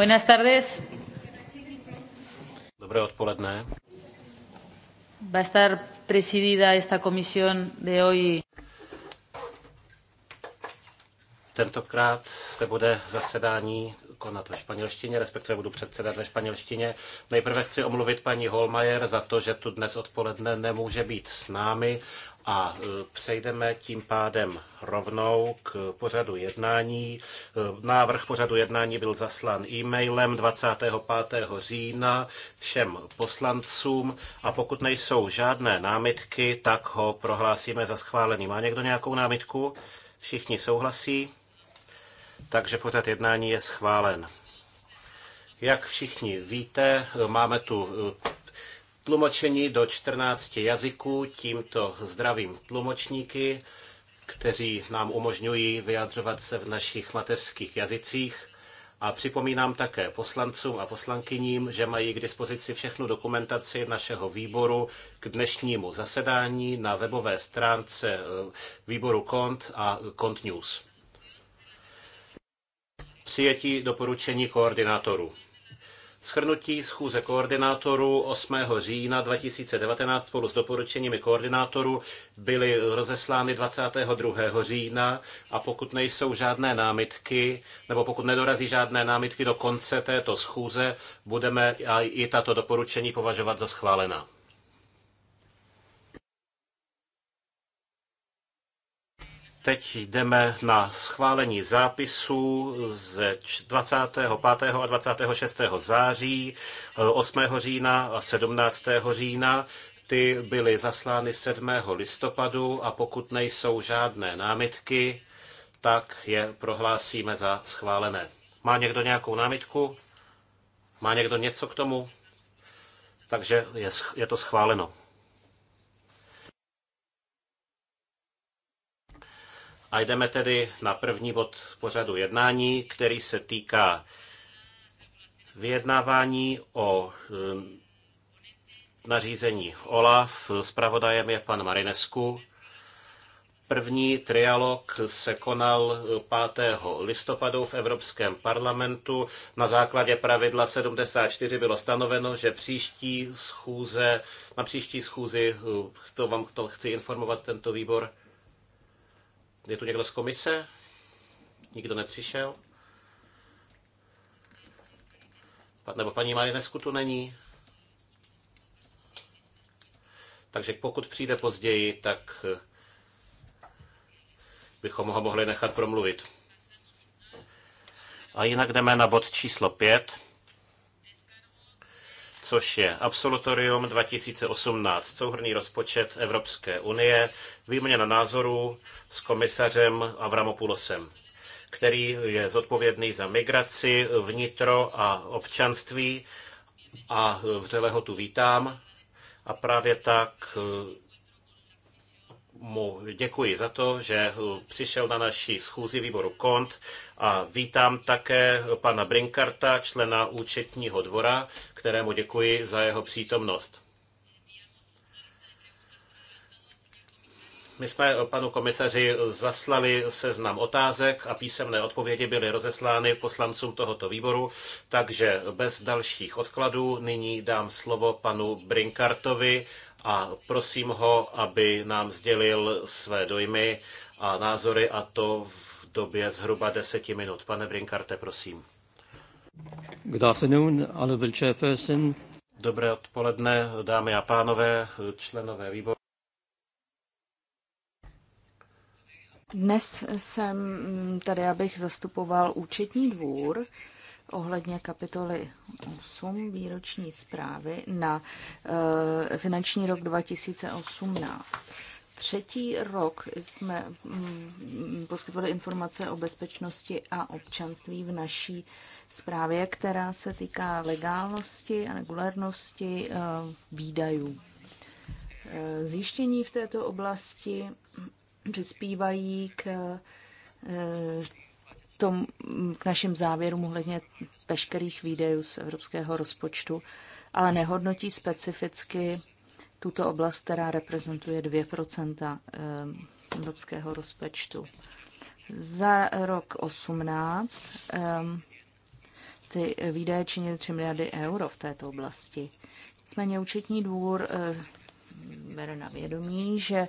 Buenas tardes. Dobré odpoledne. Va a estar presidida esta comisión de hoy. Tentokrát se bude zasedání konat ve španělštině, respektive budu předsedat ve španělštině. Nejprve chci omluvit paní Holmajer za to, že tu dnes odpoledne nemůže být s námi. A e, přejdeme tím pádem rovnou k pořadu jednání. E, návrh pořadu jednání byl zaslan e-mailem 25. října všem poslancům a pokud nejsou žádné námitky, tak ho prohlásíme za schválený. Má někdo nějakou námitku? Všichni souhlasí, takže pořad jednání je schválen. Jak všichni víte, e, máme tu tlumočení do 14 jazyků. Tímto zdravím tlumočníky, kteří nám umožňují vyjadřovat se v našich mateřských jazycích. A připomínám také poslancům a poslankyním, že mají k dispozici všechnu dokumentaci našeho výboru k dnešnímu zasedání na webové stránce eh, výboru KONT a KONT News. Přijetí doporučení koordinátorů. Schrnutí schůze koordinátorů 8. října 2019 spolu s doporučeními koordinátorů byly rozeslány 22. října a pokud nejsou žádné námitky, nebo pokud nedorazí žádné námitky do konce této schůze, budeme i tato doporučení považovat za schválená. Teď jdeme na schválení zápisů z 25. a 26. září, 8. E, října a 17. října. Ty byly zaslány 7. listopadu a pokud nejsou žádné námitky, tak je prohlásíme za schválené. Má někdo nějakou námitku? Má někdo něco k tomu? Takže je, je to schváleno. A jdeme tedy na první bod pořadu jednání, který se týká vyjednávání o hm, nařízení OLAF. Spravodajem je pan Marinesku. První trialog se konal 5. listopadu v Evropském parlamentu. Na základě pravidla 74 bylo stanoveno, že příští schůze, na příští schůzi, hm, to vám to chci informovat tento výbor, je tu někdo z komise? Nikdo nepřišel? Nebo paní Marinesku tu není? Takže pokud přijde později, tak eh, bychom ho mohli nechat promluvit. A jinak jdeme na bod číslo 5 což je Absolutorium 2018, souhrný rozpočet Evropské unie, výměna názorů s komisařem Avramopoulosem který je zodpovědný za migraci, vnitro a občanství a vřele ho tu vítám. A právě tak mu děkuji za to, že eh, přišel na naší schůzi výboru KONT a vítám také pana Brinkarta, člena účetního dvora, kterému děkuji za jeho přítomnost. My jsme panu komisaři zaslali seznam otázek a písemné odpovědi byly rozeslány poslancům tohoto výboru, takže bez dalších odkladů nyní dám slovo panu Brinkartovi, a prosím ho, aby nám sdělil své dojmy a názory a to v době zhruba deseti minut. Pane Brinkarte, prosím. Good afternoon, honorable chairperson. Dobré odpoledne, dámy a pánové, členové výboru. Dnes jsem tady, abych zastupoval účetní dvůr ohledně kapitoly 8 výroční zprávy na e, finanční rok 2018. Třetí rok jsme mm, poskytovali informace o bezpečnosti a občanství v naší zprávě, která se týká legálnosti a regulárnosti e, eh, výdajů. E, zjištění v této oblasti přispívají k tom, mm, k našim závěrům ohledně veškerých výdejů z evropského rozpočtu, ale nehodnotí specificky tuto oblast, která reprezentuje 2 eh, evropského rozpočtu. Za rok 18 eh, ty výdaje činily 3 miliardy euro v této oblasti. Nicméně účetní dvůr eh, bere na vědomí, že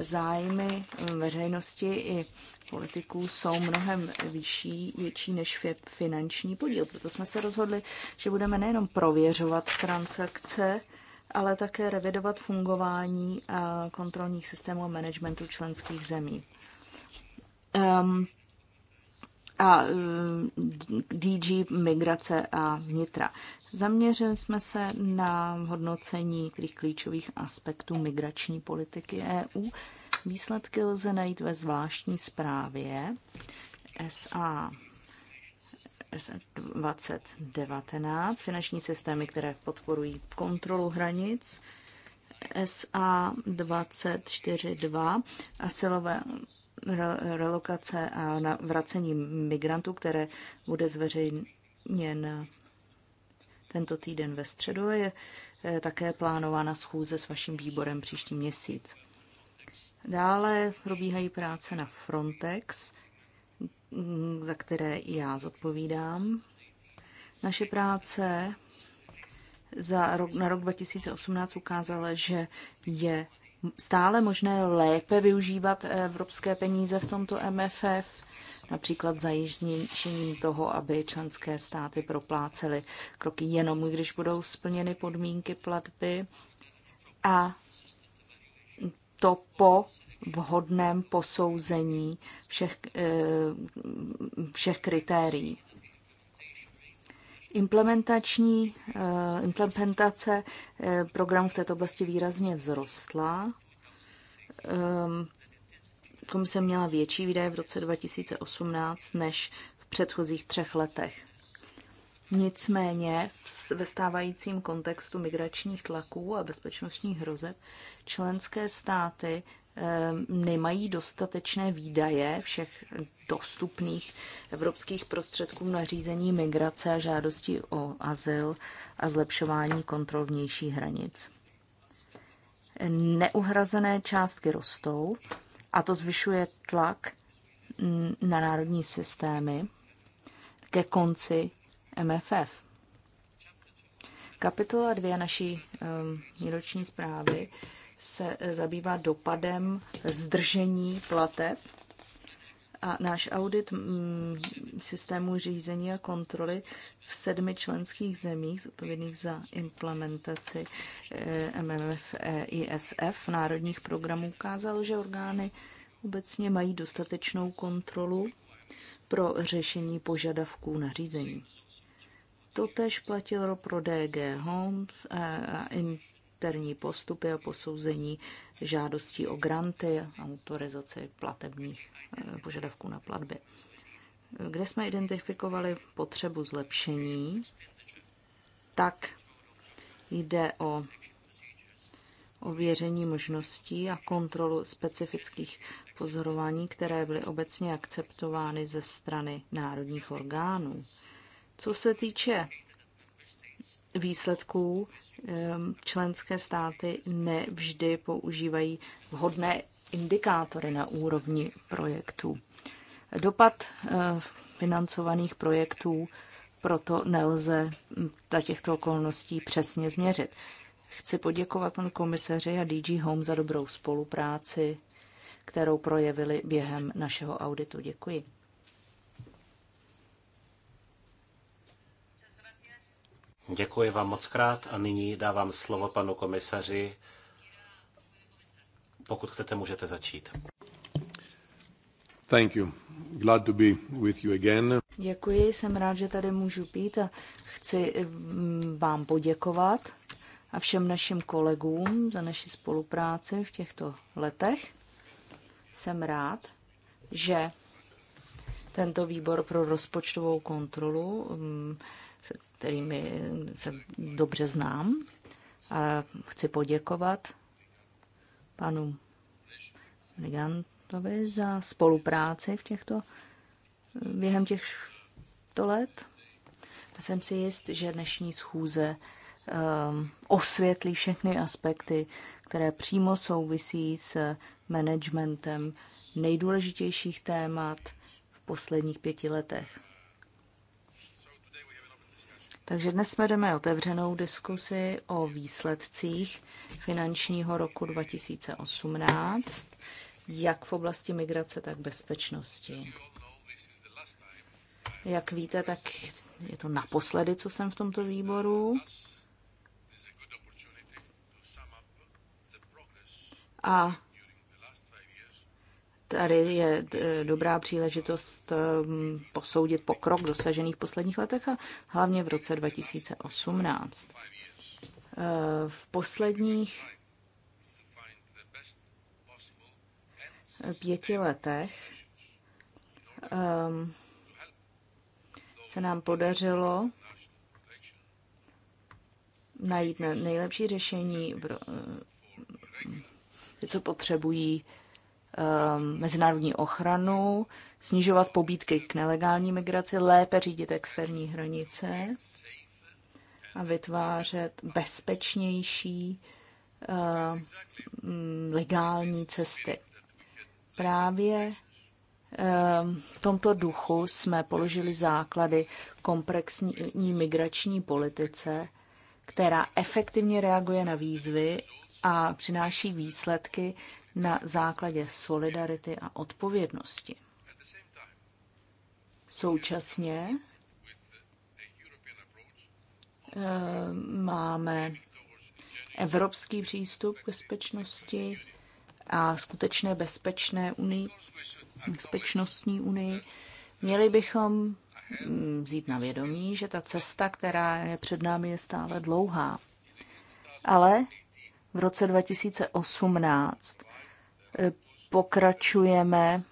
zájmy veřejnosti i politiků jsou mnohem vyšší, větší než finanční podíl. Proto jsme se rozhodli, že budeme nejenom prověřovat transakce, ale také revidovat fungování kontrolních systémů a managementu členských zemí. Um, a e, DG migrace a vnitra. Zaměřili jsme se na hodnocení některých klíčových aspektů migrační politiky EU Výsledky lze najít ve zvláštní zprávě SA 2019, finanční systémy, které podporují kontrolu hranic, SA 242, asilové relokace a na vracení migrantů, které bude zveřejněn tento týden ve středu. Je eh, také plánována schůze s vaším výborem příští měsíc. Dále probíhají práce na Frontex, za které i já zodpovídám. Naše práce za rok, na rok 2018 ukázala, že je stále možné lépe využívat eh, evropské peníze v tomto MFF, například zajištěním toho, aby členské státy proplácely kroky jenom, když budou splněny podmínky platby a to po vhodném posouzení všech, eh, všech kritérií. Implementační eh, implementace eh, programů v této oblasti výrazně vzrostla. Komise měla větší výdaje v roce 2018 než v předchozích třech letech. Nicméně ve stávajícím kontextu migračních tlaků a bezpečnostních hrozeb členské státy ehm, nemají dostatečné výdaje všech dostupných evropských prostředků na řízení migrace a žádosti o azyl a zlepšování kontrol vnějších hranic. Neuhrazené částky rostou a to zvyšuje tlak na národní systémy ke konci MFF. Kapitola 2 naší um, zprávy se eh, zabývá dopadem zdržení plateb a náš audit mm, systému řízení a kontroly v sedmi členských zemích zodpovědných za implementaci eh, e, MMF e, ISF národních programů ukázal, že orgány obecně mají dostatečnou kontrolu pro řešení požadavků na řízení. Totež platilo pro DG Homes a interní postupy a posouzení žádostí o granty a autorizaci platebních eh, požadavků na platby. Kde jsme identifikovali potřebu zlepšení, tak jde o ověření možností a kontrolu specifických pozorování, které byly obecně akceptovány ze strany národních orgánů. Co se týče výsledků, ehm, členské státy nevždy používají vhodné indikátory na úrovni projektů. Dopad eh, financovaných projektů proto nelze hm, za těchto okolností přesně změřit. Chci poděkovat panu komisaři a DG Home za dobrou spolupráci, kterou projevili během našeho auditu. Děkuji. Děkuji vám moc krát a nyní dávám slovo panu komisaři. Pokud chcete, můžete začít. Thank you. Glad to be with you again. Děkuji, jsem rád, že tady můžu být a chci mm, vám poděkovat a všem našim kolegům za naši spolupráci v těchto letech. Jsem rád, že tento výbor pro rozpočtovou kontrolu mm, se kterými se dobře znám. A chci poděkovat panu Ligantovi za spolupráci v těchto, během těchto let. A jsem si jist, že dnešní schůze um, osvětlí všechny aspekty, které přímo souvisí s managementem nejdůležitějších témat v posledních pěti letech. Takže dnes vedeme otevřenou diskusi o výsledcích finančního roku 2018, jak v oblasti migrace, tak bezpečnosti. Jak víte, tak je to naposledy, co jsem v tomto výboru. A Tady je e, dobrá příležitost um, posoudit pokrok dosažený v posledních letech a hlavně v roce 2018. E, v posledních pěti letech um, se nám podařilo najít nejlepší řešení e, co potřebují Um, mezinárodní ochranu, snižovat pobídky k nelegální migraci, lépe řídit externí hranice a vytvářet bezpečnější uh, mm, legální cesty. Právě um, v tomto duchu jsme položili základy komplexní migrační politice, která efektivně reaguje na výzvy a přináší výsledky, na základě solidarity a odpovědnosti. Současně eh, máme evropský přístup k bezpečnosti a skutečné bezpečné unii, bezpečnostní unii. Měli bychom mm, vzít na vědomí, že ta cesta, která je před námi, je stále dlouhá. Ale v roce 2018 pokračujeme,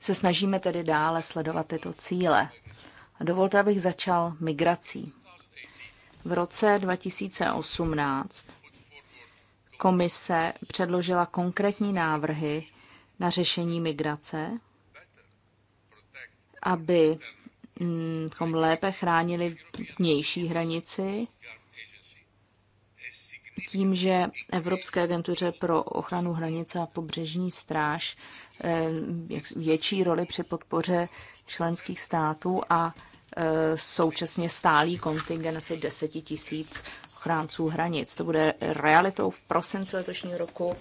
se snažíme tedy dále sledovat tyto cíle. A dovolte, abych začal migrací. V roce 2018 komise předložila konkrétní návrhy na řešení migrace, aby mm, abychom lépe chránili vnější hranici tím, že Evropské agentuře pro ochranu hranice a pobřežní stráž eh, větší roli při podpoře členských států a eh, současně stálý kontingent asi 10 tisíc ochránců hranic. To bude realitou v prosinci letošního roku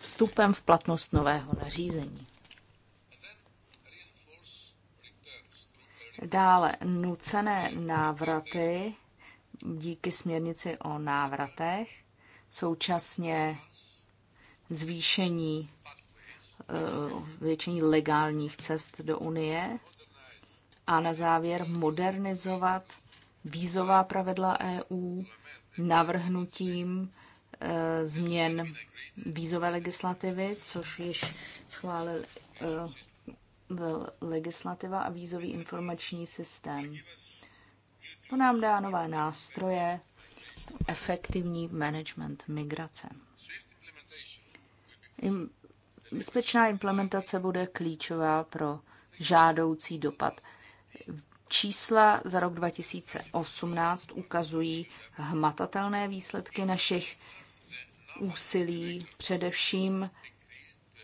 vstupem v platnost nového nařízení. Dále nucené návraty díky směrnici o návratech současně zvýšení eh, většení legálních cest do Unie a na závěr modernizovat vízová pravidla EU navrhnutím eh, změn vízové legislativy, což již schválil eh, legislativa a vízový informační systém. To nám dá nové nástroje efektivní management migrace. Bezpečná implementace bude klíčová pro žádoucí dopad. Čísla za rok 2018 ukazují hmatatelné výsledky našich úsilí, především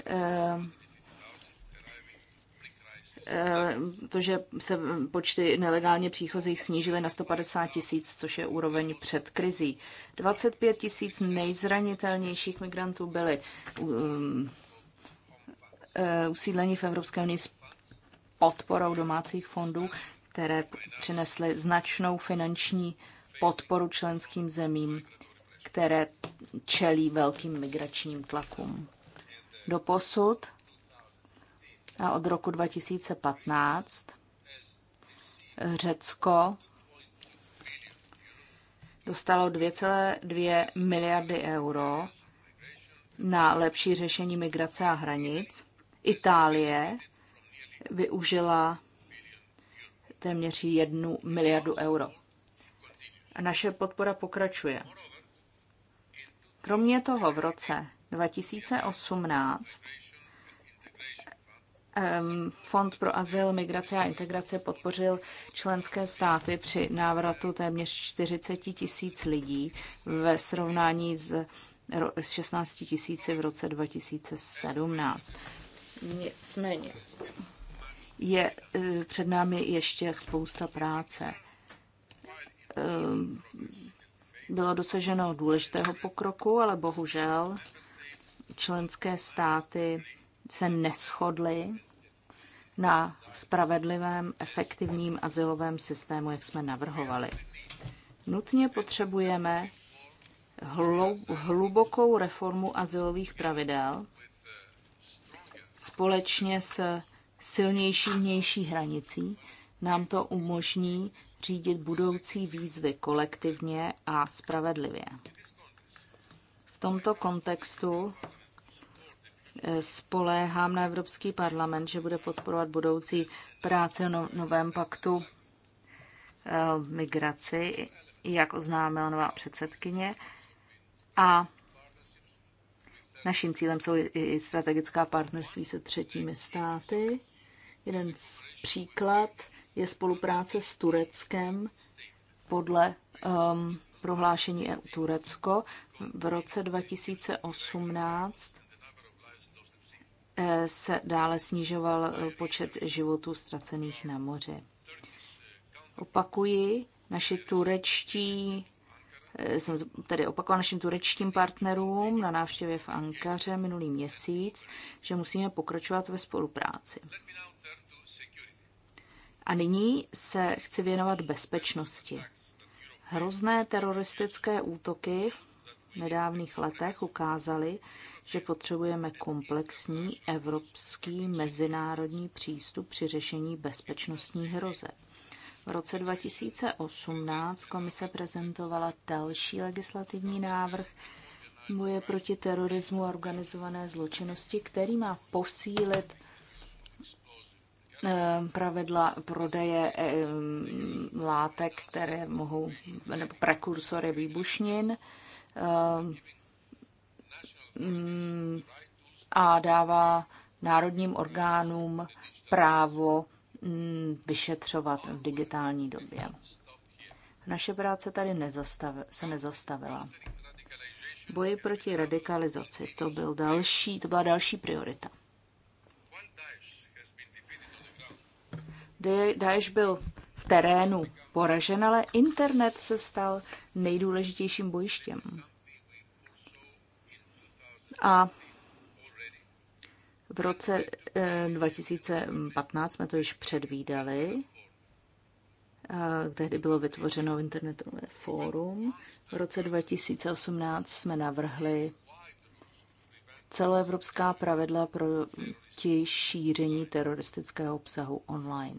eh, Eh, to, že se počty nelegálně příchozích snížily na 150 tisíc, což je úroveň před krizí. 25 tisíc nejzranitelnějších migrantů byly eh, eh, usídleni v Evropské unii s podporou domácích fondů, které přinesly značnou finanční podporu členským zemím, které čelí velkým migračním tlakům. Doposud a od roku 2015 Řecko dostalo 2,2 miliardy euro na lepší řešení migrace a hranic. Itálie využila téměř jednu miliardu euro. A naše podpora pokračuje. Kromě toho v roce 2018 Fond pro azyl, migraci a integraci podpořil členské státy při návratu téměř 40 tisíc lidí ve srovnání s 16 tisíci v roce 2017. Nicméně je e, před námi ještě spousta práce. Bylo dosaženo důležitého pokroku, ale bohužel členské státy se neschodli na spravedlivém, efektivním asilovém systému, jak jsme navrhovali. Nutně potřebujeme hlubokou reformu asilových pravidel společně s silnější vnější hranicí. Nám to umožní řídit budoucí výzvy kolektivně a spravedlivě. V tomto kontextu Spoléhám na Evropský parlament, že bude podporovat budoucí práce o no-, novém paktu eh, migraci, jak oznámila nová předsedkyně. A naším cílem jsou i strategická partnerství se třetími státy. Jeden z příklad je spolupráce s Tureckem podle um, prohlášení EU Turecko v roce 2018 Eh, se dále snižoval eh, počet životů ztracených na moři. Opakuji, naši turečtí, eh, jsem tedy opakoval našim turečtím partnerům na návštěvě v Ankaře minulý měsíc, že musíme pokračovat ve spolupráci. A nyní se chci věnovat bezpečnosti. Hrozné teroristické útoky v nedávných letech ukázaly, že potřebujeme komplexní evropský mezinárodní přístup při řešení bezpečnostních hrozeb. V roce 2018 komise prezentovala další legislativní návrh boje proti terorismu a organizované zločinnosti, který má posílit eh, pravidla prodeje eh, látek, které mohou, nebo prekursory výbušnin, eh, Mm, a dává národním orgánům právo mm, vyšetřovat v digitální době. Naše práce tady nezastavil, se nezastavila. Boji proti radikalizaci, to, byl další, to byla další priorita. Daesh byl v terénu poražen, ale internet se stal nejdůležitějším bojištěm. A v roce 2015 eh, jsme to již předvídali. Eh, tehdy bylo vytvořeno internetové fórum. V roce 2018 jsme navrhli celoevropská pravidla pro šíření teroristického obsahu online.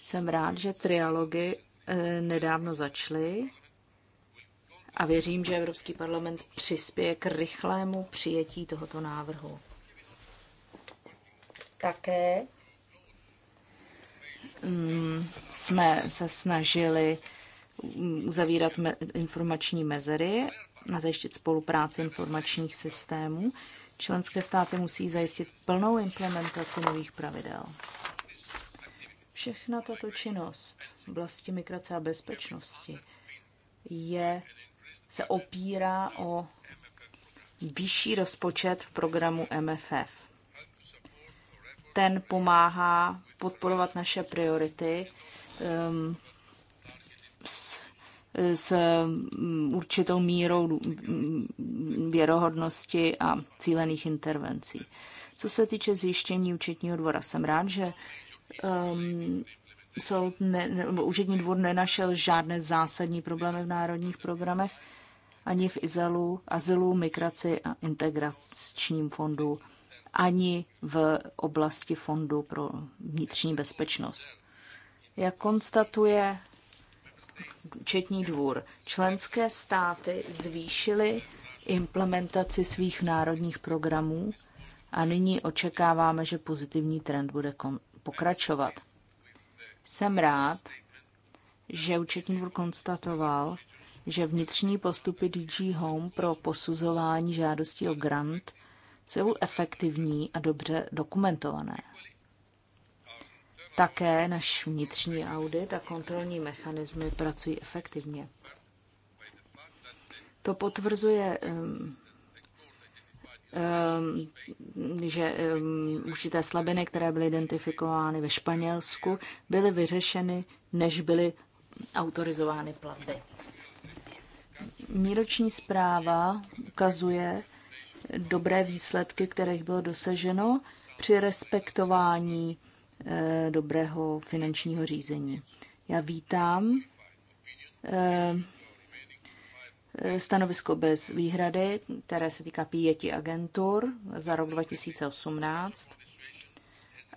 Jsem rád, že trialogy eh, nedávno začaly a věřím, že Evropský parlament přispěje k rychlému přijetí tohoto návrhu. Také mm, jsme se snažili uzavírat informační mezery a zajištit spolupráci informačních systémů. Členské státy musí zajistit plnou implementaci nových pravidel. Všechna tato činnost v oblasti migrace a bezpečnosti je se opírá o vyšší rozpočet v programu MFF. Ten pomáhá podporovat naše priority um, s, s mm, určitou mírou mm, věrohodnosti a cílených intervencí. Co se týče zjištění účetního dvora, jsem rád, že um, soud ne, ne, účetní dvor nenašel žádné zásadní problémy v národních programech ani v Izelu, azylu, migraci a integračním fondu, ani v oblasti fondu pro vnitřní bezpečnost. Jak konstatuje Četní dvůr, členské státy zvýšily implementaci svých národních programů a nyní očekáváme, že pozitivní trend bude pokračovat. Jsem rád, že účetní dvůr konstatoval, že vnitřní postupy DG Home pro posuzování žádostí o grant jsou efektivní a dobře dokumentované. Také náš vnitřní audit a kontrolní mechanismy pracují efektivně. To potvrzuje, um, um, že um, určité slabiny, které byly identifikovány ve Španělsku, byly vyřešeny, než byly autorizovány platby výroční zpráva ukazuje dobré výsledky, kterých bylo dosaženo při respektování eh, dobrého finančního řízení. Já vítám eh, eh, stanovisko bez výhrady, které se týká pěti agentur za rok 2018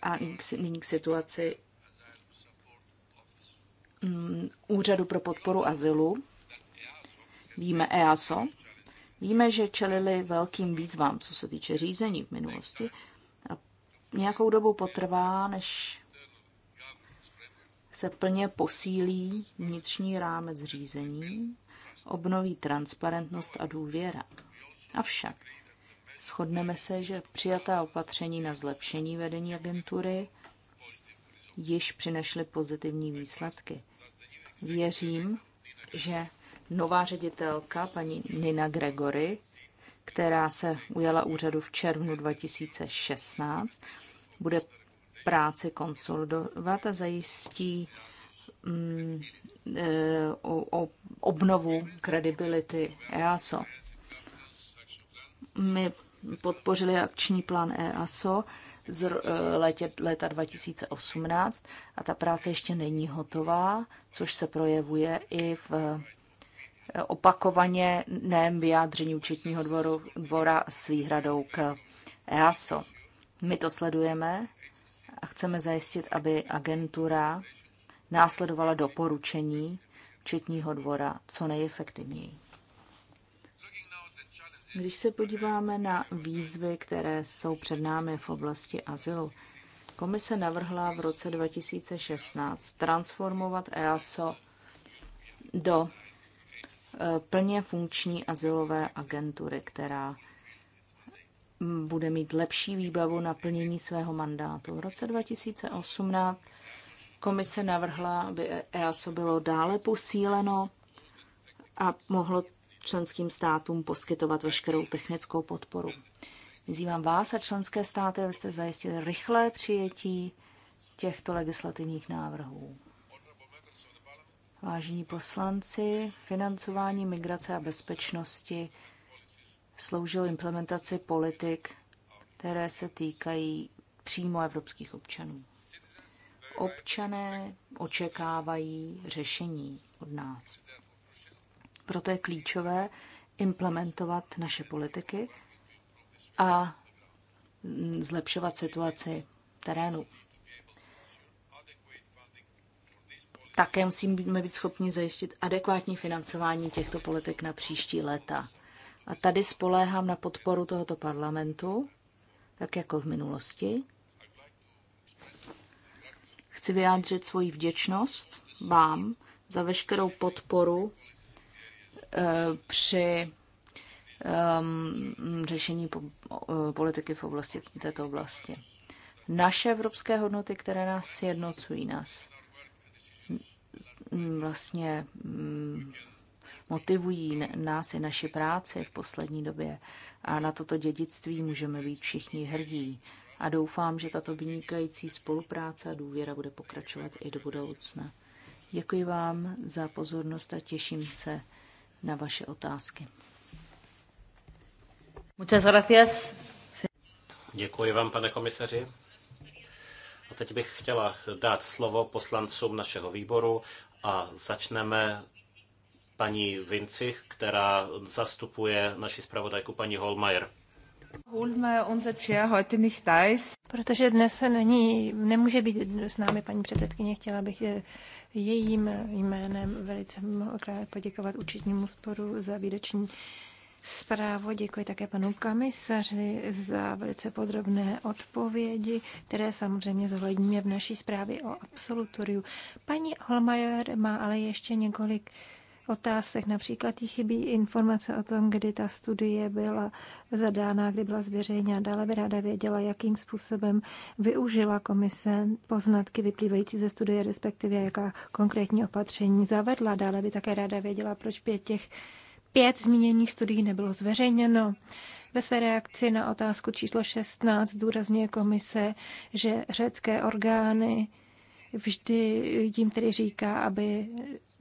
a nyní k situaci mm, Úřadu pro podporu azylu Víme EASO, víme, že čelili velkým výzvám, co se týče řízení v minulosti. A nějakou dobu potrvá, než se plně posílí vnitřní rámec řízení, obnoví transparentnost a důvěra. Avšak shodneme se, že přijatá opatření na zlepšení vedení agentury již přinešly pozitivní výsledky. Věřím, že nová ředitelka, paní Nina Gregory, která se ujala úřadu v červnu 2016, bude práci konsolidovat a zajistí mm, e, o, o obnovu kredibility EASO. My podpořili akční plán EASO z letě, leta 2018 a ta práce ještě není hotová, což se projevuje i v opakovaně nem vyjádření účetního dvoru, dvora s výhradou k EASO. My to sledujeme a chceme zajistit, aby agentura následovala doporučení účetního dvora co nejefektivněji. Když se podíváme na výzvy, které jsou před námi v oblasti azylu, komise navrhla v roce 2016 transformovat EASO do plně funkční asilové agentury, která bude mít lepší výbavu na plnění svého mandátu. V roce 2018 komise navrhla, aby EASO bylo dále posíleno a mohlo členským státům poskytovat veškerou technickou podporu. Vyzývám vás a členské státy, abyste zajistili rychlé přijetí těchto legislativních návrhů. Vážení poslanci, financování migrace a bezpečnosti sloužil implementaci politik, které se týkají přímo evropských občanů. Občané očekávají řešení od nás. Proto je klíčové implementovat naše politiky a zlepšovat situaci terénu. také musíme být schopni zajistit adekvátní financování těchto politik na příští léta. A tady spoléhám na podporu tohoto parlamentu, tak jako v minulosti. Chci vyjádřit svoji vděčnost vám za veškerou podporu eh, při ehm, řešení po, politiky v oblasti této oblasti. Naše evropské hodnoty, které nás sjednocují, nás Mm, vlastně mm, motivují nás i naši práci v poslední době. A na toto dědictví můžeme být všichni hrdí. A doufám, že tato vynikající spolupráce a důvěra bude pokračovat i do budoucna. Děkuji vám za pozornost a těším se na vaše otázky. Muchas gracias. Děkuji vám, pane komisaři. A teď bych chtěla dát slovo poslancům našeho výboru a začneme paní Vincich, která zastupuje naši zpravodajku paní Holmajer. Protože dnes se není, nemůže být s námi paní předsedkyně, chtěla bych jejím jménem velice krát poděkovat účetnímu sporu za výdeční zprávu. Děkuji také panu komisaři za velice podrobné odpovědi, které samozřejmě zohledníme v naší zprávě o absolutoriu. Paní Holmajer má ale ještě několik otázek. Například jí chybí informace o tom, kdy ta studie byla zadána, kdy byla zveřejněna. Dále by ráda věděla, jakým způsobem využila komise poznatky vyplývající ze studie, respektive jaká konkrétní opatření zavedla. Dále by také ráda věděla, proč pět těch Pět zmíněných studií nebylo zveřejněno. Ve své reakci na otázku číslo 16 zdůrazňuje komise, že řecké orgány vždy jim tedy říká, aby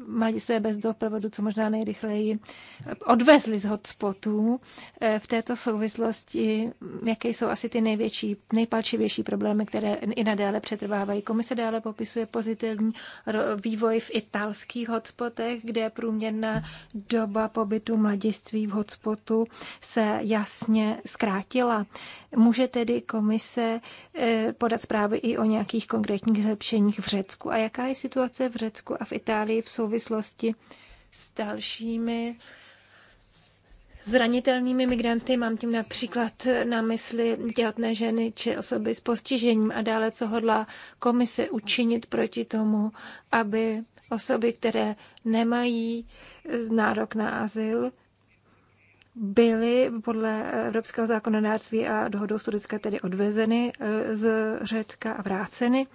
mladistvé bez doprovodu co možná nejrychleji odvezli z hotspotů. Eh, v této souvislosti, jaké jsou asi ty největší, nejpalčivější problémy, které i nadále přetrvávají. Komise dále popisuje pozitivní vývoj v italských hotspotech, kde průměrná doba pobytu mladiství v hotspotu se jasně zkrátila. Může tedy komise eh, podat zprávy i o nějakých konkrétních zlepšeních v Řecku? A jaká je situace v Řecku a v Itálii v souvislosti souvislosti s dalšími zranitelnými migranty, mám tím například na mysli těhotné ženy či osoby s postižením a dále, co hodlá komise učinit proti tomu, aby osoby, které nemají eh, nárok na azyl, byly podle evropského zákonodárství a dohodou studické tedy odvezeny eh, z Řecka a vráceny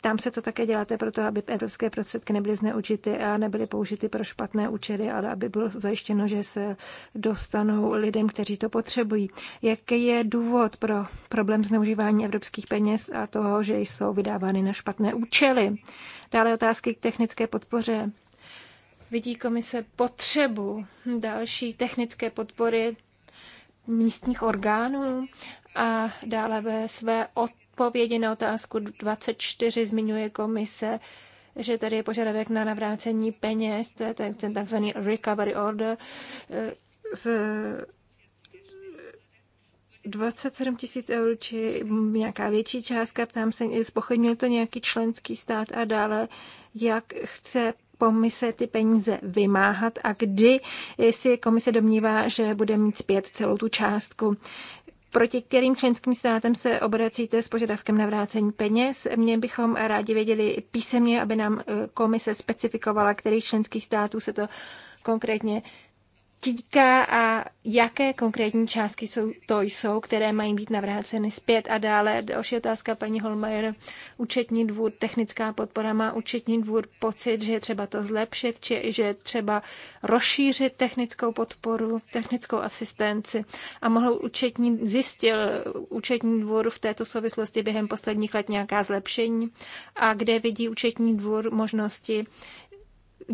tam se to také děláte proto, aby evropské prostředky nebyly zneužity a nebyly použity pro špatné účely, ale aby bylo zajištěno, že se dostanou lidem, kteří to potřebují. Jaký je důvod pro problém zneužívání evropských peněz a toho, že jsou vydávány na špatné účely? Dále otázky k technické podpoře. Vidí komise potřebu další technické podpory místních orgánů a dále ve své od odpovědi na otázku 24 zmiňuje komise, že tady je požadavek na navrácení peněz, to je ten takzvaný recovery order eh, z 27 tisíc eur, či nějaká větší částka, ptám se, spochybnil to nějaký členský stát a dále, jak chce komise ty peníze vymáhat a kdy jestli komise domnívá, že bude mít zpět celou tu částku proti kterým členským státem se obracíte s požadavkem na vrácení peněz. Mě bychom rádi věděli písemně, aby nám eh, komise specifikovala, kterých členských států se to konkrétně týká a jaké konkrétní částky jsou, to jsou, které mají být navráceny zpět. A dále další otázka paní Holmajer. Účetní dvůr, technická podpora má účetní dvůr pocit, že je třeba to zlepšit, či že je třeba rozšířit technickou podporu, technickou asistenci. A mohl účetní, zjistil účetní dvůr v této souvislosti během posledních let nějaká zlepšení a kde vidí účetní dvůr možnosti,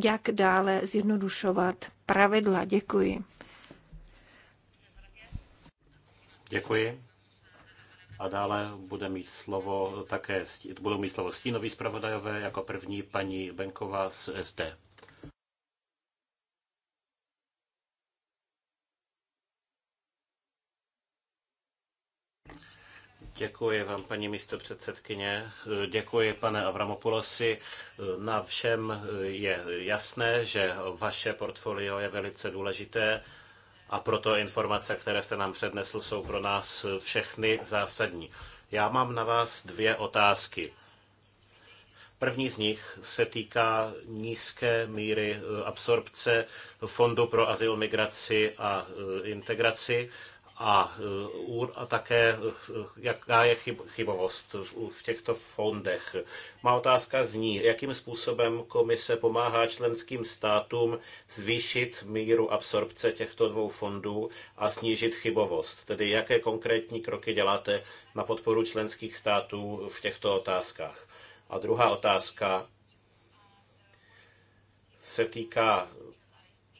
jak dále zjednodušovat pravidla. Děkuji. Děkuji. A dále bude mít slovo také, budou mít slovo stínový zpravodajové, jako první paní Benková z SD. Děkuji vám, paní místo předsedkyně. Děkuji, pane Avramopulosi. Na všem je jasné, že vaše portfolio je velice důležité a proto informace, které jste nám přednesl, jsou pro nás všechny zásadní. Já mám na vás dvě otázky. První z nich se týká nízké míry absorpce Fondu pro azyl, migraci a integraci a, eh, a také eh, jaká je chyb, chybovost v, v těchto fondech. Má otázka zní, jakým způsobem komise pomáhá členským státům zvýšit míru absorpce těchto dvou fondů a snížit chybovost, tedy jaké konkrétní kroky děláte na podporu členských států v těchto otázkách. A druhá otázka se týká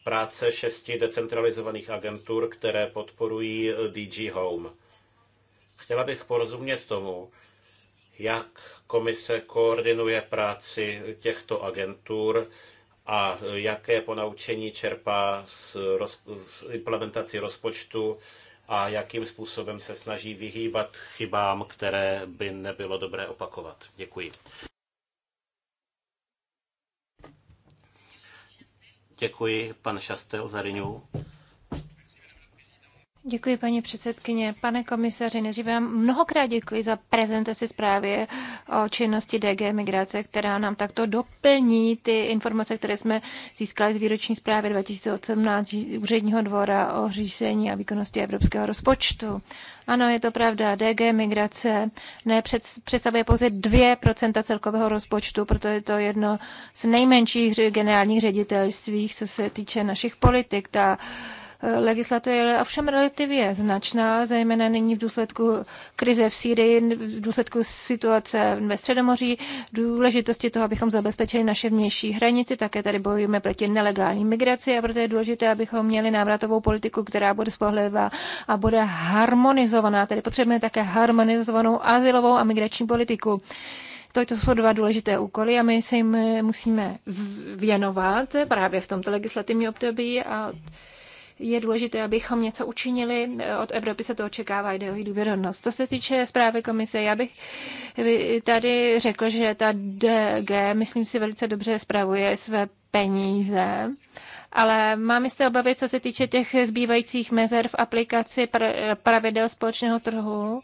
práce šesti decentralizovaných agentur, které podporují eh, DG Home. Chtěla bych porozumět tomu, jak komise koordinuje práci těchto agentur a eh, jaké ponaučení čerpá z, roz, z implementací rozpočtu a jakým způsobem se snaží vyhýbat chybám, které by nebylo dobré opakovat. Děkuji. Děkuji, pan Šastel, za Děkuji, paní předsedkyně. Pane komisaři, nejdříve vám mnohokrát děkuji za prezentaci zprávy o činnosti DG Migrace, která nám takto doplní ty informace, které jsme získali z výroční zprávy 2018 Úředního dvora o řízení a výkonnosti evropského rozpočtu. Ano, je to pravda, DG Migrace ne před, představuje pouze 2% celkového rozpočtu, proto je to jedno z nejmenších generálních ředitelství, co se týče našich politik. Ta Eh, legislativa je ovšem relativně značná, zejména nyní v důsledku krize v Sýrii, v důsledku situace ve Středomoří, důležitosti toho, abychom zabezpečili naše vnější hranici, také tady bojujeme proti nelegální migraci a proto je důležité, abychom měli návratovou politiku, která bude spolehlivá a bude harmonizovaná. Tedy potřebujeme také harmonizovanou asilovou a migrační politiku. To, to jsou dva důležité úkoly a my se jim eh, musíme věnovat právě v tomto legislativním období a je důležité, abychom něco učinili. Od Evropy se to očekává, jde důvěrnost. Co se týče zprávy komise, já bych tady řekl, že ta DG, myslím si, velice dobře zpravuje své peníze ale máme se obavy, co se týče těch zbývajících mezer v aplikaci pravidel společného trhu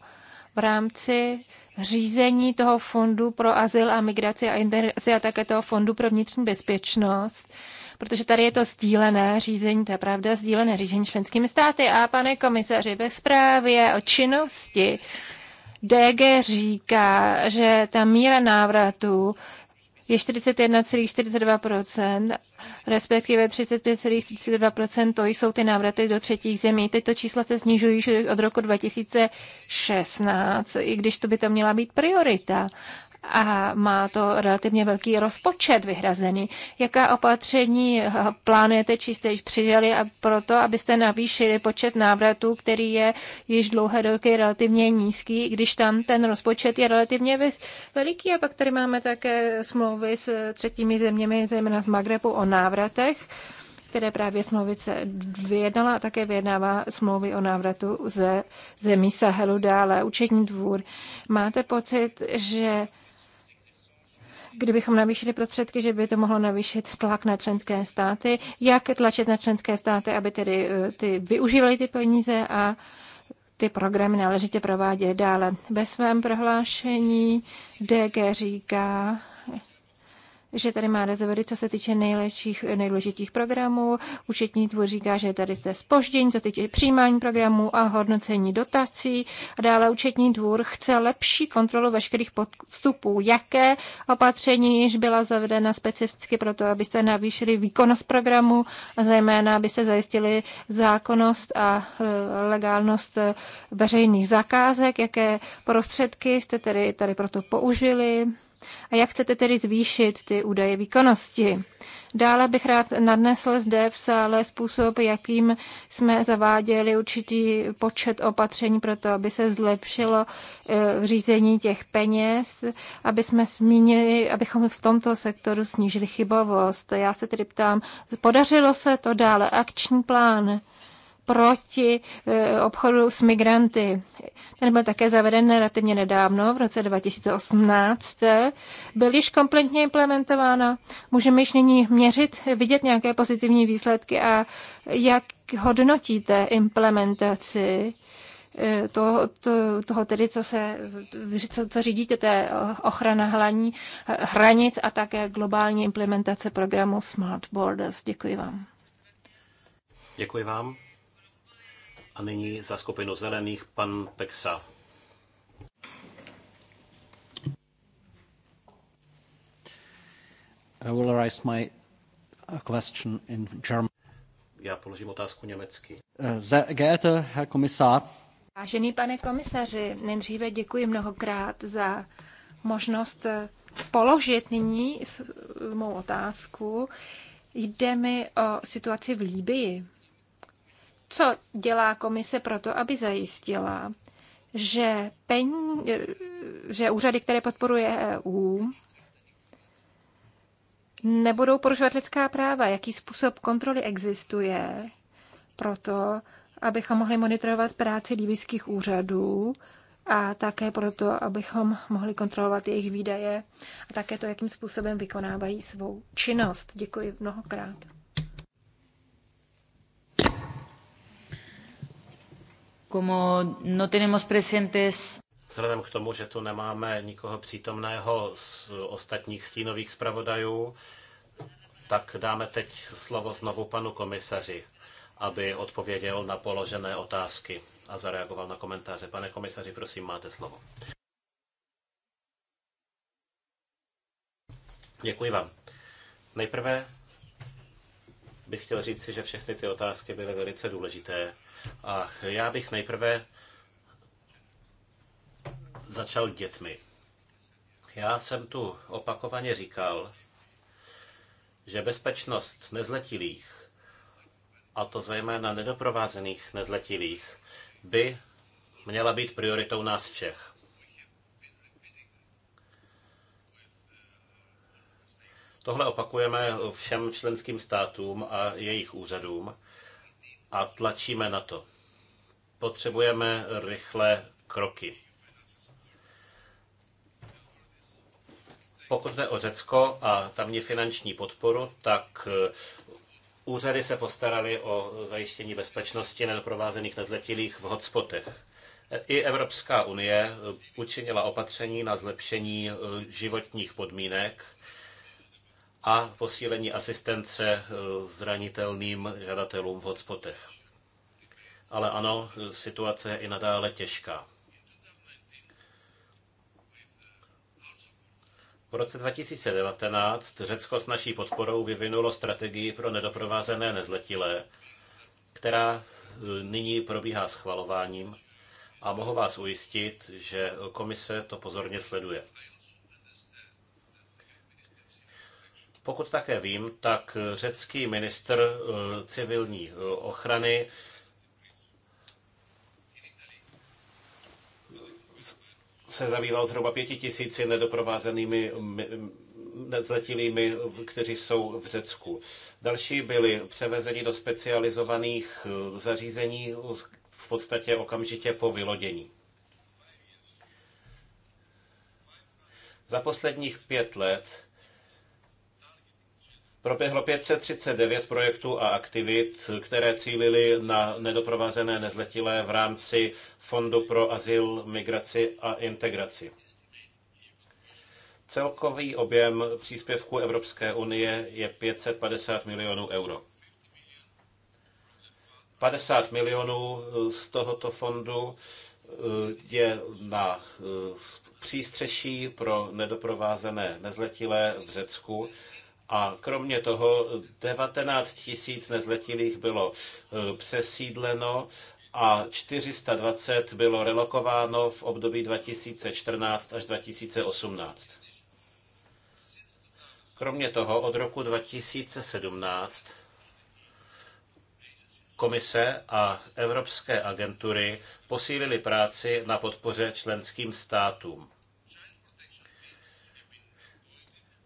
v rámci řízení toho fondu pro azyl a migraci a integraci a také toho fondu pro vnitřní bezpečnost protože tady je to sdílené řízení, to je pravda, sdílené řízení členskými státy. A pane komisaři, ve zprávě o činnosti DG říká, že ta míra návratu je 41,42%, respektive 35,32%, to jsou ty návraty do třetích zemí. Tyto čísla se snižují od roku 2016, i když to by to měla být priorita a má to relativně velký rozpočet vyhrazený. Jaká opatření plánujete, či jste již přidali a proto, abyste navýšili počet návratů, který je již dlouhé roky relativně nízký, když tam ten rozpočet je relativně veliký. A pak tady máme také smlouvy s třetími zeměmi, zejména z Magrebu o návratech které právě se vyjednala a také vyjednává smlouvy o návratu ze zemí Sahelu dále. Učení dvůr, máte pocit, že kdybychom navýšili prostředky, že by to mohlo navýšit tlak na členské státy, jak tlačit na členské státy, aby tedy eh, ty využívali ty peníze a ty programy náležitě provádět dále. Ve svém prohlášení DG říká, že tady má rezervy, co se týče nejlepších, nejdůležitých programů. Účetní tvůr říká, že tady jste spoždění, co se týče přijímání programů a hodnocení dotací. A dále účetní dvůr chce lepší kontrolu veškerých podstupů. Jaké opatření již byla zavedena specificky pro to, abyste navýšili výkonnost programu a zejména, abyste zajistili zákonnost a e, legálnost e, veřejných zakázek, jaké prostředky jste tedy tady proto použili a jak chcete tedy zvýšit ty údaje výkonnosti? Dále bych rád nadnesl zde v sále způsob, jakým jsme zaváděli určitý počet opatření pro to, aby se zlepšilo eh, řízení těch peněz, aby jsme zmínili, abychom v tomto sektoru snížili chybovost. Já se tedy ptám, podařilo se to dále? Akční plán? proti eh, obchodu s migranty. Ten byl také zaveden relativně nedávno, v roce 2018. Byl již kompletně implementována. Můžeme již nyní měřit, vidět nějaké pozitivní výsledky a jak hodnotíte implementaci eh, toho, to, toho tedy, co se, co, co řídíte, to je ochrana hlaní, hranic a také globální implementace programu Smart Borders. Děkuji vám. Děkuji vám. A nyní za skupinu zelených pan Peksa. I will raise my uh, question in German. Já položím otázku německy. Uh, sehr geehrter Herr Kommissar. Vážený pane komisaři, nejdříve děkuji mnohokrát za možnost uh, položit nyní mou otázku. Jde mi o situaci v Líbii co dělá komise proto, aby zajistila, že, pen, že úřady, které podporuje EU, nebudou porušovat lidská práva, jaký způsob kontroly existuje proto, abychom mohli monitorovat práci libyských úřadů a také proto, abychom mohli kontrolovat jejich výdaje a také to, jakým způsobem vykonávají svou činnost. Děkuji mnohokrát. Como no tenemos presentes Vzhledem k tomu, že tu nemáme nikoho přítomného z ostatních stínových zpravodajů, tak dáme teď slovo znovu panu komisaři, aby odpověděl na položené otázky a zareagoval na komentáře. Pane komisaři, prosím, máte slovo. Děkuji vám. Nejprve bych chtěl říci, že všechny ty otázky byly velice důležité a já bych nejprve začal dětmi. Já jsem tu opakovaně říkal, že bezpečnost nezletilých, a to zejména nedoprovázených nezletilých, by měla být prioritou nás všech. Tohle opakujeme všem členským státům a jejich úřadům a tlačíme na to. Potřebujeme rychlé kroky. Pokud jde o Řecko a tamní finanční podporu, tak eh, úřady se postarali o zajištění bezpečnosti nedoprovázených nezletilých v hotspotech. I Evropská unie eh, učinila opatření na zlepšení eh, životních podmínek a posílení asistence eh, zranitelným žadatelům v hotspotech. Ale ano, situace je i nadále těžká. V roce 2019 Řecko s naší podporou vyvinulo strategii pro nedoprovázené nezletilé, která eh, nyní probíhá schvalováním a mohu vás ujistit, že komise to pozorně sleduje. Pokud také vím, tak eh, řecký ministr eh, civilní eh, ochrany se zabýval zhruba pěti tisíci nedoprovázenými nezletilými, kteří jsou v Řecku. Další byli převezeni do specializovaných zařízení v podstatě okamžitě po vylodění. Za posledních pět let Proběhlo 539 projektů a aktivit, které cílily na nedoprovázené nezletilé v rámci Fondu pro azyl, migraci a integraci. Celkový objem příspěvku Evropské unie je 550 milionů euro. 50 milionů z tohoto fondu eh, je na eh, přístřeší pro nedoprovázené nezletilé v Řecku a kromě toho 19 tisíc nezletilých bylo e, přesídleno a 420 bylo relokováno v období 2014 až 2018. Kromě toho od roku 2017 Komise a evropské agentury posílily práci na podpoře členským státům.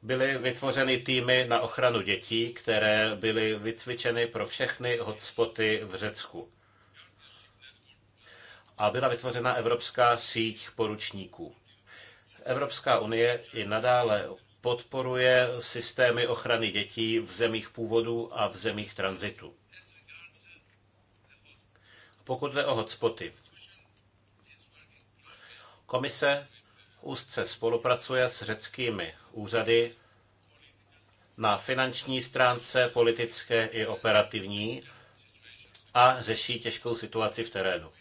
byly vytvořeny týmy na ochranu dětí, které byly vycvičeny pro všechny hotspoty v Řecku. A byla vytvořena Evropská síť poručníků. Evropská unie i nadále podporuje systémy ochrany dětí v zemích původu a v zemích tranzitu. Pokud jde o hotspoty, komise úzce spolupracuje s řeckými úřady na finanční stránce, politické i operativní a řeší těžkou situaci v terénu.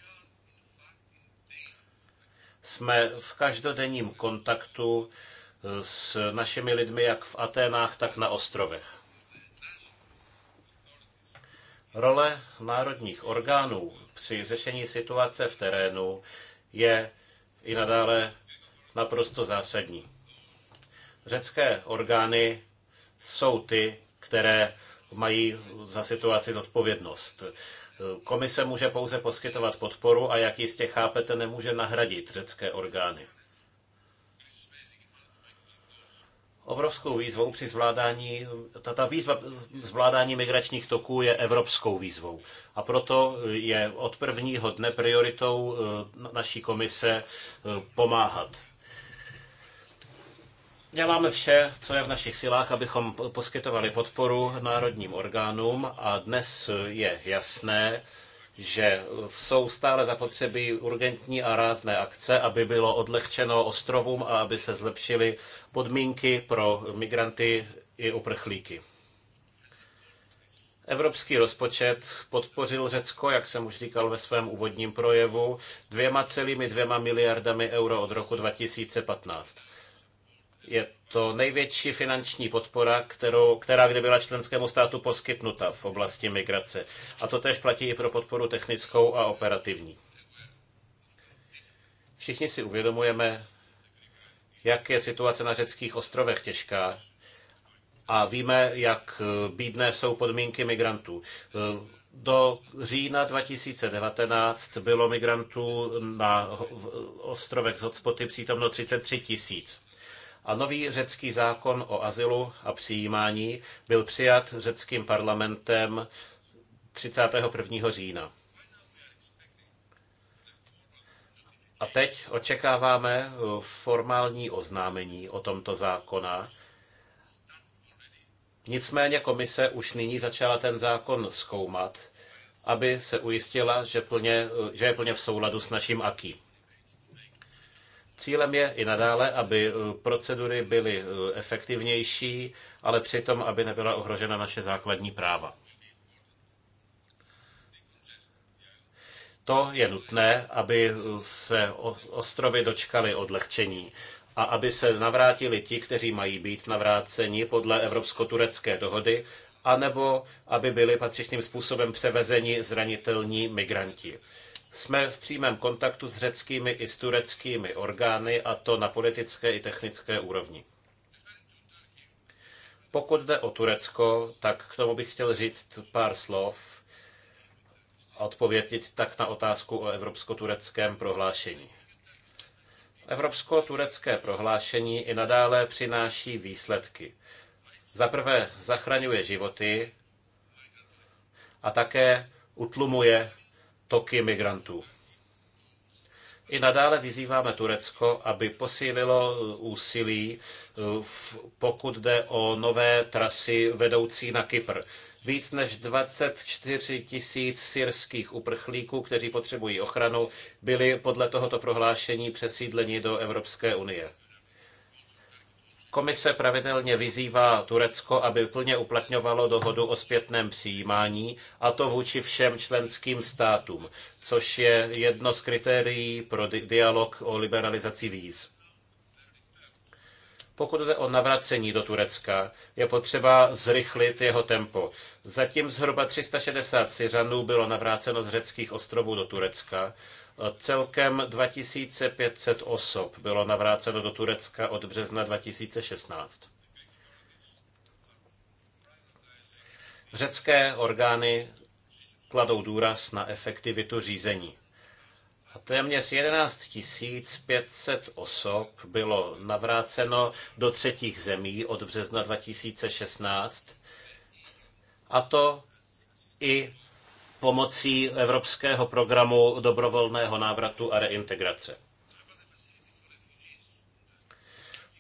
Jsme v každodenním kontaktu eh, s našimi lidmi jak v Aténách, tak na ostrovech. Role národních orgánů při řešení situace v terénu je i nadále naprosto zásadní. Řecké orgány jsou ty, které mají za situaci zodpovědnost. Komise může pouze poskytovat podporu a jak jistě chápete, nemůže nahradit řecké orgány. Obrovskou výzvou při zvládání, ta výzva zvládání migračních toků je evropskou výzvou. A proto je od prvního dne prioritou eh, naší komise eh, pomáhat Děláme vše, co je v našich silách, abychom poskytovali podporu národním orgánům a dnes je jasné, že jsou stále zapotřebí urgentní a rázné akce, aby bylo odlehčeno ostrovům a aby se zlepšily podmínky pro migranty i uprchlíky. Evropský rozpočet podpořil Řecko, jak jsem už říkal ve svém úvodním projevu, dvěma celými dvěma miliardami euro od roku 2015. Je to největší finanční podpora, kterou, která kdy byla členskému státu poskytnuta v oblasti migrace. A to tež platí i pro podporu technickou a operativní. Všichni si uvědomujeme, jak je situace na řeckých ostrovech těžká a víme, jak bídné jsou podmínky migrantů. Do října 2019 bylo migrantů na ostrovech z hotspoty přítomno 33 tisíc. A nový řecký zákon o azylu a přijímání byl přijat řeckým parlamentem 31. října. A teď očekáváme eh, formální oznámení o tomto zákona. Nicméně komise už nyní začala ten zákon zkoumat, aby se ujistila, že, plně, eh, že je plně v souladu s naším aký. Cílem je i nadále, aby eh, procedury byly eh, efektivnější, ale přitom, aby nebyla ohrožena naše základní práva. To je nutné, aby eh, se ostrovy dočkaly odlehčení a aby se navrátili ti, kteří mají být navráceni podle evropsko-turecké dohody, anebo aby byli patřičným způsobem převezeni zranitelní migranti. Jsme v přímém kontaktu s řeckými i s tureckými orgány, a to na politické i technické úrovni. Pokud jde o Turecko, tak k tomu bych chtěl říct pár slov a odpovědět tak na otázku o evropsko-tureckém prohlášení. Evropsko-turecké prohlášení i nadále přináší výsledky. Za prvé zachraňuje životy a také utlumuje toky migrantů. I nadále vyzýváme Turecko, aby posílilo uh, úsilí, uh, pokud jde o nové trasy vedoucí na Kypr. Víc než 24 tisíc syrských uprchlíků, kteří potřebují ochranu, byli podle tohoto prohlášení přesídleni do Evropské unie. Komise pravidelně vyzývá Turecko, aby plně uplatňovalo dohodu o zpětném přijímání, a to vůči všem členským státům, což je jedno z kritérií pro dialog o liberalizaci víz. Pokud jde o navracení do Turecka, je potřeba zrychlit jeho tempo. Zatím zhruba 360 Syřanů bylo navráceno z řeckých ostrovů do Turecka Celkem 2500 osob bylo navráceno do Turecka od března 2016. Řecké orgány kladou důraz na efektivitu řízení. A téměř 11 500 osob bylo navráceno do třetích zemí od března 2016, a to i pomocí Evropského programu dobrovolného návratu a reintegrace.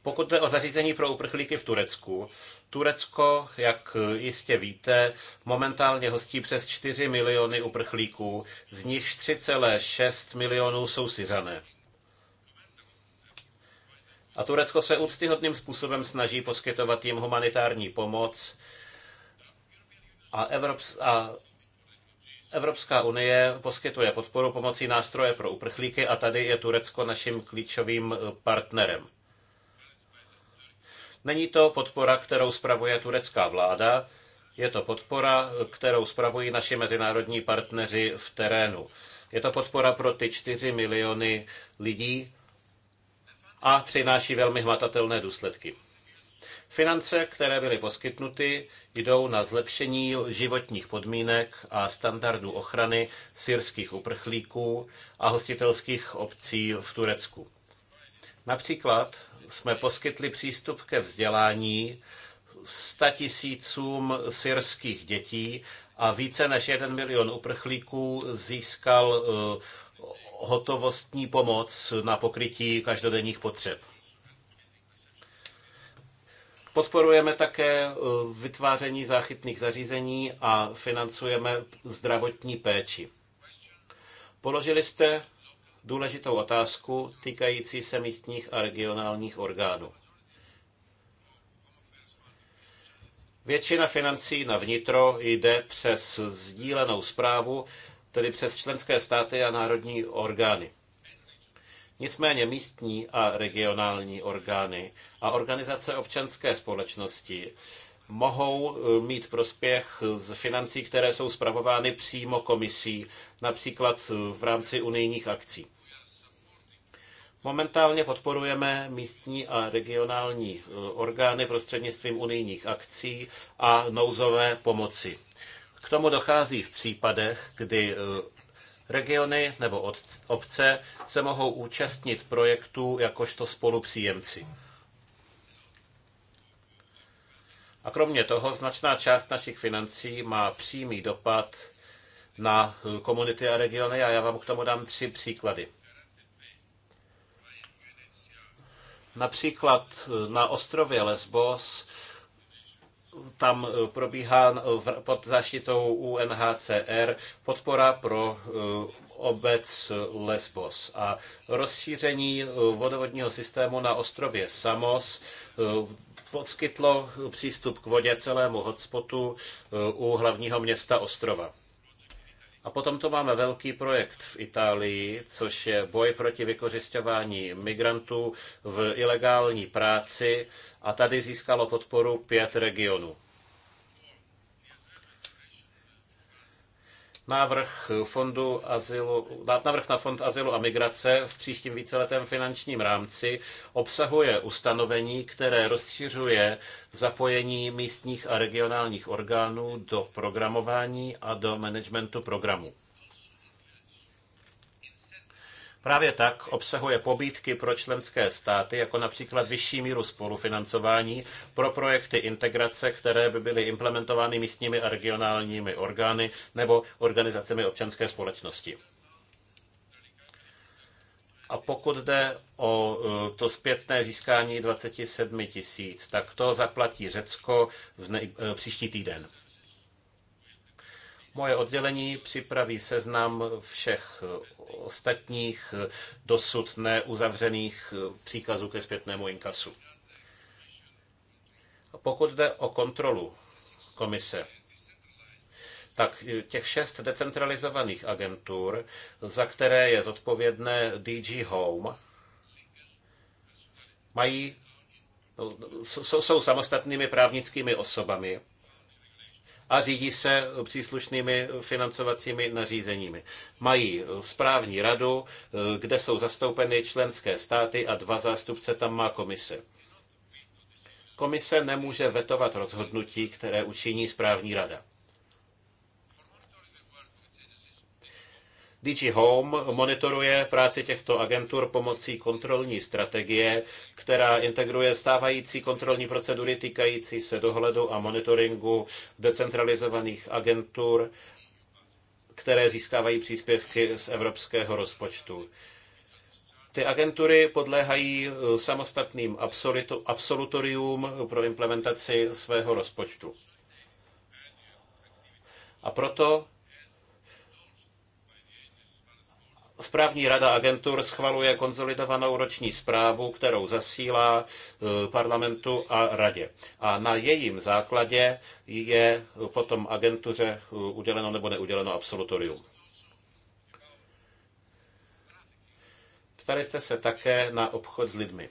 Pokud jde o zařízení pro uprchlíky v Turecku, Turecko, jak jistě víte, momentálně hostí přes 4 miliony uprchlíků, z nich 3,6 milionů jsou Syřané. A Turecko se úctyhodným způsobem snaží poskytovat jim humanitární pomoc a, Evrops- a Evropská unie poskytuje podporu pomocí nástroje pro uprchlíky a tady je Turecko naším klíčovým eh, partnerem. Není to podpora, kterou spravuje turecká vláda, je to podpora, eh, kterou spravují naši mezinárodní partneři v terénu. Je to podpora pro ty čtyři miliony lidí a přináší velmi hmatatelné důsledky. Finance, které byly poskytnuty, jdou na zlepšení životních podmínek a standardu ochrany syrských uprchlíků a hostitelských obcí v Turecku. Například jsme poskytli přístup ke vzdělání 100 tisícům syrských dětí a více než 1 milion uprchlíků získal eh, hotovostní pomoc na pokrytí každodenních potřeb. Podporujeme také eh, vytváření záchytných zařízení a financujeme zdravotní péči. Položili jste důležitou otázku týkající se místních a regionálních orgánů. Většina financí na vnitro jde přes sdílenou zprávu, tedy přes členské státy a národní orgány. Nicméně místní a regionální orgány a organizace občanské společnosti mohou eh, mít prospěch z financí, které jsou spravovány přímo komisí, například eh, v rámci unijních akcí. Momentálně podporujeme místní a regionální eh, orgány prostřednictvím unijních akcí a nouzové pomoci. K tomu dochází v případech, kdy Regiony nebo obce se mohou účastnit projektů jakožto spolupříjemci. A kromě toho značná část našich financí má přímý dopad na komunity a regiony a já vám k tomu dám tři příklady. Například na ostrově Lesbos tam eh, probíhá eh, pod zaštitou UNHCR podpora pro eh, obec Lesbos a rozšíření vodovodního systému na ostrově Samos podskytlo přístup k vodě celému hotspotu u hlavního města ostrova. A potom tu máme velký projekt v Itálii, což je boj proti vykořišťování migrantů v ilegální práci a tady získalo podporu pět regionů. návrh, fondu azylu, návrh na fond azylu a migrace v příštím víceletém finančním rámci obsahuje ustanovení, které rozšiřuje zapojení místních a regionálních orgánů do programování a do managementu programu. Právě tak obsahuje pobídky pro členské státy, jako například vyšší míru spolufinancování pro projekty integrace, které by byly implementovány místními a regionálními orgány nebo organizacemi občanské společnosti. A pokud jde o e, to zpětné získání 27 tisíc, tak to zaplatí Řecko v nej- e, příští týden. Moje oddělení připraví seznam všech ostatních eh, dosud neuzavřených eh, příkazů ke zpětnému inkasu. Pokud jde o kontrolu komise, tak těch šest decentralizovaných agentur, za které je zodpovědné DG Home, mají, jsou, no, jsou samostatnými právnickými osobami a řídí se příslušnými financovacími nařízeními. Mají eh, správní radu, eh, kde jsou zastoupeny členské státy a dva zástupce tam má komise. Komise nemůže vetovat rozhodnutí, které učiní správní rada. DG Home monitoruje práci těchto agentur pomocí kontrolní strategie, která integruje stávající kontrolní procedury týkající se dohledu a monitoringu decentralizovaných agentur, které získávají příspěvky z evropského rozpočtu. Ty agentury podléhají eh, samostatným absolutorium pro implementaci svého rozpočtu. A proto Správní rada agentur schvaluje konzolidovanou roční zprávu, kterou zasílá eh, parlamentu a radě. A na jejím základě je potom agentuře eh, uděleno nebo neuděleno absolutorium. Ptali jste se také na obchod s lidmi.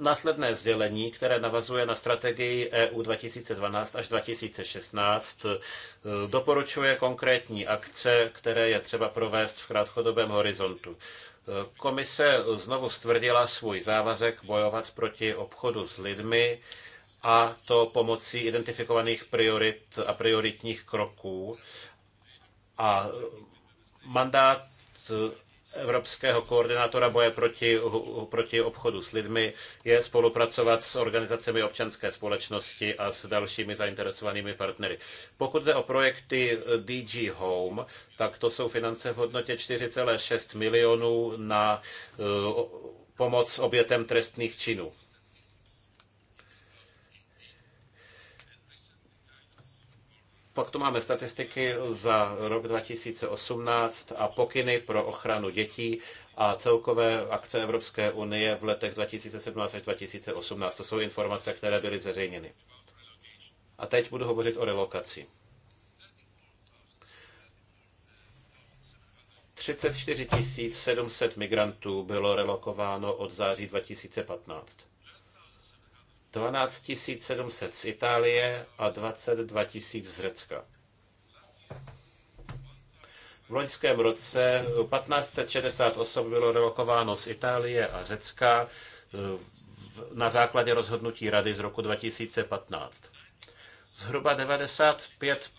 následné sdělení, které navazuje na strategii EU 2012 až 2016, eh, doporučuje konkrétní akce, které je třeba provést v krátkodobém horizontu. Eh, komise znovu stvrdila svůj závazek bojovat proti obchodu s lidmi a to pomocí identifikovaných priorit a prioritních kroků. A eh, mandát evropského koordinátora boje proti, proti obchodu s lidmi je spolupracovat s organizacemi občanské společnosti a s dalšími zainteresovanými partnery. Pokud jde o projekty DG Home, tak to jsou finance v hodnotě 4,6 milionů na eh, pomoc obětem trestných činů. Pak tu máme statistiky za rok 2018 a pokyny pro ochranu dětí a celkové akce Evropské unie v letech 2017 až 2018. To jsou informace, které byly zveřejněny. A teď budu hovořit o relokaci. 34 700 migrantů bylo relokováno od září 2015. 12 700 z Itálie a 22 000 z Řecka. V loňském roce 1568 bylo relokováno z Itálie a Řecka eh, na základě rozhodnutí Rady z roku 2015. Zhruba 95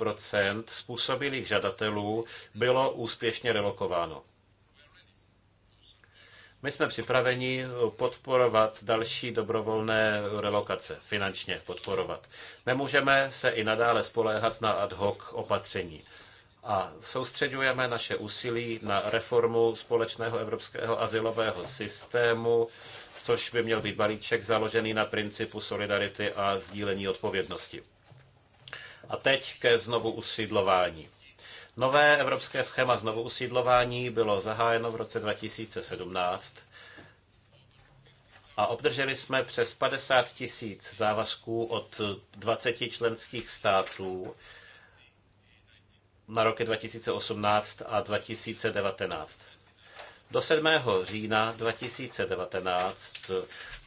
způsobilých žadatelů bylo úspěšně relokováno. My jsme připraveni podporovat další dobrovolné relokace, finančně podporovat. Nemůžeme se i nadále spoléhat na ad hoc opatření a soustředujeme naše úsilí na reformu společného evropského asilového systému, což by měl být balíček založený na principu solidarity a sdílení odpovědnosti. A teď ke znovu usídlování. Nové evropské schéma znovu usídlování bylo zahájeno v roce 2017 a obdrželi jsme přes 50 tisíc závazků od 20 členských států na roky 2018 a 2019. Do 7. října 2019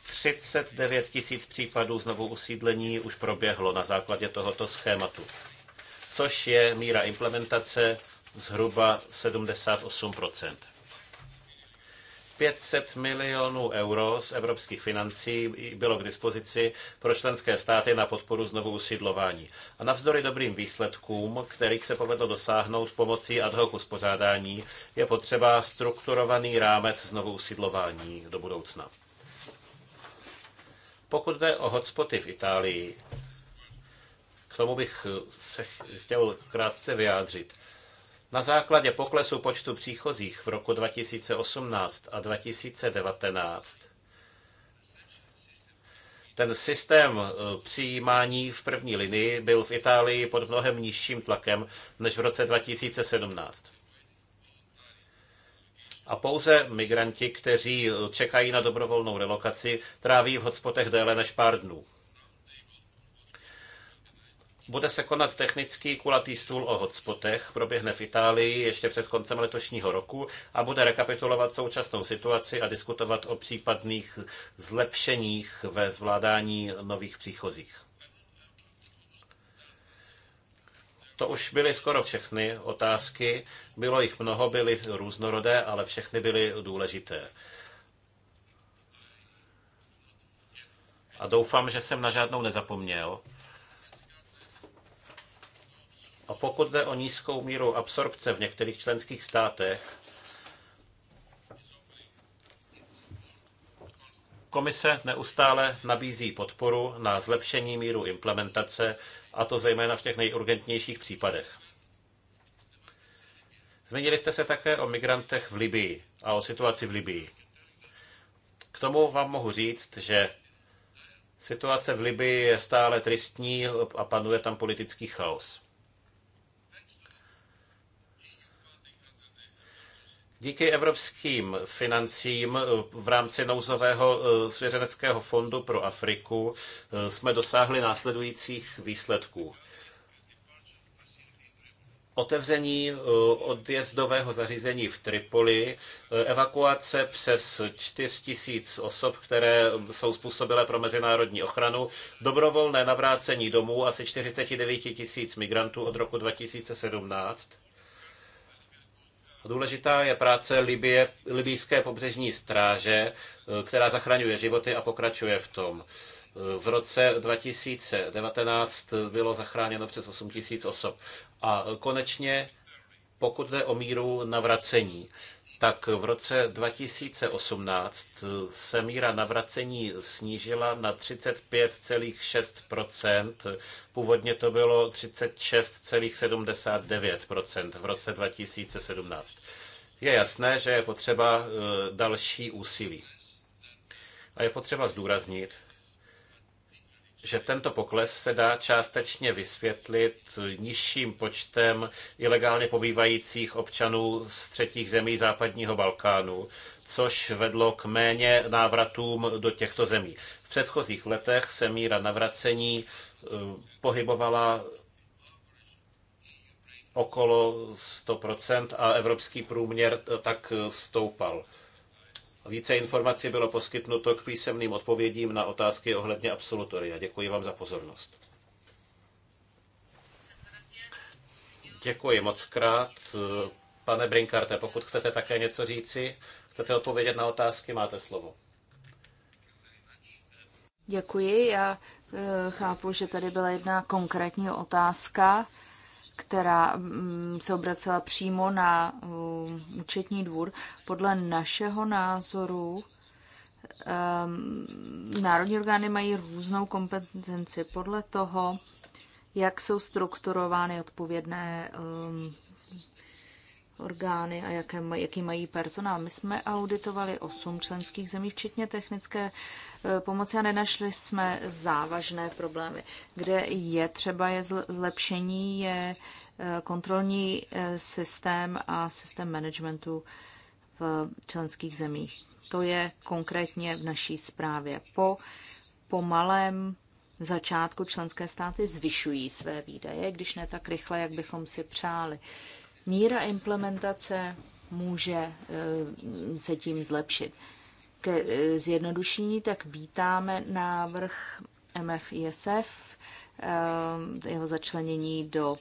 39 tisíc případů znovu usídlení už proběhlo na základě tohoto schématu což je míra implementace zhruba 78%. 500 milionů euro z evropských financí bylo k dispozici pro členské státy na podporu znovu usídlování. A navzdory dobrým výsledkům, kterých se povedlo dosáhnout pomocí ad hoc uspořádání, je potřeba strukturovaný rámec znovu usídlování do budoucna. Pokud jde o hotspoty v Itálii, k tomu bych eh, se chtěl krátce vyjádřit. Na základě poklesu počtu příchozích v roku 2018 a 2019 ten systém eh, přijímání v první linii byl v Itálii pod mnohem nižším tlakem než v roce 2017. A pouze migranti, kteří eh, čekají na dobrovolnou relokaci, tráví v hotspotech déle než pár dnů. Bude se konat technický kulatý stůl o hotspotech, proběhne v Itálii ještě před koncem letošního roku a bude rekapitulovat současnou situaci a diskutovat o případných zlepšeních ve zvládání nových příchozích. To už byly skoro všechny otázky. Bylo jich mnoho, byly různorodé, ale všechny byly důležité. A doufám, že jsem na žádnou nezapomněl. A pokud jde o nízkou míru absorpce v některých členských státech, Komise neustále nabízí podporu na zlepšení míru implementace, a to zejména v těch nejurgentnějších případech. Zmínili jste se také o migrantech v Libii a o situaci v Libii. K tomu vám mohu říct, že situace v Libii je stále tristní a panuje tam politický chaos. Díky evropským financím eh, v rámci nouzového eh, svěřeneckého fondu pro Afriku eh, jsme dosáhli následujících výsledků. Otevření odjezdového zařízení v Tripoli, evakuace přes 4000 osob, které jsou způsobilé pro mezinárodní ochranu, dobrovolné navrácení domů asi 49 000 migrantů od roku 2017, Důležitá je práce Libie, libijské pobřežní stráže, e, která zachraňuje životy a pokračuje v tom. E, v roce 2019 bylo zachráněno přes 8 000 osob. A konečně, pokud jde o míru navracení, tak v roce 2018 se míra navracení snížila na 35,6 Původně to bylo 36,79 v roce 2017. Je jasné, že je potřeba eh, další úsilí. A je potřeba zdůraznit, že tento pokles se dá částečně vysvětlit nižším počtem ilegálně pobývajících občanů z třetích zemí západního Balkánu, což vedlo k méně návratům do těchto zemí. V předchozích letech se míra navracení eh, pohybovala okolo 100% a evropský průměr eh, tak eh, stoupal. Více informací bylo poskytnuto k písemným odpovědím na otázky ohledně absolutoria. Děkuji vám za pozornost. Děkuji moc krát. Pane Brinkarte, pokud chcete také něco říci, chcete odpovědět na otázky, máte slovo. Děkuji. Já eh, chápu, že tady byla jedna konkrétní otázka která mm, se obracela přímo na mm, účetní dvůr. Podle našeho názoru mm, národní orgány mají různou kompetenci podle toho, jak jsou strukturovány odpovědné um, orgány a jaké, jaký mají personál. My jsme auditovali osm členských zemí, včetně technické eh, pomoci a nenašli jsme závažné problémy. Kde je třeba je zlepšení, je eh, kontrolní eh, systém a systém managementu v členských zemích. To je konkrétně v naší zprávě. Po pomalém začátku členské státy zvyšují své výdaje, když ne tak rychle, jak bychom si přáli míra implementace může eh, se tím zlepšit. Ke eh, zjednodušení tak vítáme návrh MFISF, eh, jeho začlenění do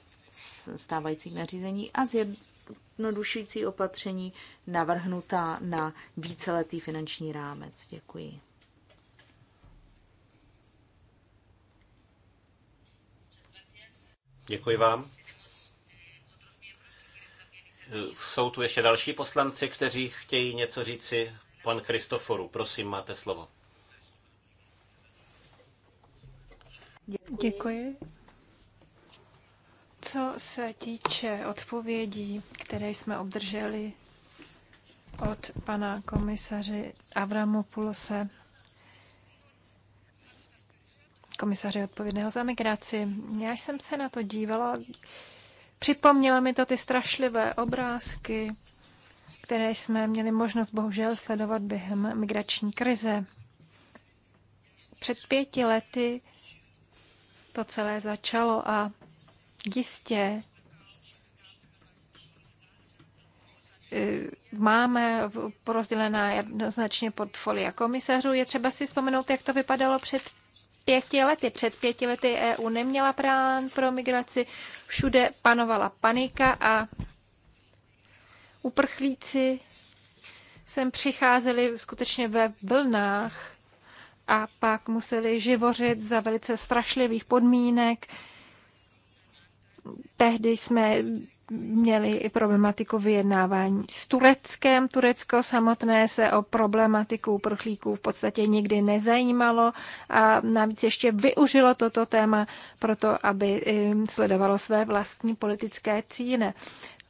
stávajících nařízení a zjednodušující opatření navrhnutá na víceletý finanční rámec. Děkuji. Děkuji vám. Jsou tu ještě další poslanci, kteří chtějí něco říci. Pan Kristoforu, prosím, máte slovo. Děkuji. Co se týče odpovědí, které jsme obdrželi od pana komisaři Avramopulose, komisaře odpovědného za migraci. Já jsem se na to dívala Připomnělo mi to ty strašlivé obrázky, které jsme měli možnost bohužel sledovat během migrační krize. Před pěti lety to celé začalo a jistě e, máme porozdělená jednoznačně portfolia komisařů. Je třeba si vzpomenout, jak to vypadalo před pěti lety. Před pěti lety EU neměla plán pro migraci, všude panovala panika a uprchlíci sem přicházeli skutečně ve vlnách a pak museli živořit za velice strašlivých podmínek. Tehdy jsme měli i problematiku vyjednávání s Tureckem. Turecko samotné se o problematiku uprchlíků v podstatě nikdy nezajímalo a navíc ještě využilo toto téma proto, aby sledovalo své vlastní politické cíle.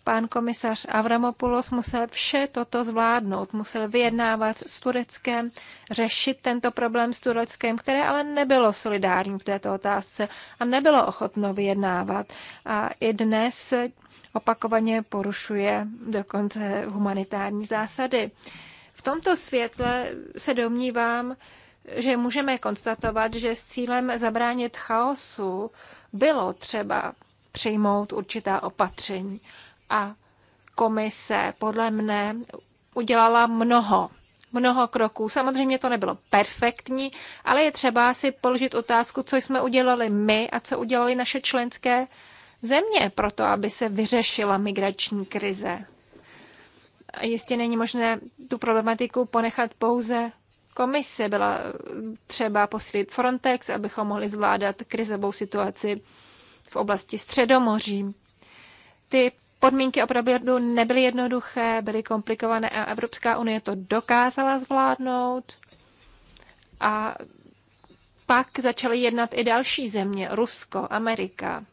Pán komisař Avramopoulos musel vše toto zvládnout, musel vyjednávat s Tureckem, řešit tento problém s Tureckem, které ale nebylo solidární v této otázce a nebylo ochotno vyjednávat. A i dnes opakovaně porušuje dokonce humanitární zásady. V tomto světle se domnívám, že můžeme konstatovat, že s cílem zabránit chaosu bylo třeba přijmout určitá opatření. A komise podle mne udělala mnoho, mnoho kroků. Samozřejmě to nebylo perfektní, ale je třeba si položit otázku, co jsme udělali my a co udělali naše členské země pro to, aby se vyřešila migrační krize. A jistě není možné tu problematiku ponechat pouze komise. Byla třeba posílit Frontex, abychom mohli zvládat krizovou situaci v oblasti Středomoří. Ty podmínky opravdu nebyly jednoduché, byly komplikované a Evropská unie to dokázala zvládnout. A pak začaly jednat i další země, Rusko, Amerika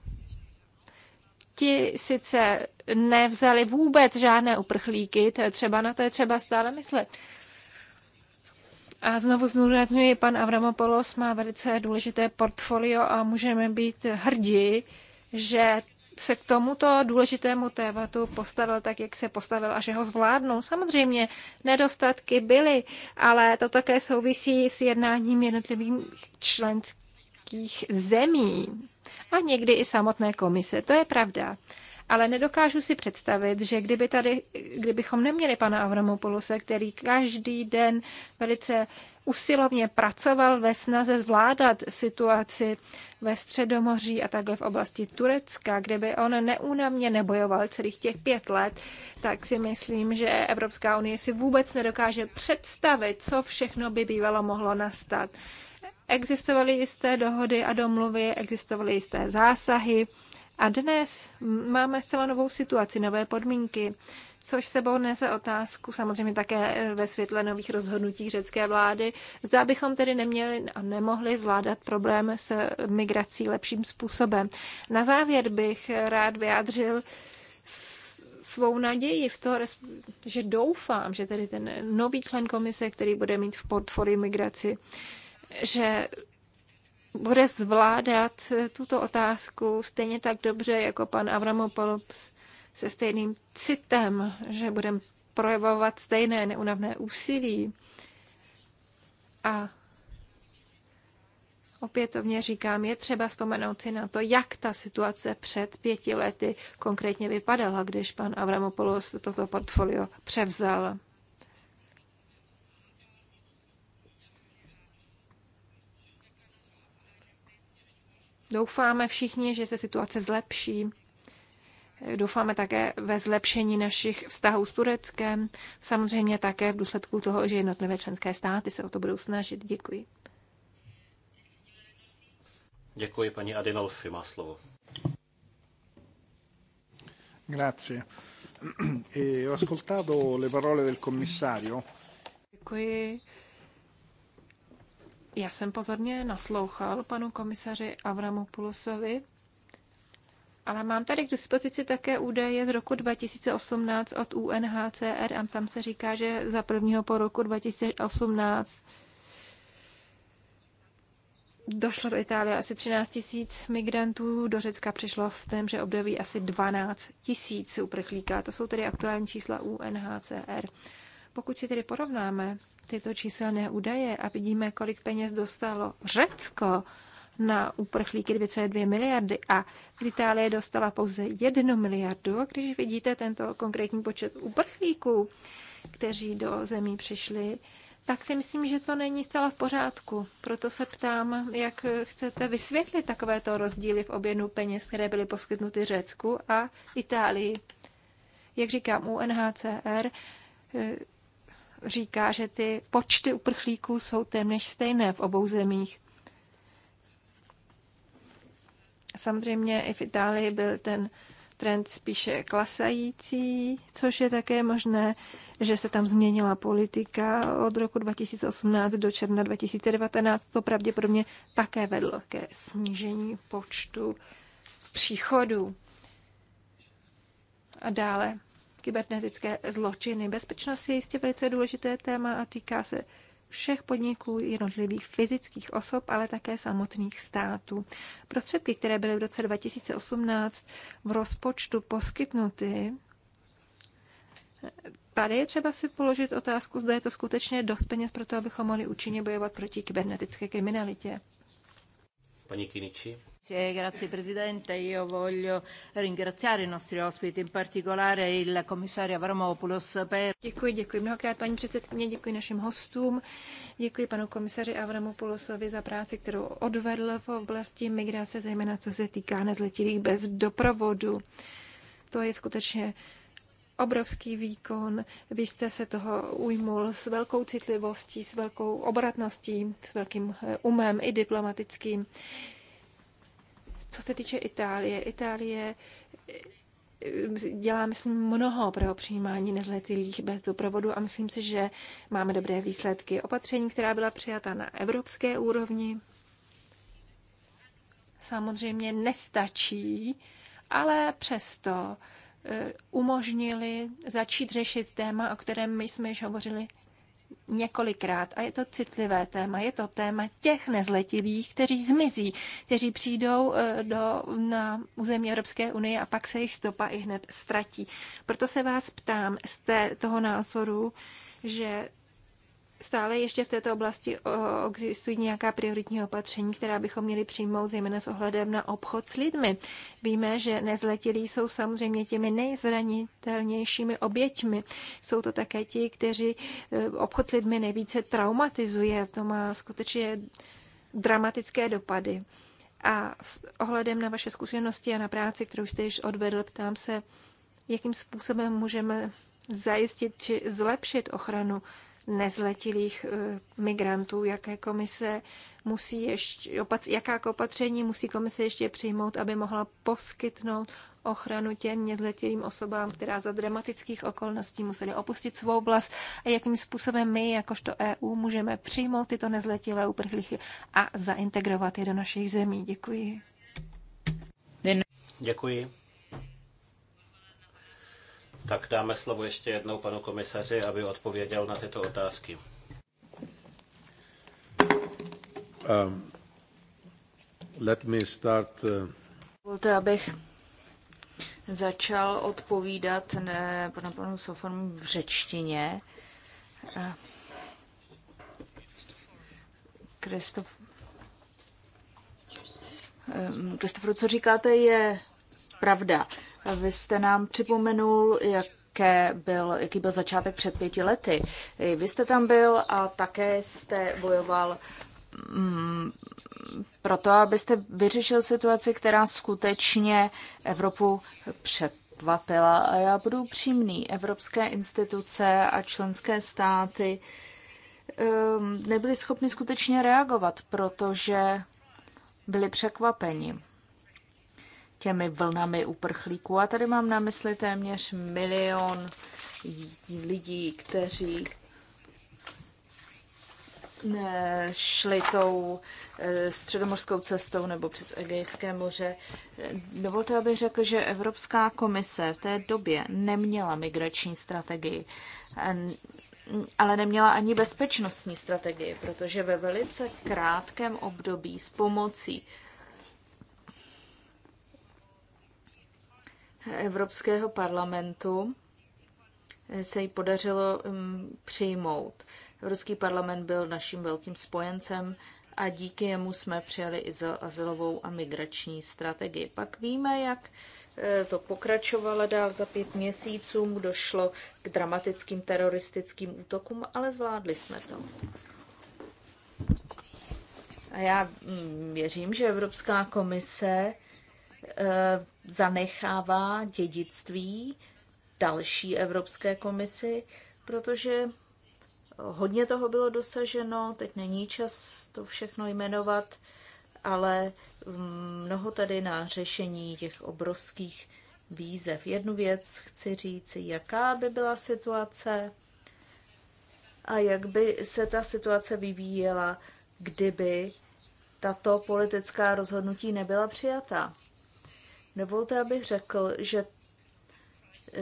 ti sice nevzali vůbec žádné uprchlíky, to je třeba, na to je třeba stále myslet. A znovu zdůrazňuji, pan Avramopoulos má velice důležité portfolio a můžeme být hrdí, že se k tomuto důležitému tématu postavil tak, jak se postavil a že ho zvládnou. Samozřejmě nedostatky byly, ale to také souvisí s jednáním jednotlivých členských zemí a někdy i samotné komise. To je pravda. Ale nedokážu si představit, že kdyby tady, kdybychom neměli pana Avramopoulose, který každý den velice usilovně pracoval ve snaze zvládat situaci ve Středomoří a takhle v oblasti Turecka, kdyby on neúnavně nebojoval celých těch pět let, tak si myslím, že Evropská unie si vůbec nedokáže představit, co všechno by bývalo mohlo nastat. Existovaly jisté dohody a domluvy, existovaly jisté zásahy a dnes máme zcela novou situaci, nové podmínky, což sebou nese otázku samozřejmě také ve světle nových rozhodnutí řecké vlády. Zda bychom tedy neměli a nemohli zvládat problém s migrací lepším způsobem. Na závěr bych rád vyjádřil svou naději v to, že doufám, že tedy ten nový člen komise, který bude mít v portfoliu migraci, že bude zvládat tuto otázku stejně tak dobře jako pan Avramopoulos se stejným citem, že budeme projevovat stejné neunavné úsilí. A opětovně říkám, je třeba vzpomenout si na to, jak ta situace před pěti lety konkrétně vypadala, když pan Avramopoulos toto portfolio převzal. Doufáme všichni, že se situace zlepší. Doufáme také ve zlepšení našich vztahů s Tureckem, samozřejmě také v důsledku toho, že jednotlivé členské státy se o to budou snažit. Děkuji. Děkuji, paní Adinolfi má slovo. Grazie. E ho ascoltato le parole del commissario. Děkuji. Já jsem pozorně naslouchal panu komisaři Avramopulosovi, ale mám tady k dispozici také údaje z roku 2018 od UNHCR a tam se říká, že za prvního po roku 2018 došlo do Itálie asi 13 tisíc migrantů, do Řecka přišlo v témže období asi 12 tisíc uprchlíka. To jsou tedy aktuální čísla UNHCR. Pokud si tedy porovnáme tyto číselné údaje a vidíme, kolik peněz dostalo Řecko na uprchlíky 2,2 miliardy a Itálie dostala pouze 1 miliardu, když vidíte tento konkrétní počet uprchlíků, kteří do zemí přišli, tak si myslím, že to není zcela v pořádku. Proto se ptám, jak chcete vysvětlit takovéto rozdíly v obědnu peněz, které byly poskytnuty Řecku a Itálii. Jak říkám, UNHCR eh, říká, že ty počty uprchlíků jsou téměř stejné v obou zemích. Samozřejmě i v Itálii byl ten trend spíše klasající, což je také možné, že se tam změnila politika od roku 2018 do června 2019. To pravděpodobně také vedlo ke snížení počtu příchodů. A dále kybernetické zločiny. Bezpečnost je jistě velice důležité téma a týká se všech podniků, jednotlivých fyzických osob, ale také samotných států. Prostředky, které byly v roce 2018 v rozpočtu poskytnuty, tady je třeba si položit otázku, zda je to skutečně dost peněz pro to, abychom mohli účinně bojovat proti kybernetické kriminalitě. Paní Kiniči. Grazie, grazie Presidente. Io voglio ringraziare i nostri ospiti, in particolare il commissario Avramopoulos per... Děkuji, děkuji mnohokrát paní předsedkyně, děkuji našim hostům, děkuji panu komisaři Avramopoulosovi za práci, kterou odvedl v oblasti migrace, zejména co se týká nezletilých bez doprovodu. To je skutečně obrovský výkon. Vy jste se toho ujmul s velkou citlivostí, s velkou obratností, s velkým eh, umem i diplomatickým. Co se týče Itálie, Itálie eh, dělá, myslím, mnoho pro přijímání nezletilých bez doprovodu a myslím si, že máme dobré výsledky. Opatření, která byla přijata na evropské úrovni, samozřejmě nestačí, ale přesto eh, umožnili začít řešit téma, o kterém my jsme již hovořili několikrát a je to citlivé téma. Je to téma těch nezletilých, kteří zmizí, kteří přijdou eh, do, na území Evropské unie a pak se jich stopa i hned ztratí. Proto se vás ptám, z té toho názoru, že stále ještě v této oblasti existují nějaká prioritní opatření, která bychom měli přijmout, zejména s ohledem na obchod s lidmi. Víme, že nezletilí jsou samozřejmě těmi nejzranitelnějšími oběťmi. Jsou to také ti, kteří e, obchod s lidmi nejvíce traumatizuje. To má skutečně dramatické dopady. A s ohledem na vaše zkušenosti a na práci, kterou jste již odvedl, ptám se, jakým způsobem můžeme zajistit či zlepšit ochranu nezletilých eh, migrantů, jaké komise musí ještě, jaká opatření musí komise ještě přijmout, aby mohla poskytnout ochranu těm nezletilým osobám, která za dramatických okolností museli opustit svou vlast a jakým způsobem my, jakožto EU, můžeme přijmout tyto nezletilé uprchlíky a zaintegrovat je do našich zemí. Děkuji. Děkuji. Tak dáme slovo ještě jednou panu komisaři, aby odpověděl na tyto otázky. Um, let me start. Uh, Dovolte, abych začal odpovídat ne, na panu Soformu v řečtině. Uh, Kristof, um, Kristofor, co říkáte, je pravda. Vy jste nám připomenul, jak byl, jaký byl začátek před pěti lety. Vy jste tam byl a také jste bojoval mm, proto, abyste vyřešil situaci, která skutečně Evropu překvapila. A já budu přímný. Evropské instituce a členské státy um, nebyly schopny skutečně reagovat, protože byli překvapeni těmi vlnami uprchlíků. A tady mám na mysli téměř milion lidí, kteří eh, šli tou eh, středomorskou cestou nebo přes Egejské moře. Dovolte, abych řekl, že Evropská komise v té době neměla migrační strategii, ale neměla ani bezpečnostní strategii, protože ve velice krátkém období s pomocí Evropského parlamentu se jí podařilo mm, přijmout. Evropský parlament byl naším velkým spojencem a díky jemu jsme přijali azylovou a migrační strategii. Pak víme, jak eh, to pokračovalo dál za pět měsíců, došlo k dramatickým teroristickým útokům, ale zvládli jsme to. A já mm, věřím, že Evropská komise Eh, zanechává dědictví další Evropské komisi, protože hodně toho bylo dosaženo, teď není čas to všechno jmenovat, ale mnoho tady na řešení těch obrovských výzev. Jednu věc chci říct, jaká by byla situace a jak by se ta situace vyvíjela, kdyby tato politická rozhodnutí nebyla přijata. Dovolte, abych řekl, že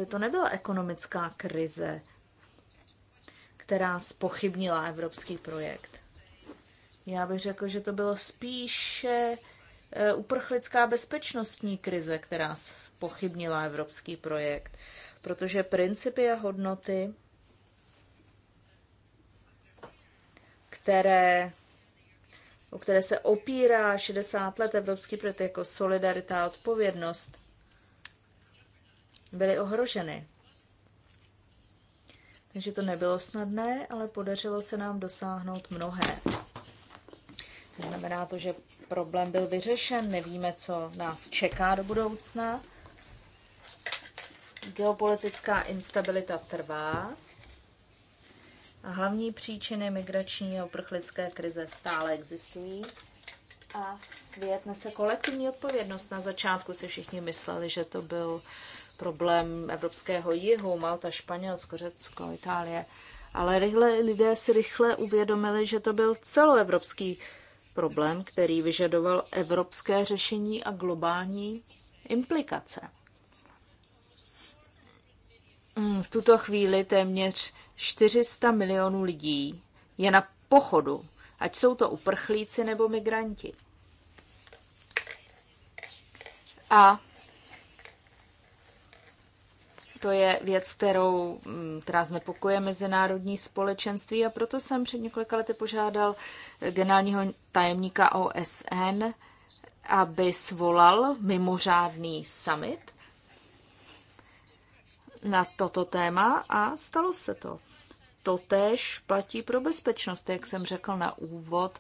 to nebyla ekonomická krize, která spochybnila evropský projekt. Já bych řekl, že to bylo spíše e, uprchlická bezpečnostní krize, která spochybnila evropský projekt, protože principy a hodnoty, které o které se opírá 60 let evropský projekt jako solidarita a odpovědnost, byly ohroženy. Takže to nebylo snadné, ale podařilo se nám dosáhnout mnohé. To znamená to, že problém byl vyřešen, nevíme, co nás čeká do budoucna. Geopolitická instabilita trvá, a hlavní příčiny migrační a uprchlické krize stále existují. A svět nese kolektivní odpovědnost. Na začátku si všichni mysleli, že to byl problém evropského jihu, Malta, Španělsko, Řecko, Itálie. Ale rychle, lidé si rychle uvědomili, že to byl celoevropský problém, který vyžadoval evropské řešení a globální implikace. V tuto chvíli téměř 400 milionů lidí je na pochodu, ať jsou to uprchlíci nebo migranti. A to je věc, kterou, mm, která znepokuje mezinárodní společenství a proto jsem před několika lety požádal generálního tajemníka OSN, aby svolal mimořádný summit na toto téma a stalo se to. Totéž platí pro bezpečnost. Jak jsem řekl na úvod,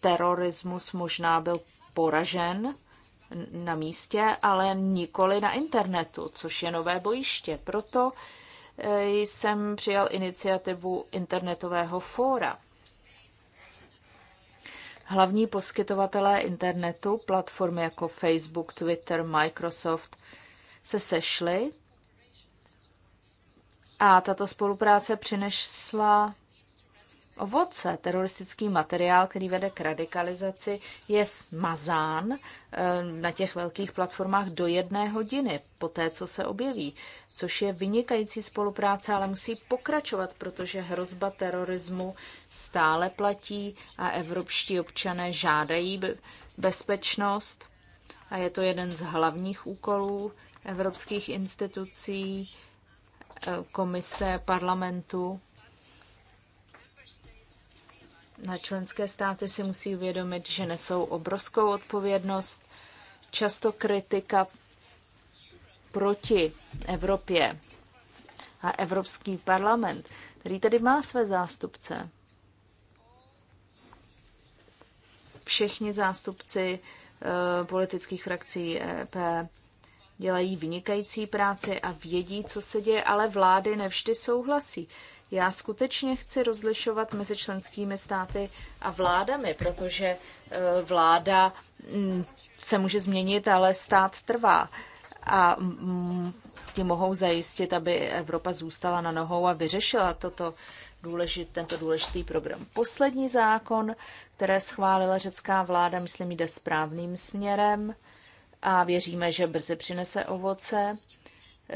terorismus možná byl poražen na místě, ale nikoli na internetu, což je nové bojiště. Proto eh, jsem přijal iniciativu internetového fóra. Hlavní poskytovatelé internetu, platformy jako Facebook, Twitter, Microsoft, se sešly a tato spolupráce přinesla ovoce. Teroristický materiál, který vede k radikalizaci, je smazán eh, na těch velkých platformách do jedné hodiny po té, co se objeví, což je vynikající spolupráce, ale musí pokračovat, protože hrozba terorismu stále platí a evropští občané žádají bezpečnost a je to jeden z hlavních úkolů evropských institucí komise parlamentu na členské státy si musí uvědomit, že nesou obrovskou odpovědnost. Často kritika proti Evropě a Evropský parlament, který tady má své zástupce. Všichni zástupci eh, politických frakcí EP dělají vynikající práci a vědí, co se děje, ale vlády nevždy souhlasí. Já skutečně chci rozlišovat mezi členskými státy a vládami, protože eh, vláda mm, se může změnit, ale stát trvá. A mm, ti mohou zajistit, aby Evropa zůstala na nohou a vyřešila toto důležit, tento důležitý program. Poslední zákon, které schválila řecká vláda, myslím, jde správným směrem a věříme, že brzy přinese ovoce.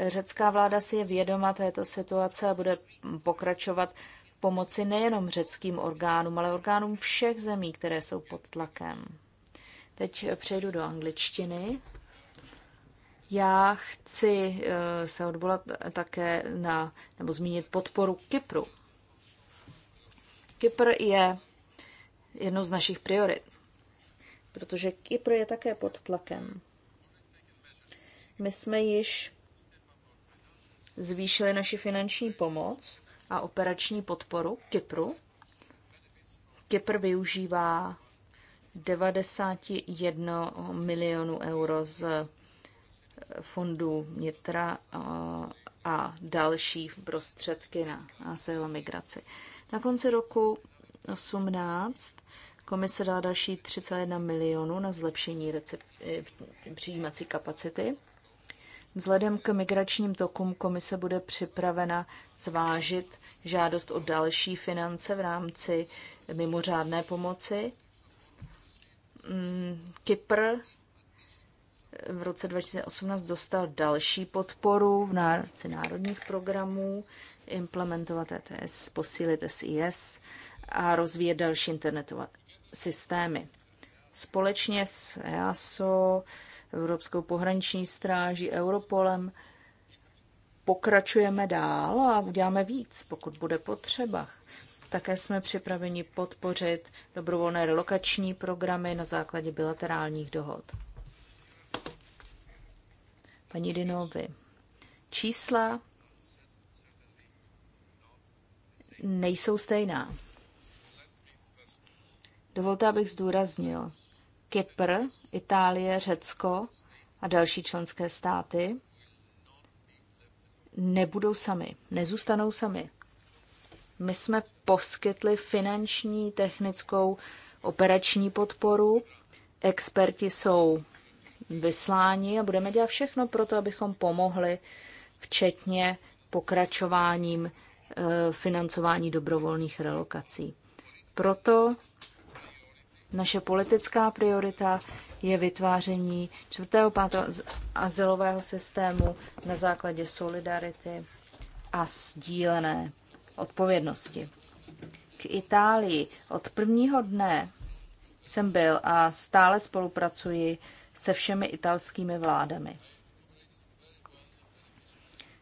Řecká vláda si je vědoma této situace a bude pokračovat v pomoci nejenom řeckým orgánům, ale orgánům všech zemí, které jsou pod tlakem. Teď přejdu do angličtiny. Já chci eh, se odvolat také na, nebo zmínit podporu Kypru. Kypr je jednou z našich priorit, protože Kypr je také pod tlakem. My jsme již zvýšili naši finanční pomoc a operační podporu Kypru. Kypr využívá 91 milionů euro z eh, fondu Nitra eh, a další prostředky na azyl a migraci. Na konci roku 18 komise dala další 3,1 milionu na zlepšení recept, eh, přijímací kapacity Vzhledem k migračním tokům komise bude připravena zvážit žádost o další finance v rámci mimořádné pomoci. Mm, Kypr v roce 2018 dostal další podporu v rámci národních programů implementovat ETS, posílit SIS a rozvíjet další internetové systémy. Společně s EASO, Evropskou pohraniční stráží, Europolem. Pokračujeme dál a uděláme víc, pokud bude potřeba. Také jsme připraveni podpořit dobrovolné relokační programy na základě bilaterálních dohod. Paní Dinovi, čísla nejsou stejná. Dovolte, abych zdůraznil, Kypr, Itálie, Řecko a další členské státy nebudou sami, nezůstanou sami. My jsme poskytli finanční, technickou, operační podporu. Experti jsou vysláni a budeme dělat všechno pro to, abychom pomohli, včetně pokračováním eh, financování dobrovolných relokací. Proto naše politická priorita je vytváření čtvrtého pátého azylového systému na základě solidarity a sdílené odpovědnosti. K Itálii od prvního dne jsem byl a stále spolupracuji se všemi italskými vládami.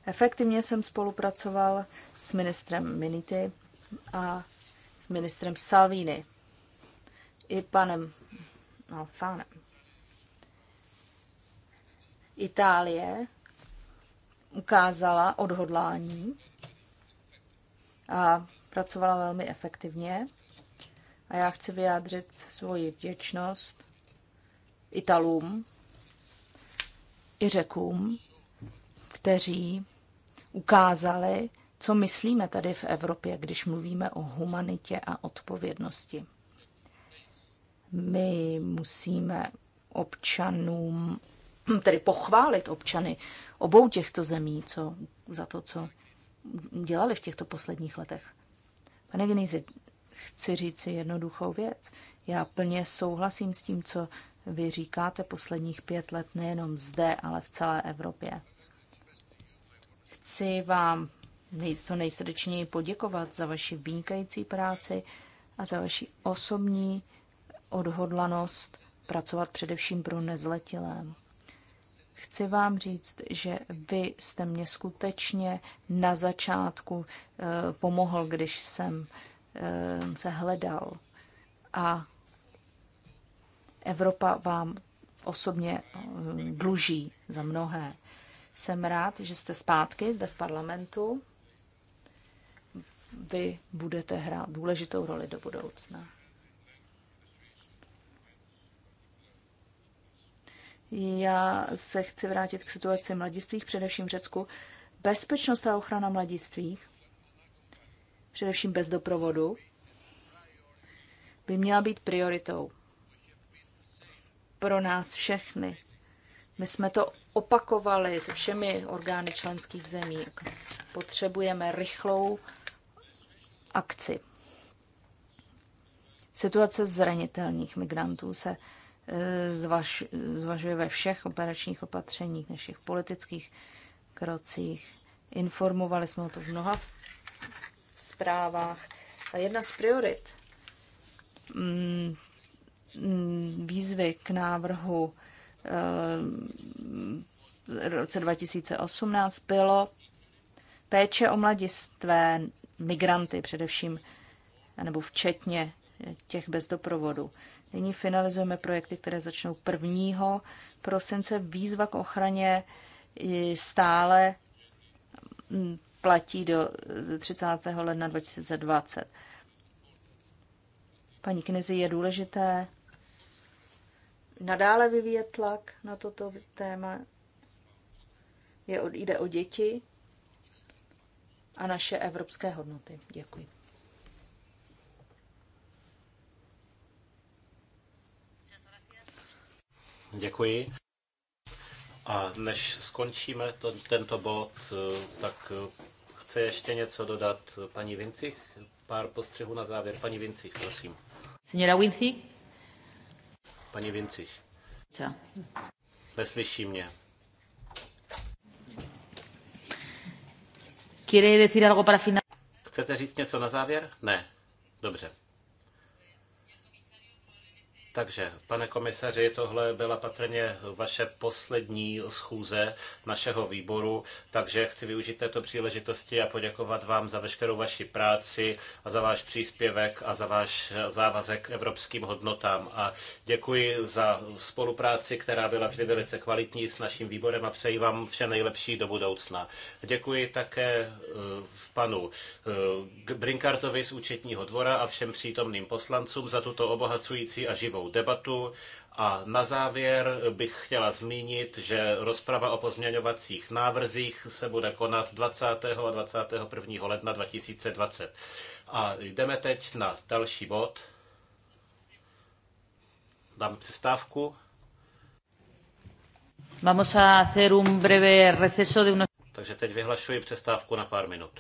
Efektivně jsem spolupracoval s ministrem Minity a s ministrem Salvini i panem Alfánem. No, Itálie ukázala odhodlání a pracovala velmi efektivně. A já chci vyjádřit svoji vděčnost Italům i Řekům, kteří ukázali, co myslíme tady v Evropě, když mluvíme o humanitě a odpovědnosti. My musíme občanům, tedy pochválit občany obou těchto zemí co, za to, co dělali v těchto posledních letech. Pane Genizi, chci říct si jednoduchou věc. Já plně souhlasím s tím, co vy říkáte posledních pět let nejenom zde, ale v celé Evropě. Chci vám co nejsrdečněji poděkovat za vaši vynikající práci a za vaši osobní odhodlanost pracovat především pro nezletilé. Chci vám říct, že vy jste mě skutečně na začátku eh, pomohl, když jsem eh, se hledal. A Evropa vám osobně eh, dluží za mnohé. Jsem rád, že jste zpátky zde v parlamentu. Vy budete hrát důležitou roli do budoucna. Já se chci vrátit k situaci mladistvých, především v Řecku. Bezpečnost a ochrana mladistvých, především bez doprovodu, by měla být prioritou pro nás všechny. My jsme to opakovali se všemi orgány členských zemí. Potřebujeme rychlou akci. Situace zranitelných migrantů se zvaž, zvažuje ve všech operačních opatřeních, našich politických krocích. Informovali jsme o to v mnoha zprávách. A jedna z priorit mm, výzvy k návrhu v eh, roce 2018 bylo péče o mladistvé migranty především, nebo včetně těch bez doprovodu. Nyní finalizujeme projekty, které začnou 1. prosince. Výzva k ochraně stále mm, platí do 30. ledna 2020. Paní Knezi, je důležité nadále vyvíjet tlak na toto téma. Je, jde o děti a naše evropské hodnoty. Děkuji. Děkuji. A než skončíme to, tento bod, tak chce ještě něco dodat paní Vincich? Pár postřehů na závěr. Paní Vincich, prosím. Senora Vincich? Paní Vincich. Co? Neslyší mě. Chcete říct něco na závěr? Ne. Dobře. Takže, pane komisaři, tohle byla patrně vaše poslední schůze našeho výboru, takže chci využít této příležitosti a poděkovat vám za veškerou vaši práci a za váš příspěvek a za váš závazek evropským hodnotám. A děkuji za spolupráci, která byla vždy velice kvalitní s naším výborem a přeji vám vše nejlepší do budoucna. Děkuji také eh, panu eh, Brinkartovi z účetního dvora a všem přítomným poslancům za tuto obohacující a živou zajímavou debatu a na závěr bych chtěla zmínit, že rozprava o pozměňovacích návrzích se bude konat 20. a 21. ledna 2020. A jdeme teď na další bod. Dáme přestávku. Vamos a hacer un breve receso de unos... Takže teď vyhlašuji přestávku na pár minut.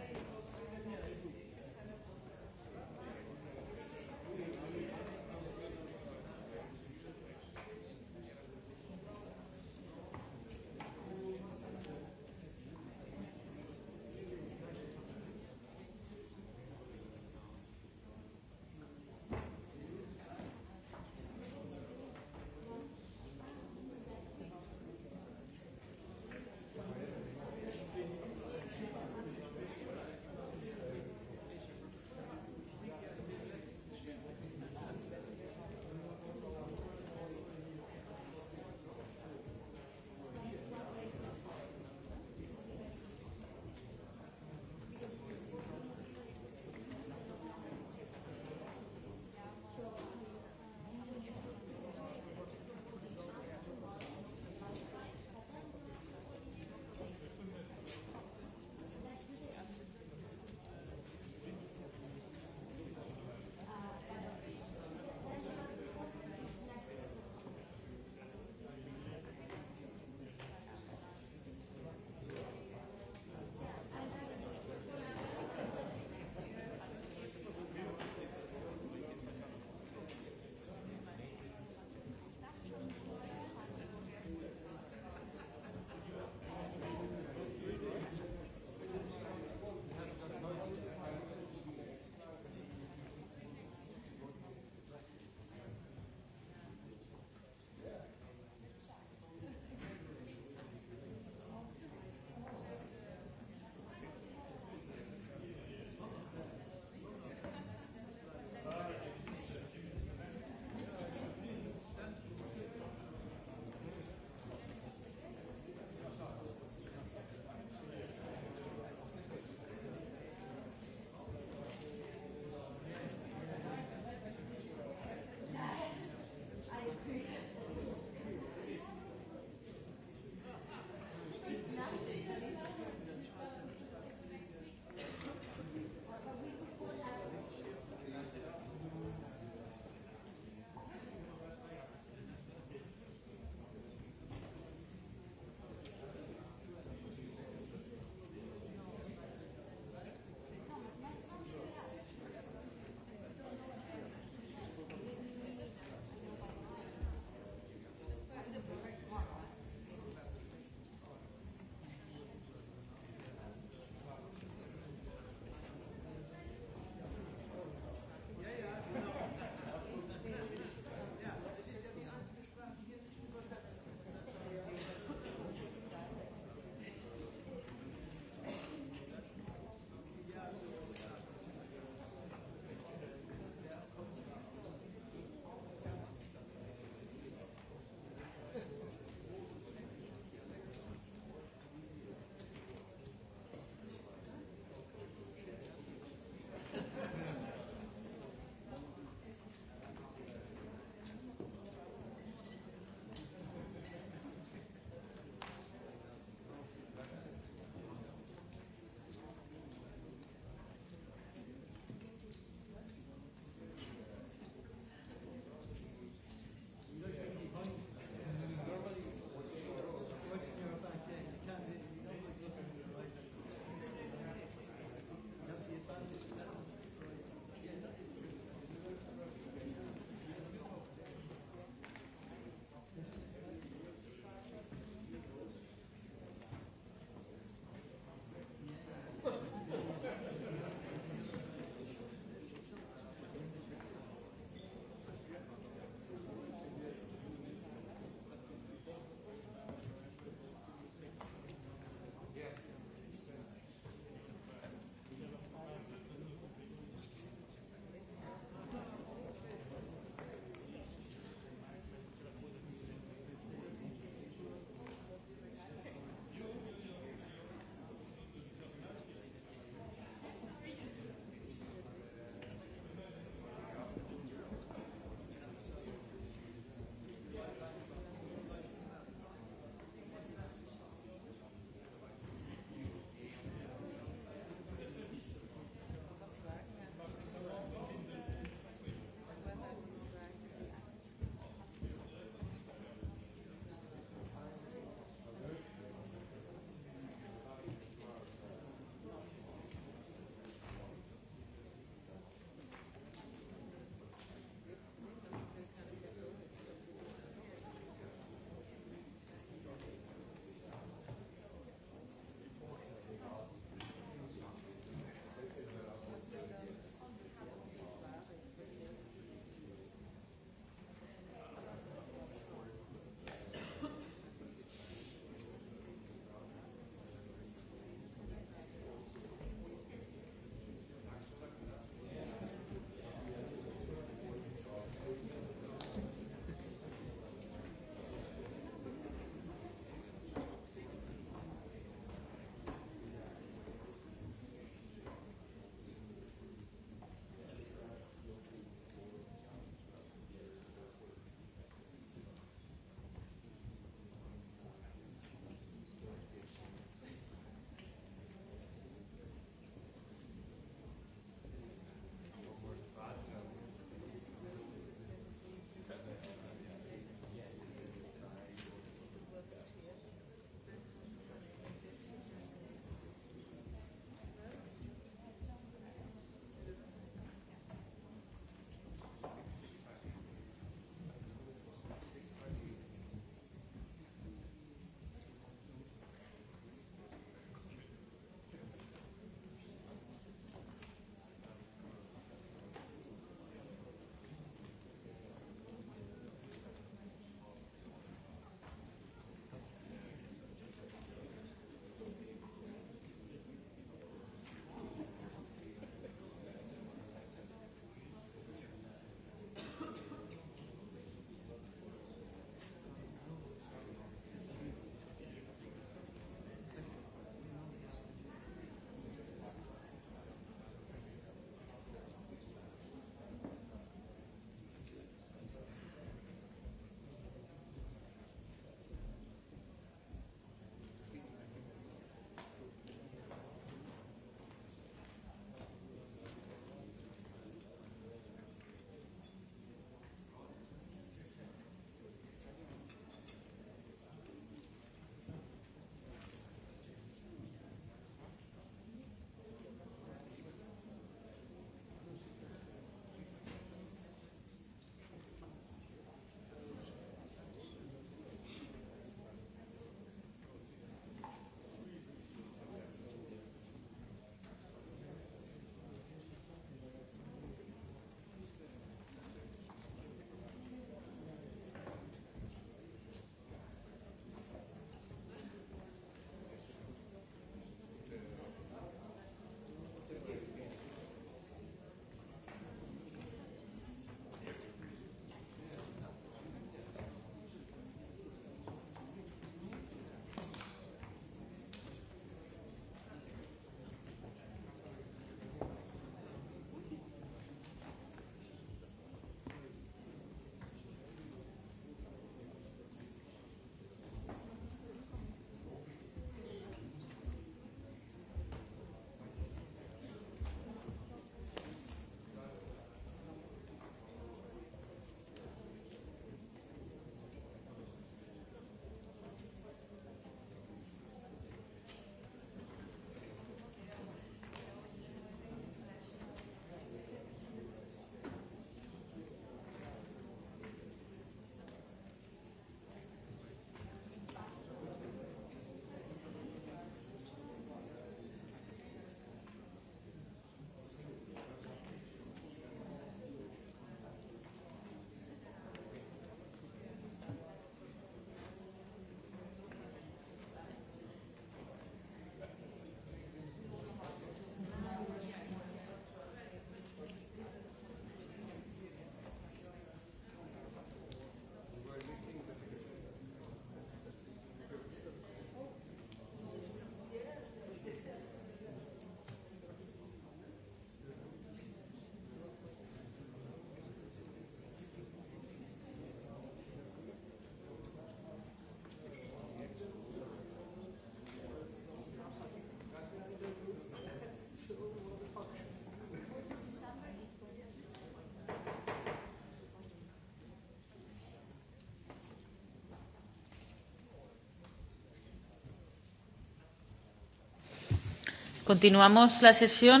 Continuamos la sesión.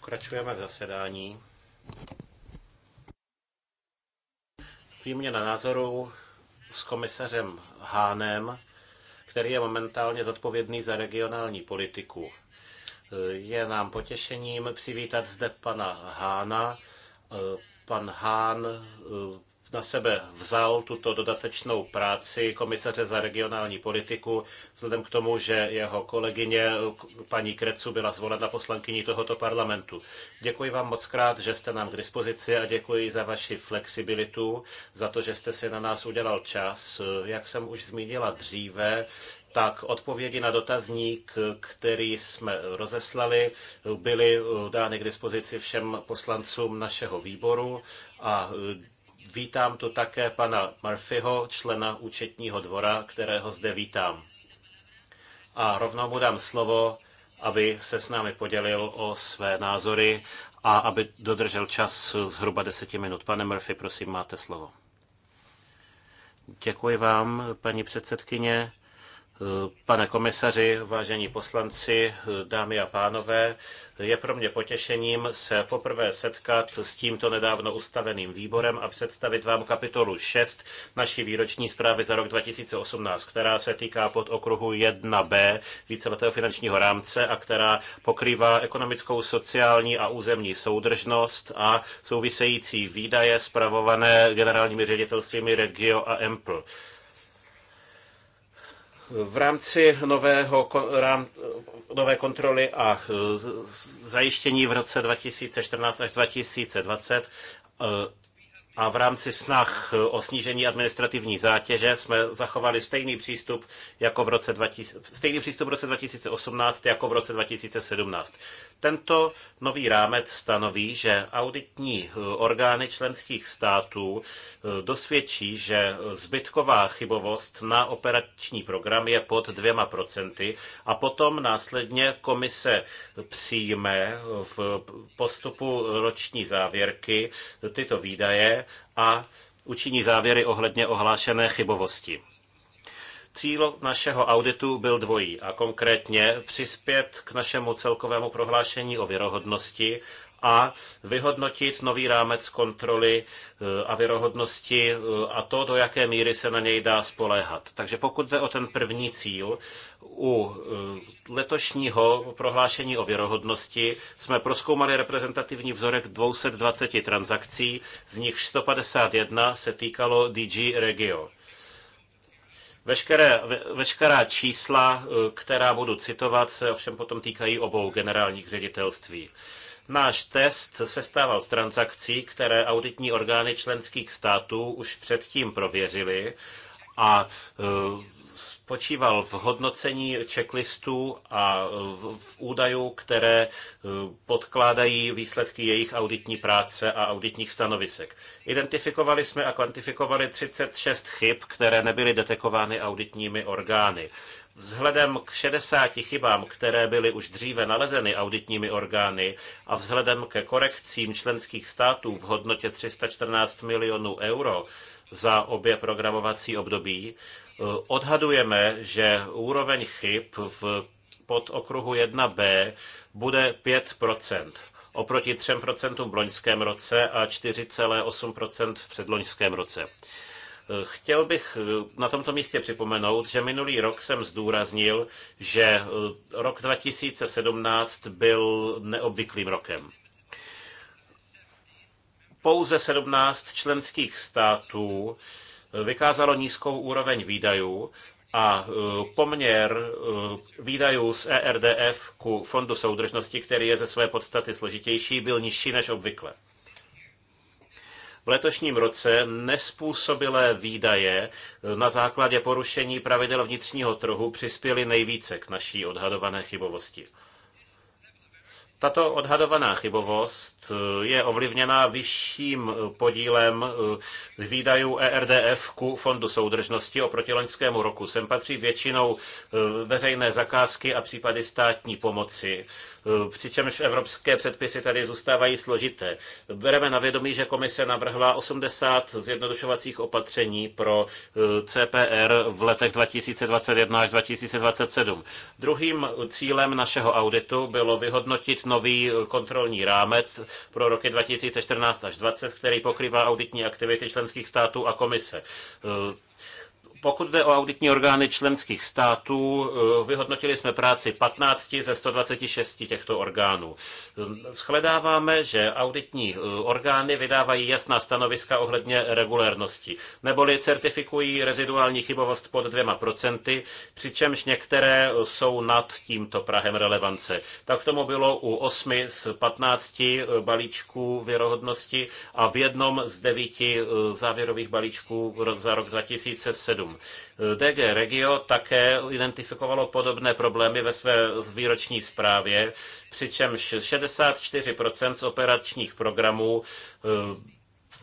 Pokračujeme v zasedání. Výměna názoru s komisařem Hánem, který je momentálně zodpovědný za regionální politiku. Je nám potěšením přivítat zde pana Hána. Pan Hán na sebe vzal tuto dodatečnou práci komisaře za regionální politiku, vzhledem k tomu, že jeho kolegyně paní Krecu byla zvolena poslankyní tohoto parlamentu. Děkuji vám moc krát, že jste nám k dispozici a děkuji za vaši flexibilitu, za to, že jste si na nás udělal čas. Jak jsem už zmínila dříve, tak odpovědi na dotazník, který jsme rozeslali, byly dány k dispozici všem poslancům našeho výboru a Vítám tu také pana Murphyho, člena účetního dvora, kterého zde vítám. A rovnou mu dám slovo, aby se s námi podělil o své názory a aby dodržel čas zhruba deseti minut. Pane Murphy, prosím, máte slovo. Děkuji vám, paní předsedkyně. Pane komisaři, vážení poslanci, dámy a pánové, je pro mě potěšením se poprvé setkat s tímto nedávno ustaveným výborem a představit vám kapitolu 6 naší výroční zprávy za rok 2018, která se týká pod okruhu 1b víceletého finančního rámce a která pokrývá ekonomickou, sociální a územní soudržnost a související výdaje spravované generálními ředitelstvími Regio a Empl. V rámci nového, rám, nové kontroly a e, zajištění v roce 2014 až 2020 a v rámci snah o snížení administrativní zátěže jsme zachovali stejný přístup jako v roce 2000, stejný přístup v roce 2018 jako v roce 2017. Tento nový rámec stanoví, že auditní eh, orgány členských států eh, dosvědčí, že zbytková chybovost na operační program je pod dvěma procenty a potom následně komise přijme v postupu roční závěrky tyto výdaje a učiní závěry ohledně ohlášené chybovosti. Cíl našeho auditu byl dvojí a konkrétně přispět k našemu celkovému prohlášení o věrohodnosti a vyhodnotit nový rámec kontroly eh, a věrohodnosti eh, a to, do jaké míry se na něj dá spoléhat. Takže pokud jde o ten první cíl, u eh, letošního prohlášení o věrohodnosti jsme proskoumali reprezentativní vzorek 220 transakcí, z nich 151 se týkalo DG Regio. Veškeré, ve, veškerá čísla, která budu citovat, se ovšem potom týkají obou generálních ředitelství. Náš test se stával z transakcí, které auditní orgány členských států už předtím prověřily a e, spočíval v hodnocení checklistů a v, údajů, které e, podkládají výsledky jejich auditní práce a auditních stanovisek. Identifikovali jsme a kvantifikovali 36 chyb, které nebyly detekovány auditními orgány. Vzhledem k 60 chybám, které byly už dříve nalezeny auditními orgány a vzhledem ke korekcím členských států v hodnotě 314 milionů euro za obě programovací období, eh, odhadujeme, že úroveň chyb v pod okruhu 1b bude 5 oproti 3 v loňském roce a 4,8 v předloňském roce. Chtěl bych eh, na tomto místě připomenout, že minulý rok jsem zdůraznil, že eh, rok 2017 byl neobvyklým rokem. Pouze 17 členských států eh, vykázalo nízkou úroveň výdajů a poměr výdajů z ERDF ku Fondu soudržnosti, který je ze své podstaty složitější, byl nižší než obvykle v letošním roce nespůsobilé výdaje na základě porušení pravidel vnitřního trhu přispěly nejvíce k naší odhadované chybovosti. Tato odhadovaná chybovost je ovlivněna vyšším eh, podílem eh, výdajů ERDF ku Fondu soudržnosti oproti loňskému roku. Sem patří většinou eh, veřejné zakázky a případy státní pomoci. Přičemž evropské předpisy tady zůstávají složité. Bereme na vědomí, že komise navrhla 80 zjednodušovacích opatření pro CPR v letech 2021 až 2027. Druhým cílem našeho auditu bylo vyhodnotit nový kontrolní rámec, pro roky 2014 až 2020, který pokrývá auditní aktivity členských států a komise. Pokud jde o auditní orgány členských států, eh, vyhodnotili jsme práci 15 ze 126 těchto orgánů. Eh, shledáváme, že auditní eh, orgány vydávají jasná stanoviska ohledně regulérnosti, neboli certifikují reziduální chybovost pod 2%, přičemž některé jsou nad tímto Prahem relevance. Tak tomu bylo u 8 z 15 balíčků věrohodnosti a v jednom z devíti závěrových balíčků za rok 2007. Eh, DG Regio také identifikovalo podobné problémy ve své výroční zprávě, přičemž 64% z operačních programů eh,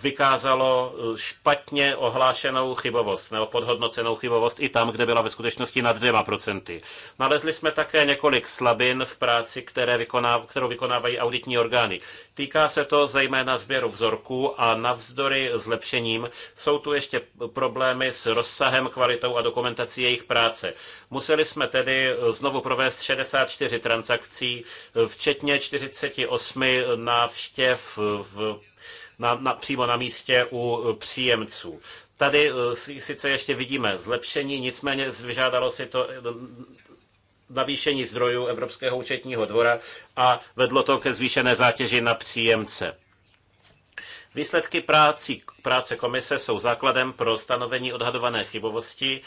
vykázalo eh, špatně ohlášenou chybovost nebo podhodnocenou chybovost i tam, kde byla ve skutečnosti nad dvěma procenty. Nalezli jsme také několik slabin v práci, které vykonáv- kterou vykonávají auditní orgány. Týká se to zejména sběru vzorků a navzdory zlepšením jsou tu ještě problémy s rozsahem, kvalitou a dokumentací jejich práce. Museli jsme tedy eh, znovu provést 64 transakcí, eh, včetně 48 návštěv v na, na, přímo na místě u eh, příjemců. Tady eh, sice ještě vidíme zlepšení, nicméně vyžádalo si to eh, navýšení zdrojů Evropského účetního dvora a vedlo to ke zvýšené zátěži na příjemce. Výsledky práci, práce komise jsou základem pro stanovení odhadované chybovosti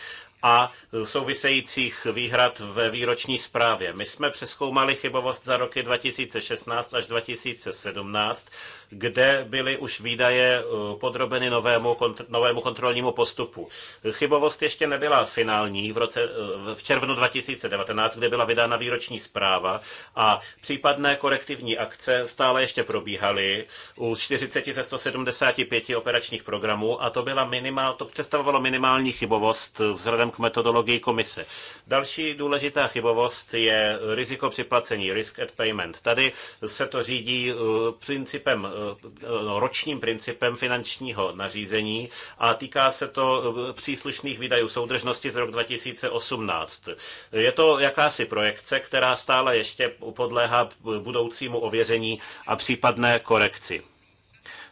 a souvisejících výhrad ve výroční zprávě. My jsme přeskoumali chybovost za roky 2016 až 2017, kde byly už výdaje eh, podrobeny novému, kontr- novému kontrolnímu postupu. Chybovost ještě nebyla finální v, roce, eh, v červnu 2019, kde byla vydána výroční zpráva a případné korektivní akce stále ještě probíhaly u 40 ze 175 operačních programů a to, byla minimál, to představovalo minimální chybovost eh, vzhledem k metodologii komise. Další důležitá chybovost je riziko připlacení, risk at payment. Tady se to řídí eh, principem, eh, no, ročním principem finančního nařízení a týká se to eh, příslušných výdajů soudržnosti z roku 2018. Je to jakási projekce, která stále ještě podléhá budoucímu ověření a případné korekci.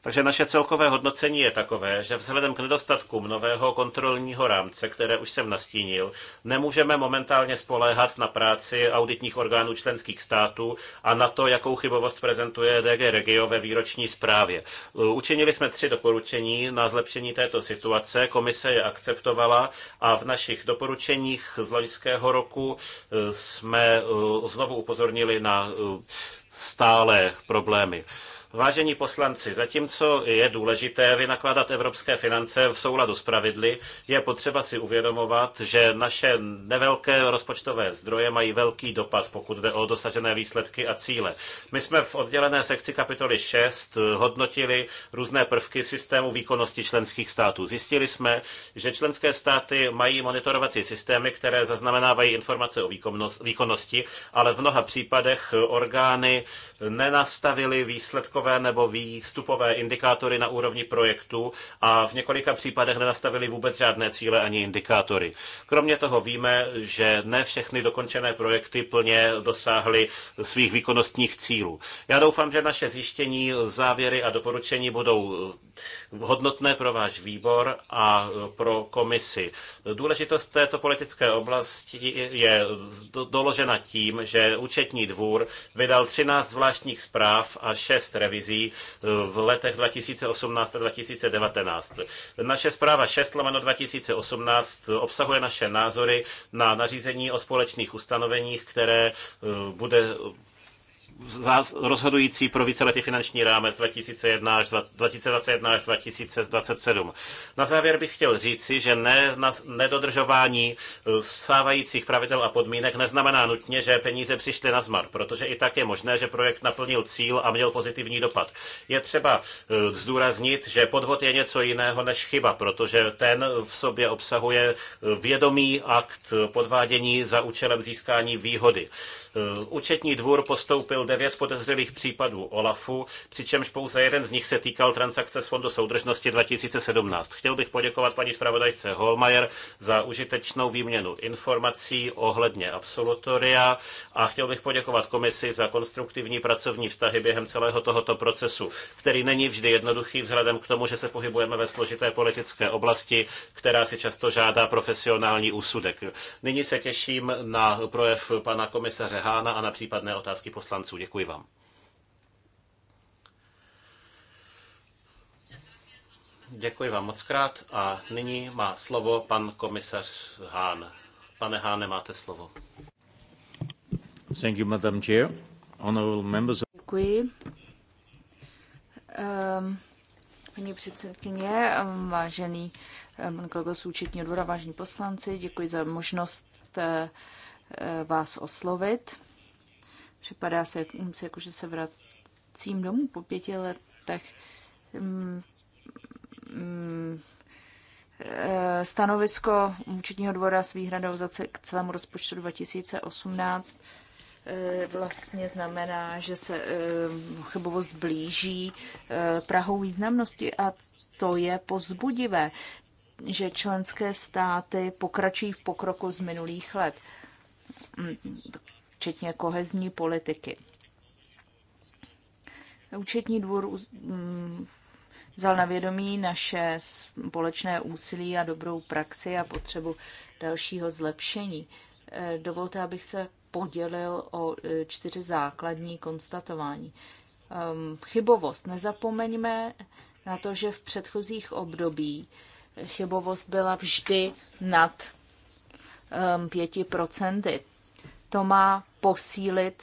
Takže naše celkové hodnocení je takové, že vzhledem k nedostatkům nového kontrolního rámce, které už jsem nastínil, nemůžeme momentálně spoléhat na práci auditních orgánů členských států a na to, jakou chybovost prezentuje DG Regio ve výroční zprávě. Učinili jsme tři doporučení na zlepšení této situace, komise je akceptovala a v našich doporučeních z loňského roku e, jsme e, znovu upozornili na e, stále problémy. Vážení poslanci, zatímco je důležité vynakládat evropské finance v souladu s pravidly, je potřeba si uvědomovat, že naše nevelké rozpočtové zdroje mají velký dopad, pokud jde o dosažené výsledky a cíle. My jsme v oddělené sekci kapitoly 6 hodnotili různé prvky systému výkonnosti členských států. Zjistili jsme, že členské státy mají monitorovací systémy, které zaznamenávají informace o výkonnosti, ale v mnoha případech orgány nenastavily výsledkové výsledkové nebo výstupové indikátory na úrovni projektu a v několika případech nenastavili vůbec žádné cíle ani indikátory. Kromě toho víme, že ne všechny dokončené projekty plně dosáhly svých výkonnostních cílů. Já doufám, že naše zjištění, závěry a doporučení budou hodnotné pro váš výbor a pro komisi. Důležitost této politické oblasti je doložena tím, že účetní dvůr vydal 13 zvláštních zpráv a 6 revizí v letech 2018 a 2019. Naše zpráva 6 lomeno 2018 obsahuje naše názory na nařízení o společných ustanoveních, které eh, bude rozhodující pro víceletý finanční rámec 2021 až 2021 až 2027. Na závěr bych chtěl říci, že ne, na, nedodržování eh, stávajících pravidel a podmínek neznamená nutně, že peníze přišly na zmar, protože i tak je možné, že projekt naplnil cíl a měl pozitivní dopad. Je třeba eh, zdůraznit, že podvod je něco jiného než chyba, protože ten v sobě obsahuje eh, vědomý akt podvádění za účelem získání výhody. Eh, účetní dvůr postoupil devět podezřelých případů OLAFu, přičemž pouze jeden z nich se týkal transakce z Fondu soudržnosti 2017. Chtěl bych poděkovat paní zpravodajce Holmajer za užitečnou výměnu informací ohledně absolutoria a chtěl bych poděkovat komisi za konstruktivní pracovní vztahy během celého tohoto procesu, který není vždy jednoduchý vzhledem k tomu, že se pohybujeme ve složité politické oblasti, která si často žádá profesionální úsudek. Nyní se těším na projev pana komisaře Hána a na případné otázky poslanců. Děkuji vám. Děkuji vám moc krát a nyní má slovo pan komisař Hán. Pane Háne, máte slovo. Thank you, Madam Chair. Honorable members. of... Děkuji. Um, paní předsedkyně, ehm, vážený um, kolego z účetního dvora, vážení poslanci, děkuji za možnost uh, Eh, vás oslovit. Připadá se, mm, se jako, že se vracím domů po pěti letech. Mm, mm, eh, stanovisko účetního dvora s výhradou za k celému rozpočtu 2018 eh, vlastně znamená, že se chybovost blíží Prahou významnosti a to je pozbudivé, že členské státy pokračují v pokroku z minulých let včetně kohezní politiky. Účetní dvůr mm, vzal na vědomí naše společné úsilí a dobrou praxi a potřebu dalšího zlepšení. Eh, dovolte, abych se podělil o eh, čtyři základní konstatování. Ehm, chybovost. Nezapomeňme na to, že v předchozích období chybovost byla vždy nad 5%. Um, to má posílit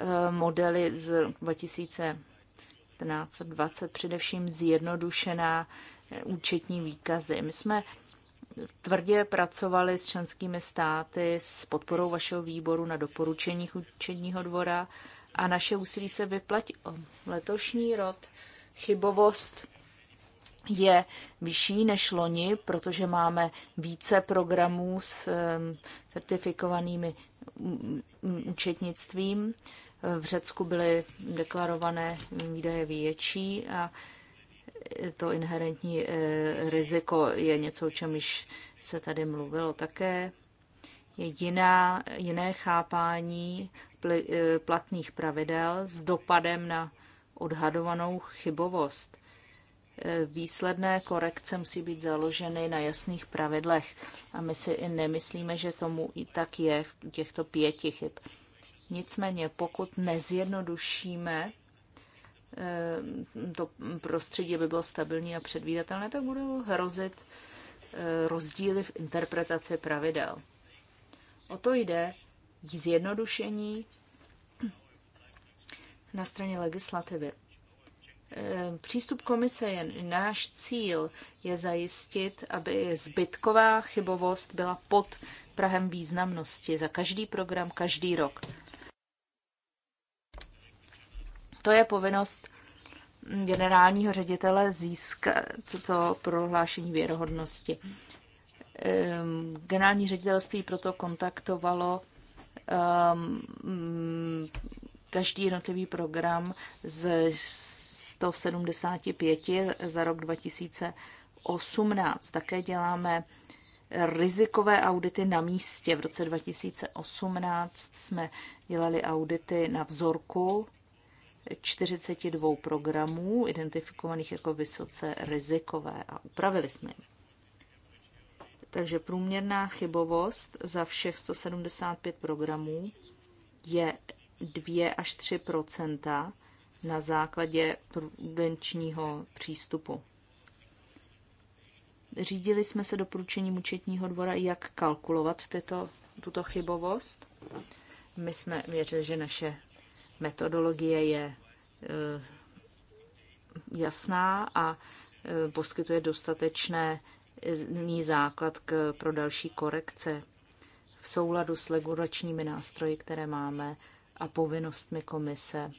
uh, modely z 2020 především zjednodušená uh, účetní výkazy. My jsme tvrdě pracovali s členskými státy s podporou vašeho výboru na doporučeních účetního dvora a naše úsilí se vyplatilo. Letošní rok chybovost je vyšší než loni, protože máme více programů s certifikovanými mm, mm, účetnictvím. V Řecku byly deklarované výdaje větší a to inherentní eh, riziko je něco, o čem již se tady mluvilo také. Je jiná, jiné chápání eh, platných pravidel s dopadem na odhadovanou chybovost Eh, výsledné korekce musí být založeny na jasných pravidlech. A my si i nemyslíme, že tomu i tak je v těchto pěti chyb. Nicméně, pokud nezjednodušíme eh, to prostředí, aby bylo stabilní a předvídatelné, tak budou hrozit eh, rozdíly v interpretaci pravidel. O to jde zjednodušení na straně legislativy. Eh, přístup komise je náš cíl, je zajistit, aby zbytková chybovost byla pod Prahem významnosti za každý program, každý rok. To je povinnost generálního ředitele získat to prohlášení věrohodnosti. Ehm, generální ředitelství proto kontaktovalo ehm, každý jednotlivý program s 175 za rok 2018. Také děláme rizikové audity na místě. V roce 2018 jsme dělali audity na vzorku 42 programů identifikovaných jako vysoce rizikové a upravili jsme je. Takže průměrná chybovost za všech 175 programů je 2 až 3 na základě prudenčního přístupu. Řídili jsme se doporučením účetního dvora, jak kalkulovat tyto, tuto chybovost. My jsme věřili, že naše metodologie je eh, jasná a eh, poskytuje dostatečné eh, základ k, pro další korekce v souladu s legulačními nástroji, které máme a povinnostmi komise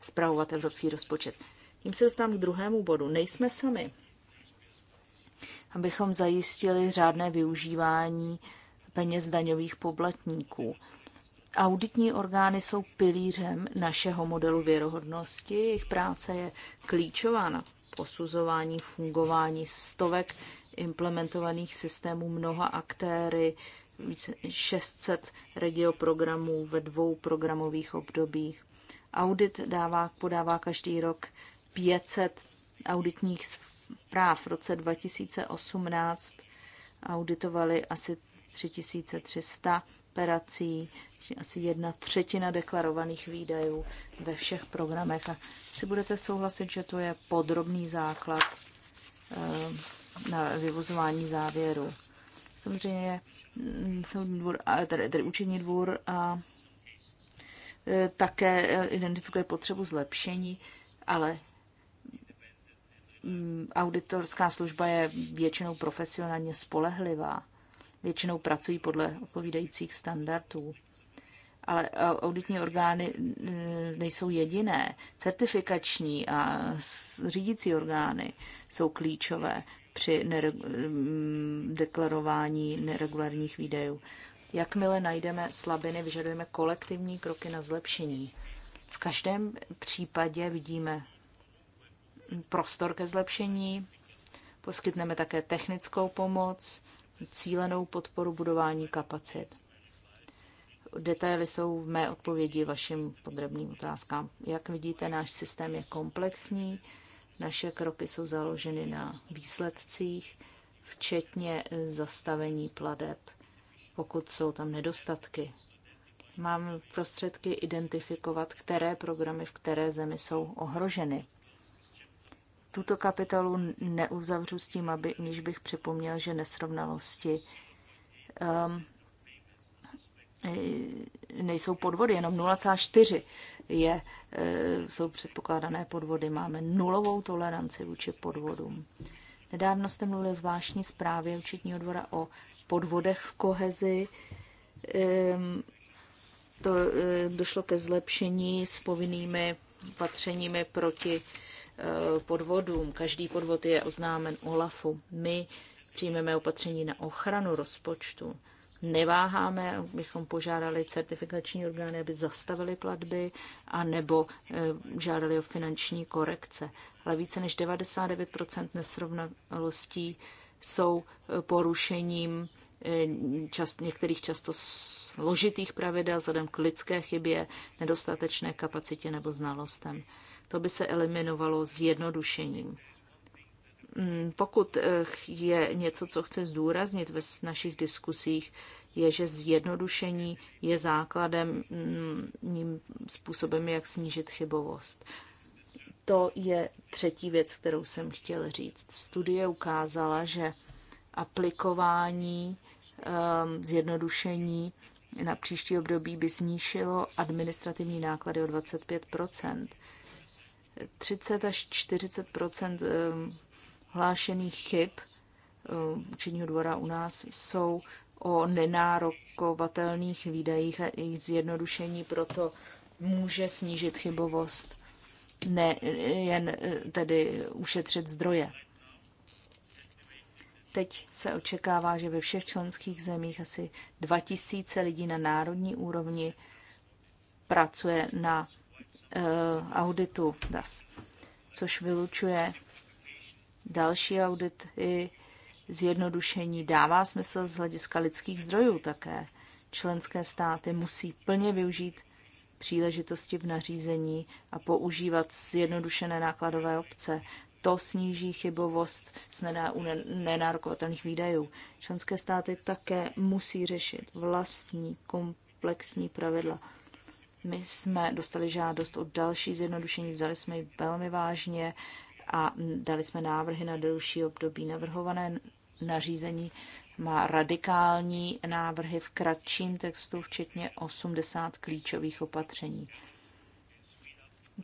zpravovat evropský rozpočet. Tím se dostávám k druhému bodu. Nejsme sami. Abychom zajistili řádné využívání peněz daňových poplatníků. Auditní orgány jsou pilířem našeho modelu věrohodnosti. Jejich práce je klíčová na posuzování fungování stovek implementovaných systémů mnoha aktéry, více 600 regioprogramů ve dvou programových obdobích. Audit dává, podává každý rok 500 auditních zpráv. V roce 2018 auditovali asi 3300 operací, asi jedna třetina deklarovaných výdajů ve všech programech. A si budete souhlasit, že to je podrobný základ ehm, na vyvozování závěru. Samozřejmě jsou mm, dvůr, tady, tady učení dvůr a E, také e, identifikuje potřebu zlepšení, ale mm, auditorská služba je většinou profesionálně spolehlivá. Většinou pracují podle odpovídajících standardů. Ale e, auditní orgány nejsou jediné. Certifikační a řídící orgány jsou klíčové při mm, deklarování neregulárních výdajů. Jakmile najdeme slabiny, vyžadujeme kolektivní kroky na zlepšení. V každém případě vidíme prostor ke zlepšení, poskytneme také technickou pomoc, cílenou podporu budování kapacit. Detaily jsou v mé odpovědi vašim podrobným otázkám. Jak vidíte, náš systém je komplexní, naše kroky jsou založeny na výsledcích, včetně zastavení pladeb pokud jsou tam nedostatky. Mám prostředky identifikovat, které programy v které zemi jsou ohroženy. Tuto kapitolu neuzavřu s tím, aby, níž bych připomněl, že nesrovnalosti um, e, nejsou podvody, jenom 0,4 je, e, jsou předpokládané podvody. Máme nulovou toleranci vůči podvodům. Nedávno jste mluvili o zvláštní zprávě Učitního dvora o podvodech v kohezi. Ehm, to eh, došlo ke zlepšení s povinnými patřeními proti eh, podvodům. Každý podvod je oznámen OLAFu. My přijmeme opatření na ochranu rozpočtu. Neváháme, bychom požádali certifikační orgány, aby zastavili platby, a nebo eh, žádali o finanční korekce. Ale více než 99 nesrovnalostí jsou porušením Eh, některých často složitých pravidel vzhledem k lidské chybě, nedostatečné kapacitě nebo znalostem. To by se eliminovalo zjednodušením. Mm, pokud eh, je něco, co chce zdůraznit ve našich diskusích, je, že zjednodušení je základem mm, ním způsobem, jak snížit chybovost. To je třetí věc, kterou jsem chtěl říct. Studie ukázala, že aplikování Um, zjednodušení na příští období by snížilo administrativní náklady o 25 30 až 40 um, hlášených chyb učeního um, dvora u nás jsou o nenárokovatelných výdajích a jejich zjednodušení proto může snížit chybovost, ne jen eh, tedy ušetřit zdroje. Teď se očekává, že ve všech členských zemích asi 2000 lidí na národní úrovni pracuje na uh, auditu DAS, což vylučuje další audity, zjednodušení dává smysl z hlediska lidských zdrojů také. Členské státy musí plně využít příležitosti v nařízení a používat zjednodušené nákladové obce to sníží chybovost z nenárokovatelných výdajů. Členské státy také musí řešit vlastní komplexní pravidla. My jsme dostali žádost o další zjednodušení, vzali jsme ji velmi vážně a dali jsme návrhy na delší období. Navrhované nařízení má radikální návrhy v kratším textu, včetně 80 klíčových opatření.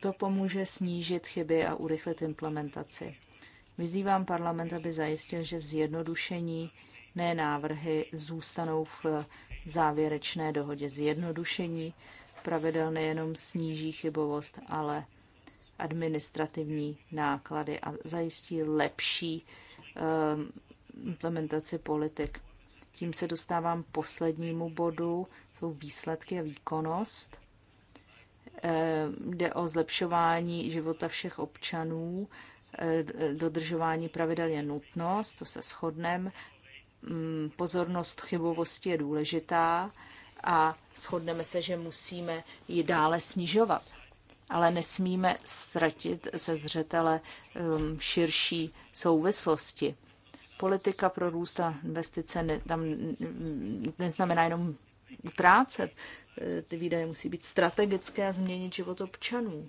To pomůže snížit chyby a urychlit implementaci. Vyzývám parlament, aby zajistil, že zjednodušení ne návrhy zůstanou v závěrečné dohodě. Zjednodušení pravidel nejenom sníží chybovost, ale administrativní náklady a zajistí lepší ehm, implementaci politik. Tím se dostávám k poslednímu bodu, jsou výsledky a výkonnost. Eh, jde o zlepšování života všech občanů, eh, dodržování pravidel je nutnost, to se shodneme. Mm, pozornost chybovosti je důležitá a shodneme se, že musíme ji dále snižovat. Ale nesmíme ztratit se zřetele ehm, širší souvislosti. Politika pro růst a investice ne, tam neznamená jenom utrácet, ty výdaje musí být strategické a změnit život občanů.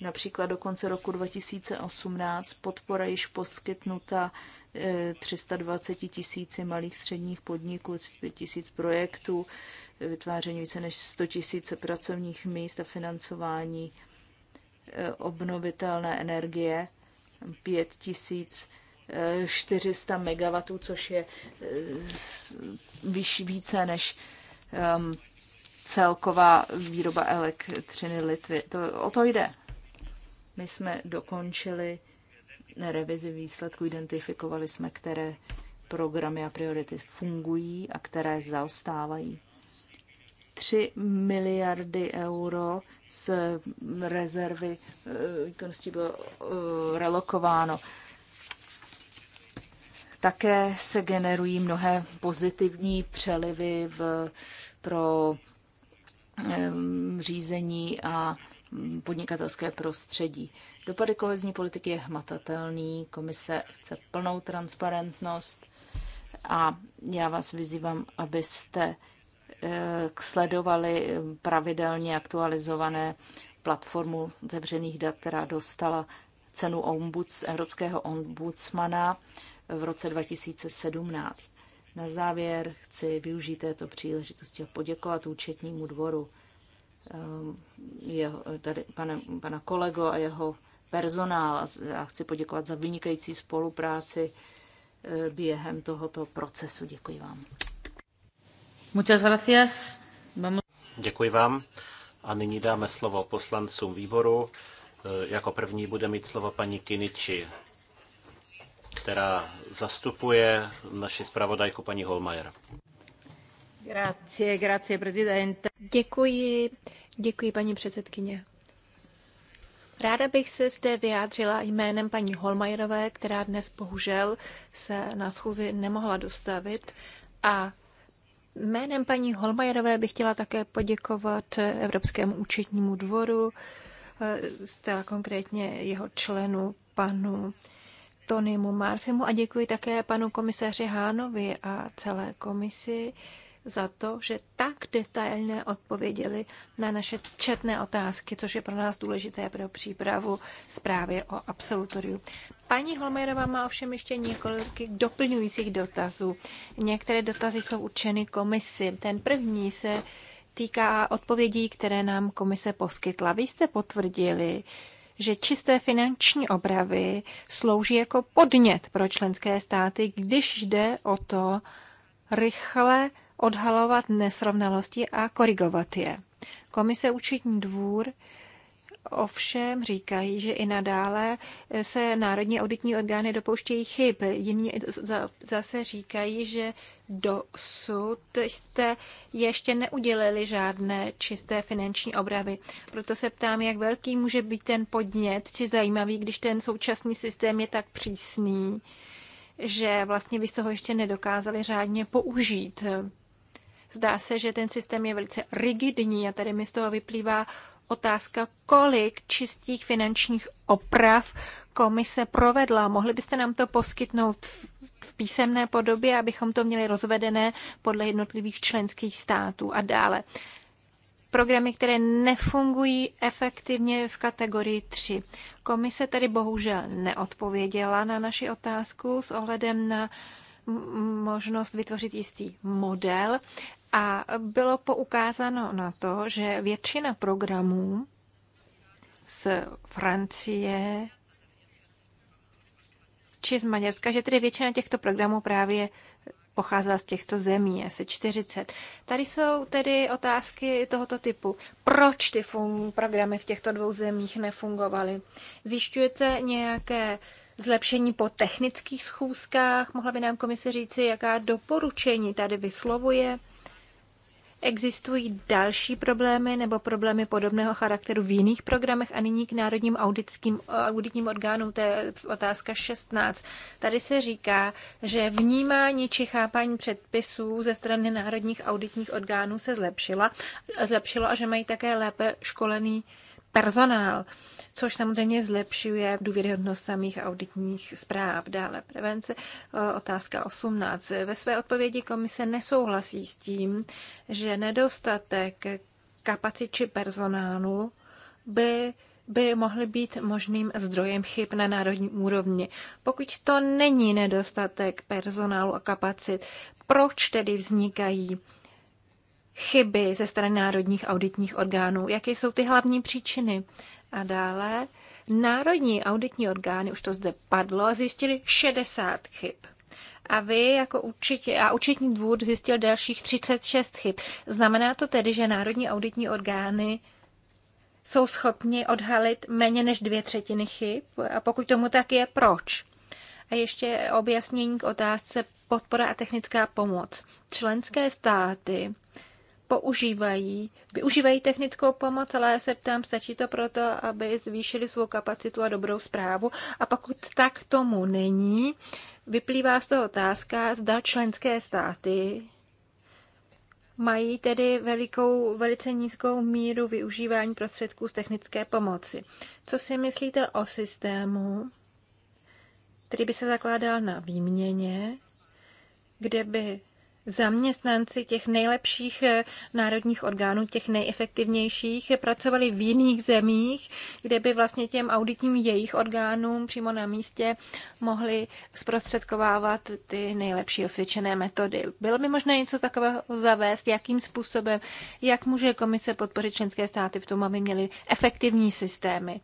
Například do konce roku 2018 podpora již poskytnuta 320 eh, tisíci malých středních podniků, 5 tisíc projektů, eh, vytváření více než 100 tisíce pracovních míst a financování eh, obnovitelné energie, 5 tisíc 400 MW, což je vyšší více než ehm, celková výroba elektřiny Litvy. To, o to jde. My jsme dokončili revizi výsledků, identifikovali jsme, které programy a priority fungují a které zaostávají. 3 miliardy euro z rezervy eh, výkonnosti bylo eh, relokováno. Také se generují mnohé pozitivní přelivy v, pro řízení a podnikatelské prostředí. Dopady kohezní politiky je hmatatelný, komise chce plnou transparentnost a já vás vyzývám, abyste eh, sledovali pravidelně aktualizované platformu otevřených dat, která dostala cenu ombuds, Evropského ombudsmana v roce 2017. Na závěr chci využít této příležitosti a poděkovat účetnímu dvoru ehm, jeho, eh, tady pane, pana kolego a jeho personál a chci poděkovat za vynikající spolupráci eh, během tohoto procesu. Děkuji vám. Muchas gracias. Vamos. Děkuji vám. A nyní dáme slovo poslancům výboru. Eh, jako první bude mít slovo paní Kiniči která zastupuje naši zpravodajku paní Holmajer. Grazie, grazie, prezidente. Děkuji, děkuji paní předsedkyně. Ráda bych se zde vyjádřila jménem paní Holmajerové, která dnes bohužel se na schůzi nemohla dostavit a Jménem paní Holmajerové bych chtěla také poděkovat Evropskému účetnímu dvoru, eh, zcela konkrétně jeho členu panu Tonymu Marfimu a děkuji také panu komisaři Hánovi a celé komisi za to, že tak detailně odpověděli na naše četné otázky, což je pro nás důležité pro přípravu zprávy o absolutoriu. Paní Holmerová má ovšem ještě několik doplňujících dotazů. Některé dotazy jsou určeny komisi. Ten první se týká odpovědí, které nám komise poskytla. Vy jste potvrdili, že čisté finanční obravy slouží jako podnět pro členské státy, když jde o to rychle odhalovat nesrovnalosti a korigovat je. Komise účetní dvůr ovšem říkají, že i nadále se národní auditní orgány dopouštějí chyb. Jiní zase říkají, že dosud jste ještě neudělili žádné čisté finanční obravy. Proto se ptám, jak velký může být ten podnět, či zajímavý, když ten současný systém je tak přísný, že vlastně byste ho ještě nedokázali řádně použít. Zdá se, že ten systém je velice rigidní a tady mi z toho vyplývá otázka, kolik čistých finančních oprav komise provedla. Mohli byste nám to poskytnout v v písemné podobě, abychom to měli rozvedené podle jednotlivých členských států a dále. Programy, které nefungují efektivně v kategorii 3. Komise tedy bohužel neodpověděla na naši otázku s ohledem na možnost vytvořit jistý model a bylo poukázáno na to, že většina programů z Francie, či z Maďarska, že tedy většina těchto programů právě pocházela z těchto zemí, asi 40. Tady jsou tedy otázky tohoto typu. Proč ty programy v těchto dvou zemích nefungovaly? Zjišťujete nějaké zlepšení po technických schůzkách? Mohla by nám komise říci, jaká doporučení tady vyslovuje? Existují další problémy nebo problémy podobného charakteru v jiných programech a nyní k národním auditským, auditním orgánům, to je otázka 16. Tady se říká, že vnímání či chápání předpisů ze strany národních auditních orgánů se zlepšila, zlepšilo a že mají také lépe školený personál což samozřejmě zlepšuje důvěryhodnost samých auditních zpráv. Dále prevence, e, otázka 18. Ve své odpovědi komise nesouhlasí s tím, že nedostatek kapacit či personálu by by mohly být možným zdrojem chyb na národní úrovni. Pokud to není nedostatek personálu a kapacit, proč tedy vznikají chyby ze strany národních auditních orgánů? Jaké jsou ty hlavní příčiny? A dále národní auditní orgány, už to zde padlo, zjistili 60 chyb. A vy jako určitě, a účetní dvůr zjistil dalších 36 chyb. Znamená to tedy, že národní auditní orgány jsou schopni odhalit méně než dvě třetiny chyb? A pokud tomu tak je, proč? A ještě objasnění k otázce podpora a technická pomoc. Členské státy používají, využívají technickou pomoc, ale já se ptám, stačí to proto, aby zvýšili svou kapacitu a dobrou zprávu. A pokud tak tomu není, vyplývá z toho otázka, zda členské státy mají tedy velikou, velice nízkou míru využívání prostředků z technické pomoci. Co si myslíte o systému, který by se zakládal na výměně, kde by zaměstnanci těch nejlepších eh, národních orgánů, těch nejefektivnějších, eh, pracovali v jiných zemích, kde by vlastně těm auditním jejich orgánům přímo na místě mohli zprostředkovávat ty nejlepší osvědčené metody. Bylo by možné něco takového zavést, jakým způsobem, jak může komise podpořit členské státy v tom, aby měly efektivní systémy?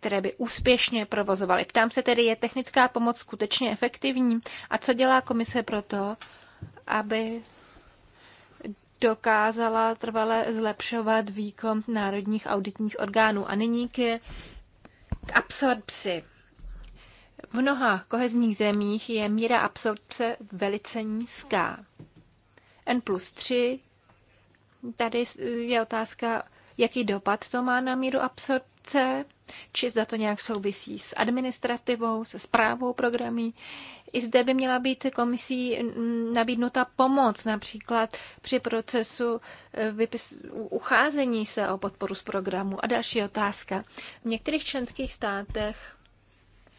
které by úspěšně provozovaly. Ptám se tedy, je technická pomoc skutečně efektivní? A co dělá komise pro to, aby dokázala trvale zlepšovat výkon národních auditních orgánů. A nyní k, k absorpci. V mnoha kohezních zemích je míra absorpce velice nízká. N plus 3, tady je otázka, jaký dopad to má na míru absorpce chce, či zda to nějak souvisí s administrativou, se zprávou programy. I zde by měla být komisí nabídnuta pomoc, například při procesu eh, vypis, ucházení se o podporu z programu. A další otázka. V některých členských státech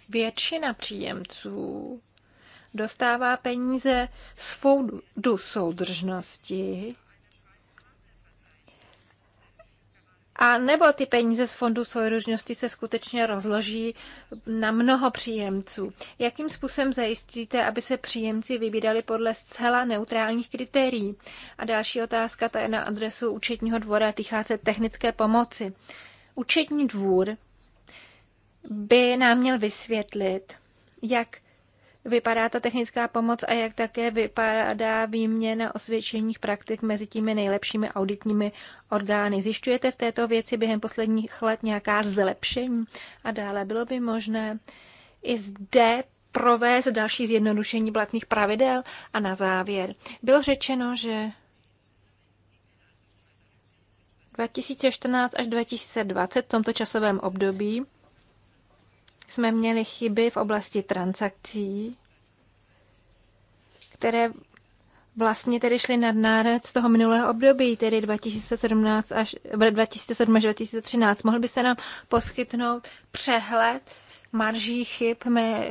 většina příjemců dostává peníze z fondu soudržnosti A nebo ty peníze z Fondu soudržnosti se skutečně rozloží na mnoho příjemců? Jakým způsobem zajistíte, aby se příjemci vybírali podle zcela neutrálních kritérií? A další otázka, ta je na adresu účetního dvora, týká se technické pomoci. Účetní dvůr by nám měl vysvětlit, jak vypadá ta technická pomoc a jak také vypadá výměna osvědčených praktik mezi těmi nejlepšími auditními orgány. Zjišťujete v této věci během posledních let nějaká zlepšení a dále bylo by možné i zde provést další zjednodušení platných pravidel a na závěr. Bylo řečeno, že 2014 až 2020 v tomto časovém období jsme měli chyby v oblasti transakcí, které vlastně tedy šly nad nárad z toho minulého období, tedy 2017 až, 2007 eh, až 2013. Mohl by se nám poskytnout přehled marží chyb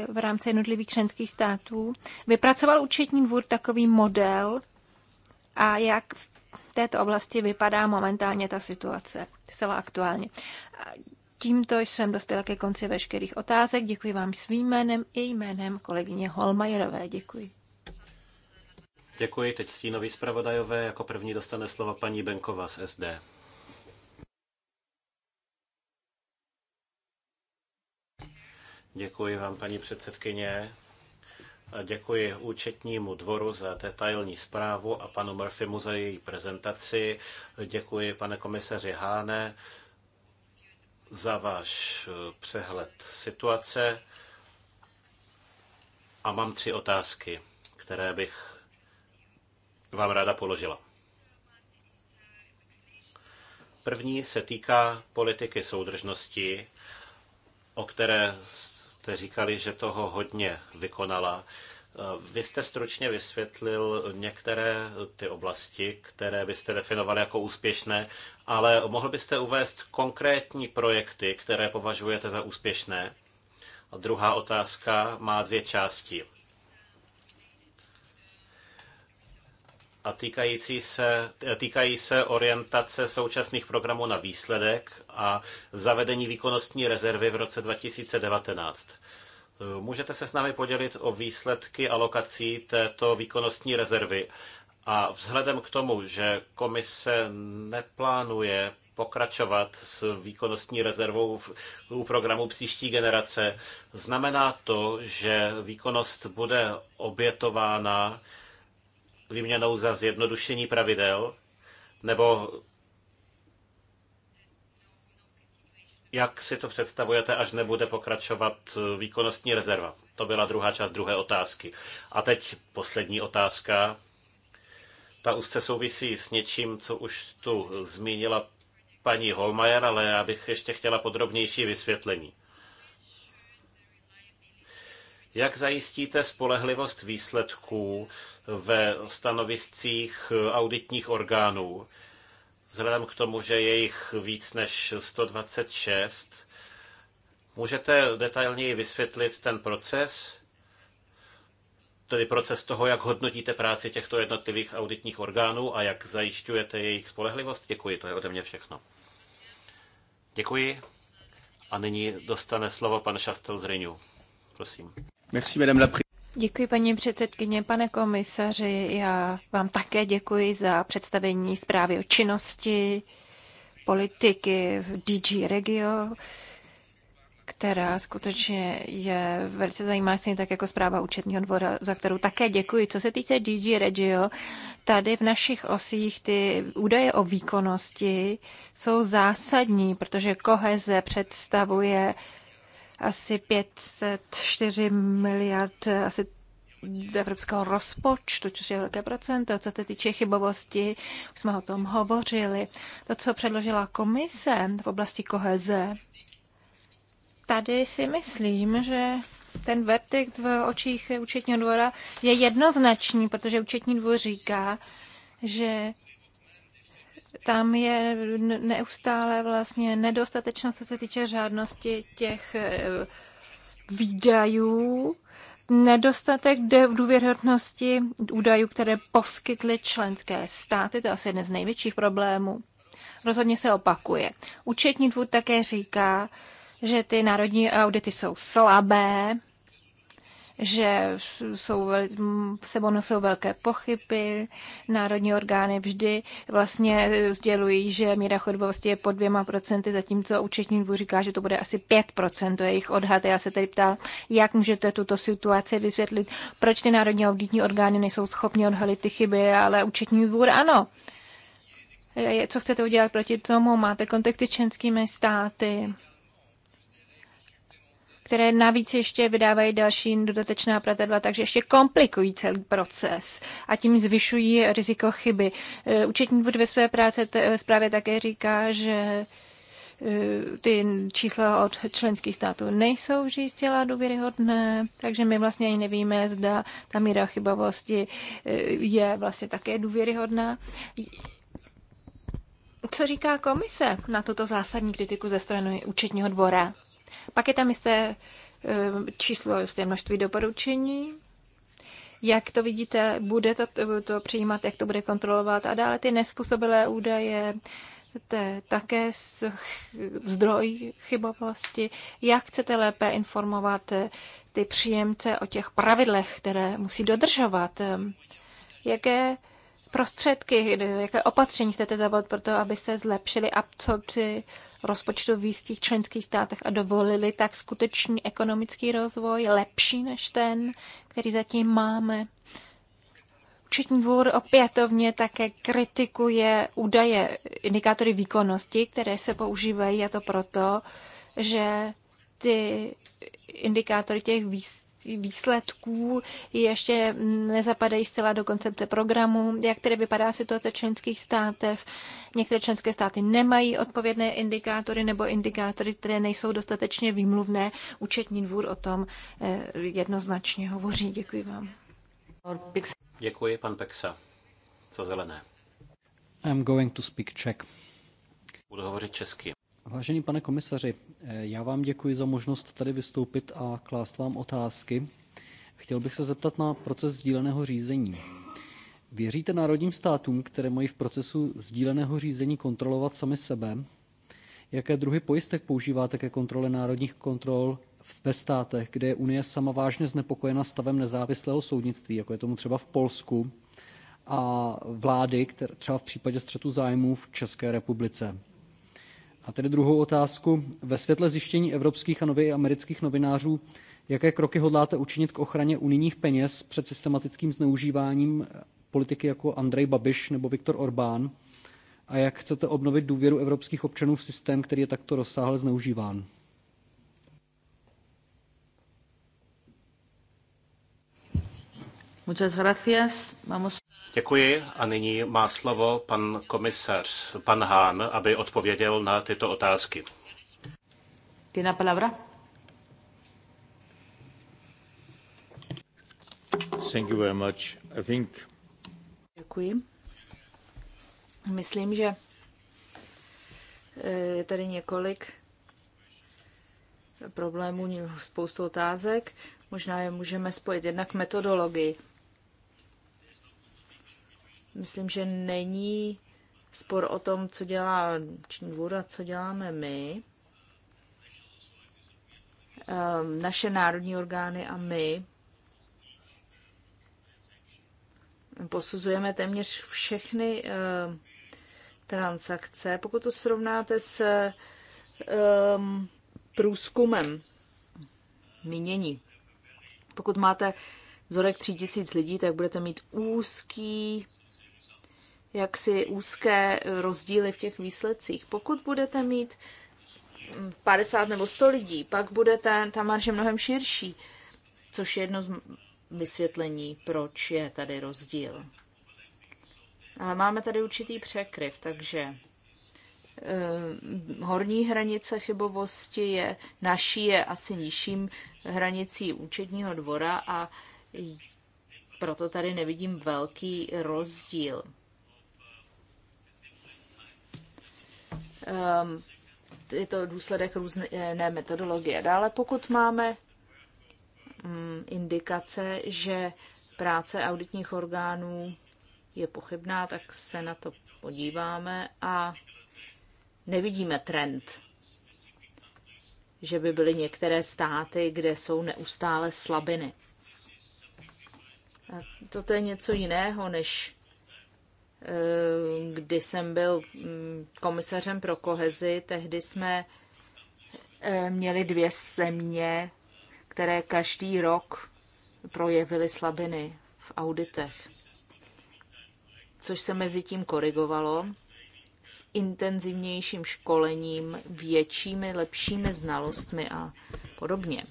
v rámci jednotlivých členských států. Vypracoval účetní dvůr takový model a jak v této oblasti vypadá momentálně ta situace, celá aktuálně. Tímto jsem dospěla ke konci veškerých otázek. Děkuji vám svým jménem i jménem kolegyně Holmajerové. Děkuji. Děkuji. Teď stínový zpravodajové. Jako první dostane slova paní Benková z SD. Děkuji vám, paní předsedkyně. A děkuji účetnímu dvoru za detailní zprávu a panu Murphymu za její prezentaci. Děkuji, pane komisaři Háne za váš eh, přehled situace a mám tři otázky, které bych vám ráda položila. První se týká politiky soudržnosti, o které jste říkali, že toho hodně vykonala. Eh, vy jste stručně vysvětlil některé ty oblasti, které byste definovali jako úspěšné, ale mohl byste uvést konkrétní projekty, které považujete za úspěšné? A druhá otázka má dvě části. a týkající se, týkají se orientace současných programů na výsledek a zavedení výkonnostní rezervy v roce 2019. Můžete se s námi podělit o výsledky alokací této výkonnostní rezervy? A vzhledem k tomu, že komise neplánuje pokračovat s výkonnostní rezervou v, u programu příští generace, znamená to, že výkonnost bude obětována výměnou za zjednodušení pravidel, nebo Jak si to představujete, až nebude pokračovat eh, výkonnostní rezerva? To byla druhá část druhé otázky. A teď poslední otázka. Ta úzce souvisí s něčím, co už tu zmínila paní Holmajer, ale já bych ještě chtěla podrobnější vysvětlení. Jak zajistíte spolehlivost výsledků ve stanoviscích eh, auditních orgánů? vzhledem k tomu, že je jich víc než 126. Můžete detailněji vysvětlit ten proces? Tedy proces toho, jak hodnotíte práci těchto jednotlivých auditních orgánů a jak zajišťujete jejich spolehlivost? Děkuji, to je ode mě všechno. Děkuji. A nyní dostane slovo pan Šastel z Rynu. Prosím. Merci, madame la Děkuji, paní předsedkyně. Pane komisaři, já vám také děkuji za představení zprávy o činnosti politiky v DG Regio, která skutečně je velice zajímavá, stejně tak jako zpráva účetního dvora, za kterou také děkuji. Co se týče DG Regio, tady v našich osích ty údaje o výkonnosti jsou zásadní, protože koheze představuje asi 504 miliard, asi evropského rozpočtu, což je velké procento. Co se týče chybovosti, už jsme o tom hovořili. To, co předložila komise v oblasti koheze, tady si myslím, že ten verdikt v očích účetního dvora je jednoznačný, protože účetní dvůr říká, že tam je neustále vlastně nedostatečnost, co se týče řádnosti těch eh, výdajů, nedostatek v důvěrhodnosti údajů, které poskytly členské státy, to je asi jeden z největších problémů. Rozhodně se opakuje. Účetní dvůr také říká, že ty národní audity jsou slabé, že jsou, sebou nosou velké pochyby. Národní orgány vždy vlastně sdělují, že míra chodbovosti je pod dvěma procenty, zatímco účetní dvůr říká, že to bude asi 5%, to je jejich odhad. Já se tedy ptal, jak můžete tuto situaci vysvětlit, proč ty národní auditní orgány nejsou schopni odhalit ty chyby, ale účetní dvůr ano. Co chcete udělat proti tomu? Máte kontakty s členskými státy? které navíc ještě vydávají další dodatečná pratadla, takže ještě komplikují celý proces a tím zvyšují riziko chyby. Eh, účetní dvůr ve své práce eh, zprávě také říká, že eh, ty čísla od členských států nejsou vždy zcela důvěryhodné, takže my vlastně ani nevíme, zda ta míra chybovosti je vlastně také důvěryhodná. Co říká komise na tuto zásadní kritiku ze strany účetního dvora? Pak je tam jisté eh, číslo, jisté množství doporučení, jak to vidíte, bude to, to přijímat, jak to bude kontrolovat a dále ty nespůsobilé údaje, to je také zdroj chybovosti, jak chcete lépe informovat eh, ty příjemce o těch pravidlech, které musí dodržovat, eh, jaké prostředky, jaké opatření chcete zavolat pro to, aby se zlepšily absorpci rozpočtu v jistých členských státech a dovolili tak skutečný ekonomický rozvoj lepší než ten, který zatím máme. Učitní dvůr opětovně také kritikuje údaje, indikátory výkonnosti, které se používají a to proto, že ty indikátory těch výs výsledků ještě nezapadají zcela do koncepce programu, jak tedy vypadá situace v členských státech. Některé členské státy nemají odpovědné indikátory nebo indikátory, které nejsou dostatečně výmluvné. Účetní dvůr o tom eh, jednoznačně hovoří. Děkuji vám. Děkuji, pan Pexa. Co zelené? I'm going to speak Czech. Budu hovořit česky. Vážený pane komisaři, eh, já vám děkuji za možnost tady vystoupit a klást vám otázky. Chtěl bych se zeptat na proces sdíleného řízení. Věříte národním státům, které mají v procesu sdíleného řízení kontrolovat sami sebe? Jaké druhy pojistek používáte ke kontrole národních kontrol ve státech, kde je Unie sama vážně znepokojena stavem nezávislého soudnictví, jako je tomu třeba v Polsku, a vlády, které třeba v případě střetu zájmů v České republice? A tedy druhou otázku. Ve světle zjištění evropských a nově i amerických novinářů, jaké kroky hodláte učinit k ochraně unijních peněz před systematickým zneužíváním eh, politiky jako Andrej Babiš nebo Viktor Orbán? A jak chcete obnovit důvěru evropských občanů v systém, který je takto rozsáhle zneužíván? Muchas gracias. Vamos. Děkuji a nyní má slovo pan komisař, pan Hán, aby odpověděl na tyto otázky. Tiene palabra. Thank you very much. I think... Děkuji. Myslím, že eh, je tady několik problémů, spoustu otázek. Možná je můžeme spojit jednak metodologii. Myslím, že není spor o tom, co dělá dvůr a co děláme my. Ehm, naše národní orgány a my posuzujeme téměř všechny ehm, transakce. Pokud to srovnáte s ehm, průzkumem mínění, pokud máte vzorek 3000 lidí, tak budete mít úzký jaksi úzké rozdíly v těch výsledcích. Pokud budete mít 50 nebo 100 lidí, pak bude ta, ta marže mnohem širší, což je jedno z vysvětlení, proč je tady rozdíl. Ale máme tady určitý překryv, takže eh, horní hranice chybovosti je naší, je asi nižším hranicí účetního dvora a proto tady nevidím velký rozdíl. Ehm, je to důsledek různé metodologie. Dále, pokud máme mm, indikace, že práce auditních orgánů je pochybná, tak se na to podíváme a nevidíme trend, že by byly některé státy, kde jsou neustále slabiny. A toto je něco jiného než kdy jsem byl mm, komisařem pro kohezi, tehdy jsme eh, měli dvě země, které každý rok projevily slabiny v auditech, což se mezi tím korigovalo s intenzivnějším školením, většími, lepšími znalostmi a podobně.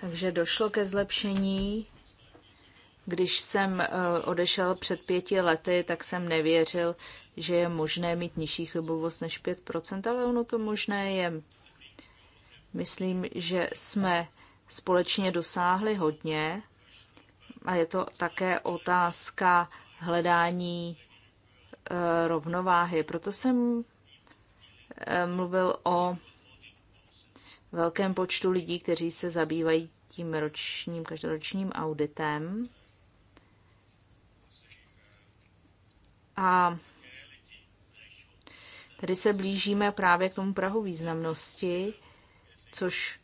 Takže došlo ke zlepšení když jsem eh, odešel před pěti lety, tak jsem nevěřil, že je možné mít nižší chybovost než 5%, ale ono to možné je. Myslím, že jsme společně dosáhli hodně a je to také otázka hledání eh, rovnováhy. Proto jsem eh, mluvil o velkém počtu lidí, kteří se zabývají tím ročním, každoročním auditem. A tady se blížíme právě k tomu Prahu významnosti, což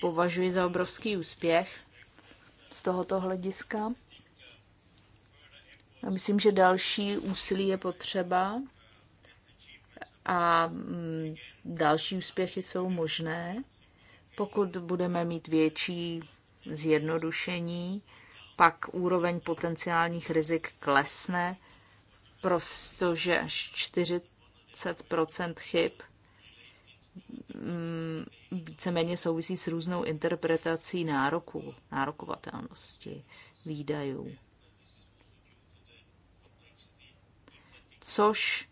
považuji za obrovský úspěch z tohoto hlediska. A myslím, že další úsilí je potřeba a mm, další úspěchy jsou možné, pokud budeme mít větší zjednodušení, pak úroveň potenciálních rizik klesne protože až 40 chyb mm, víceméně souvisí s různou interpretací nároků, nárokovatelnosti, výdajů. Což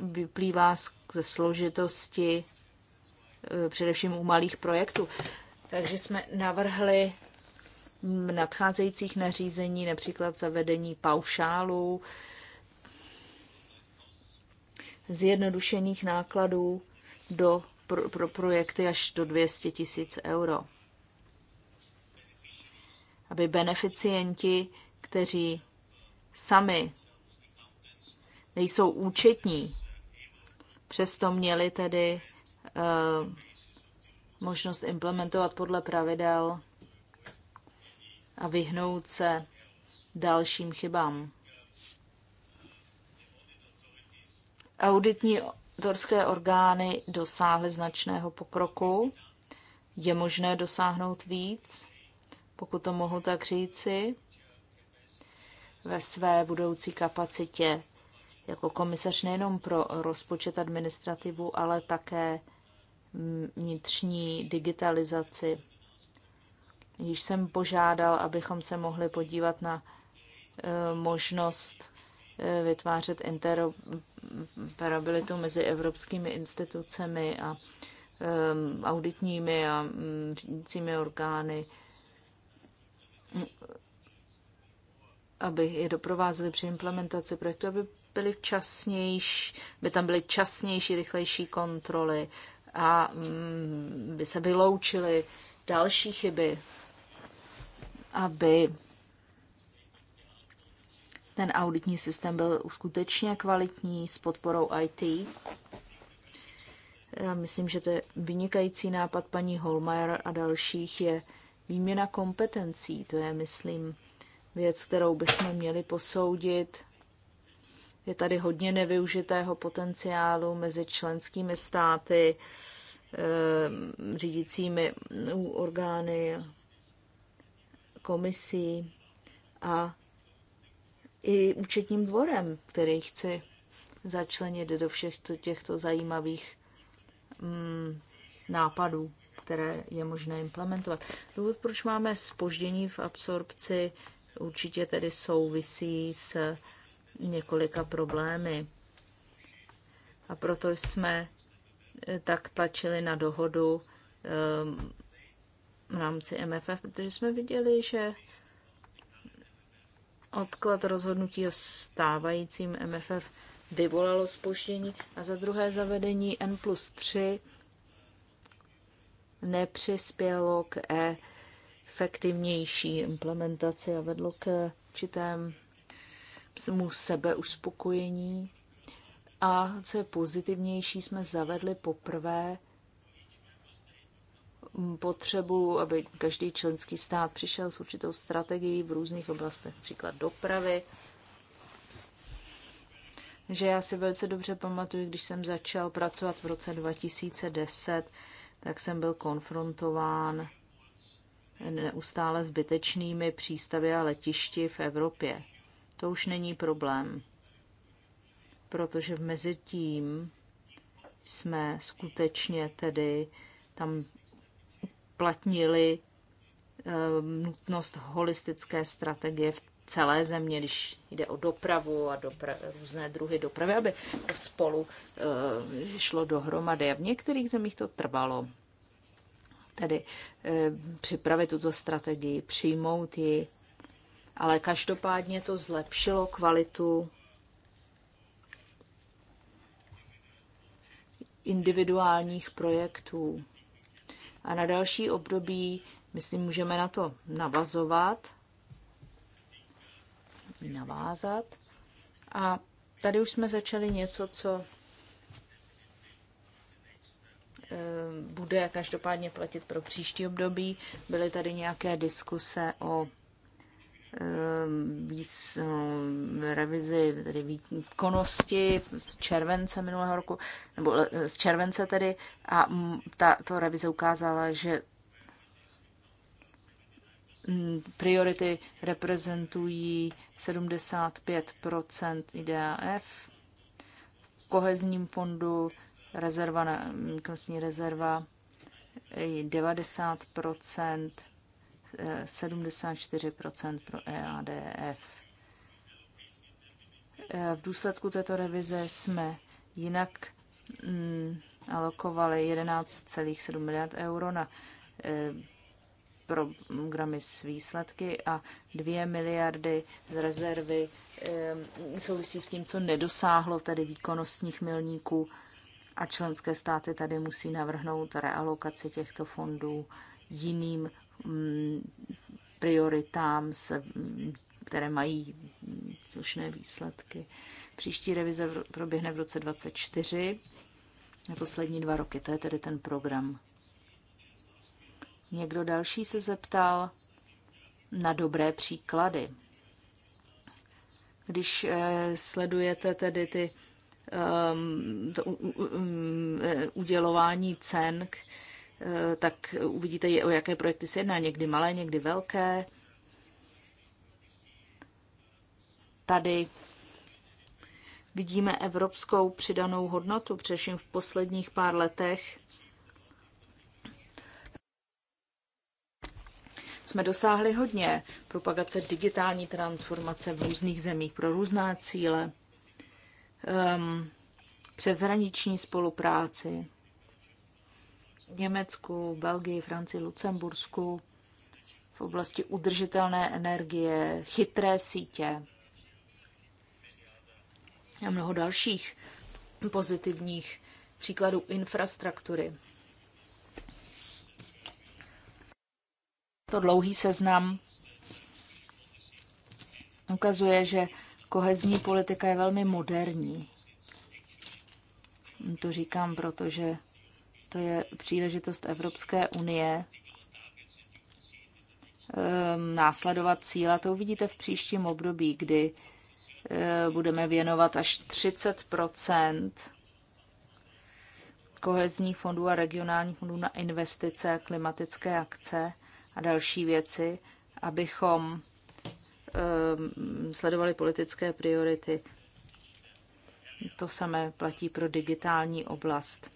vyplývá ze složitosti e, především u malých projektů. Takže jsme navrhli nadcházejících nařízení například zavedení paušálů, zjednodušených nákladů do, pro, pro projekty až do 200 tisíc euro. Aby beneficienti, kteří sami nejsou účetní, přesto měli tedy uh, možnost implementovat podle pravidel a vyhnout se dalším chybám. Auditní autorské orgány dosáhly značného pokroku. Je možné dosáhnout víc, pokud to mohu tak říci, ve své budoucí kapacitě jako komisař nejenom pro rozpočet administrativu, ale také vnitřní digitalizaci. Již jsem požádal, abychom se mohli podívat na eh, možnost eh, vytvářet parabilitu mezi evropskými institucemi a um, auditními a um, řídícími orgány, aby je doprovázely při implementaci projektu, aby byly včasnější, by tam byly časnější, rychlejší kontroly a um, by se vyloučily další chyby, aby ten auditní systém byl skutečně kvalitní s podporou IT. Já myslím, že to je vynikající nápad paní Holmeier a dalších je výměna kompetencí. To je, myslím, věc, kterou bychom měli posoudit. Je tady hodně nevyužitého potenciálu mezi členskými státy, ehm, řídícími orgány, komisí a i účetním dvorem, který chci začlenit do všech těchto zajímavých mm, nápadů, které je možné implementovat. Důvod, proč máme spoždění v absorpci, určitě tedy souvisí s několika problémy. A proto jsme eh, tak tlačili na dohodu um, v rámci MFF, protože jsme viděli, že Odklad rozhodnutí o stávajícím MFF vyvolalo spoždění a za druhé zavedení N plus 3 nepřispělo k efektivnější implementaci a vedlo k určitému sebeuspokojení. A co je pozitivnější, jsme zavedli poprvé potřebu, aby každý členský stát přišel s určitou strategií v různých oblastech, například dopravy. Že já si velice dobře pamatuju, když jsem začal pracovat v roce 2010, tak jsem byl konfrontován neustále zbytečnými přístavy a letišti v Evropě. To už není problém, protože mezi tím jsme skutečně tedy tam uplatnili eh, nutnost holistické strategie v celé země, když jde o dopravu a dopra- různé druhy dopravy, aby to spolu e, šlo dohromady. A v některých zemích to trvalo. Tedy e, připravit tuto strategii, přijmout ji, ale každopádně to zlepšilo kvalitu individuálních projektů. A na další období, myslím, můžeme na to navazovat, navázat. A tady už jsme začali něco, co eh, bude každopádně platit pro příští období. Byly tady nějaké diskuse o Ehm, výs, no, revizi tedy výkonnosti z července minulého roku, nebo eh, z července tedy, a ta, to revize ukázala, že priority reprezentují 75 IDAF, v kohezním fondu rezerva, na, rezerva 90 74 pro EADF. E, v důsledku této revize jsme jinak mm, alokovali 11,7 miliard euro na e, programy s výsledky a 2 miliardy z rezervy e, souvisí s tím, co nedosáhlo tedy výkonnostních milníků a členské státy tady musí navrhnout realokaci těchto fondů jiným Mm, prioritám, se, mm, které mají slušné výsledky. Příští revize proběhne v roce 2024, na poslední dva roky, to je tedy ten program. Někdo další se zeptal na dobré příklady. Když eh, sledujete tedy ty um, to, um, udělování cen, Eh, tak uvidíte, o jaké projekty se jedná. Někdy malé, někdy velké. Tady vidíme evropskou přidanou hodnotu, především v posledních pár letech. Jsme dosáhli hodně propagace digitální transformace v různých zemích pro různá cíle, um, přeshraniční spolupráci, Německu, Belgii, Francii, Lucembursku v oblasti udržitelné energie, chytré sítě a mnoho dalších pozitivních příkladů infrastruktury. To dlouhý seznam ukazuje, že kohezní politika je velmi moderní. To říkám, protože to je příležitost Evropské unie ehm, následovat cíle. To uvidíte v příštím období, kdy eh, budeme věnovat až 30 kohezních fondů a regionálních fondů na investice, klimatické akce a další věci, abychom ehm, sledovali politické priority. To samé platí pro digitální oblast.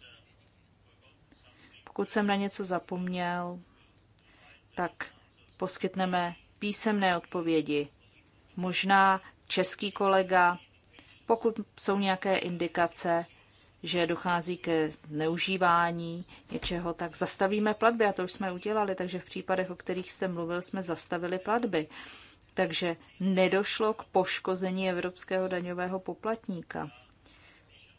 Pokud jsem na něco zapomněl, tak poskytneme písemné odpovědi. Možná český kolega, pokud jsou nějaké indikace, že dochází ke neužívání něčeho, tak zastavíme platby. A to už jsme udělali, takže v případech, o kterých jste mluvil, jsme zastavili platby. Takže nedošlo k poškození evropského daňového poplatníka.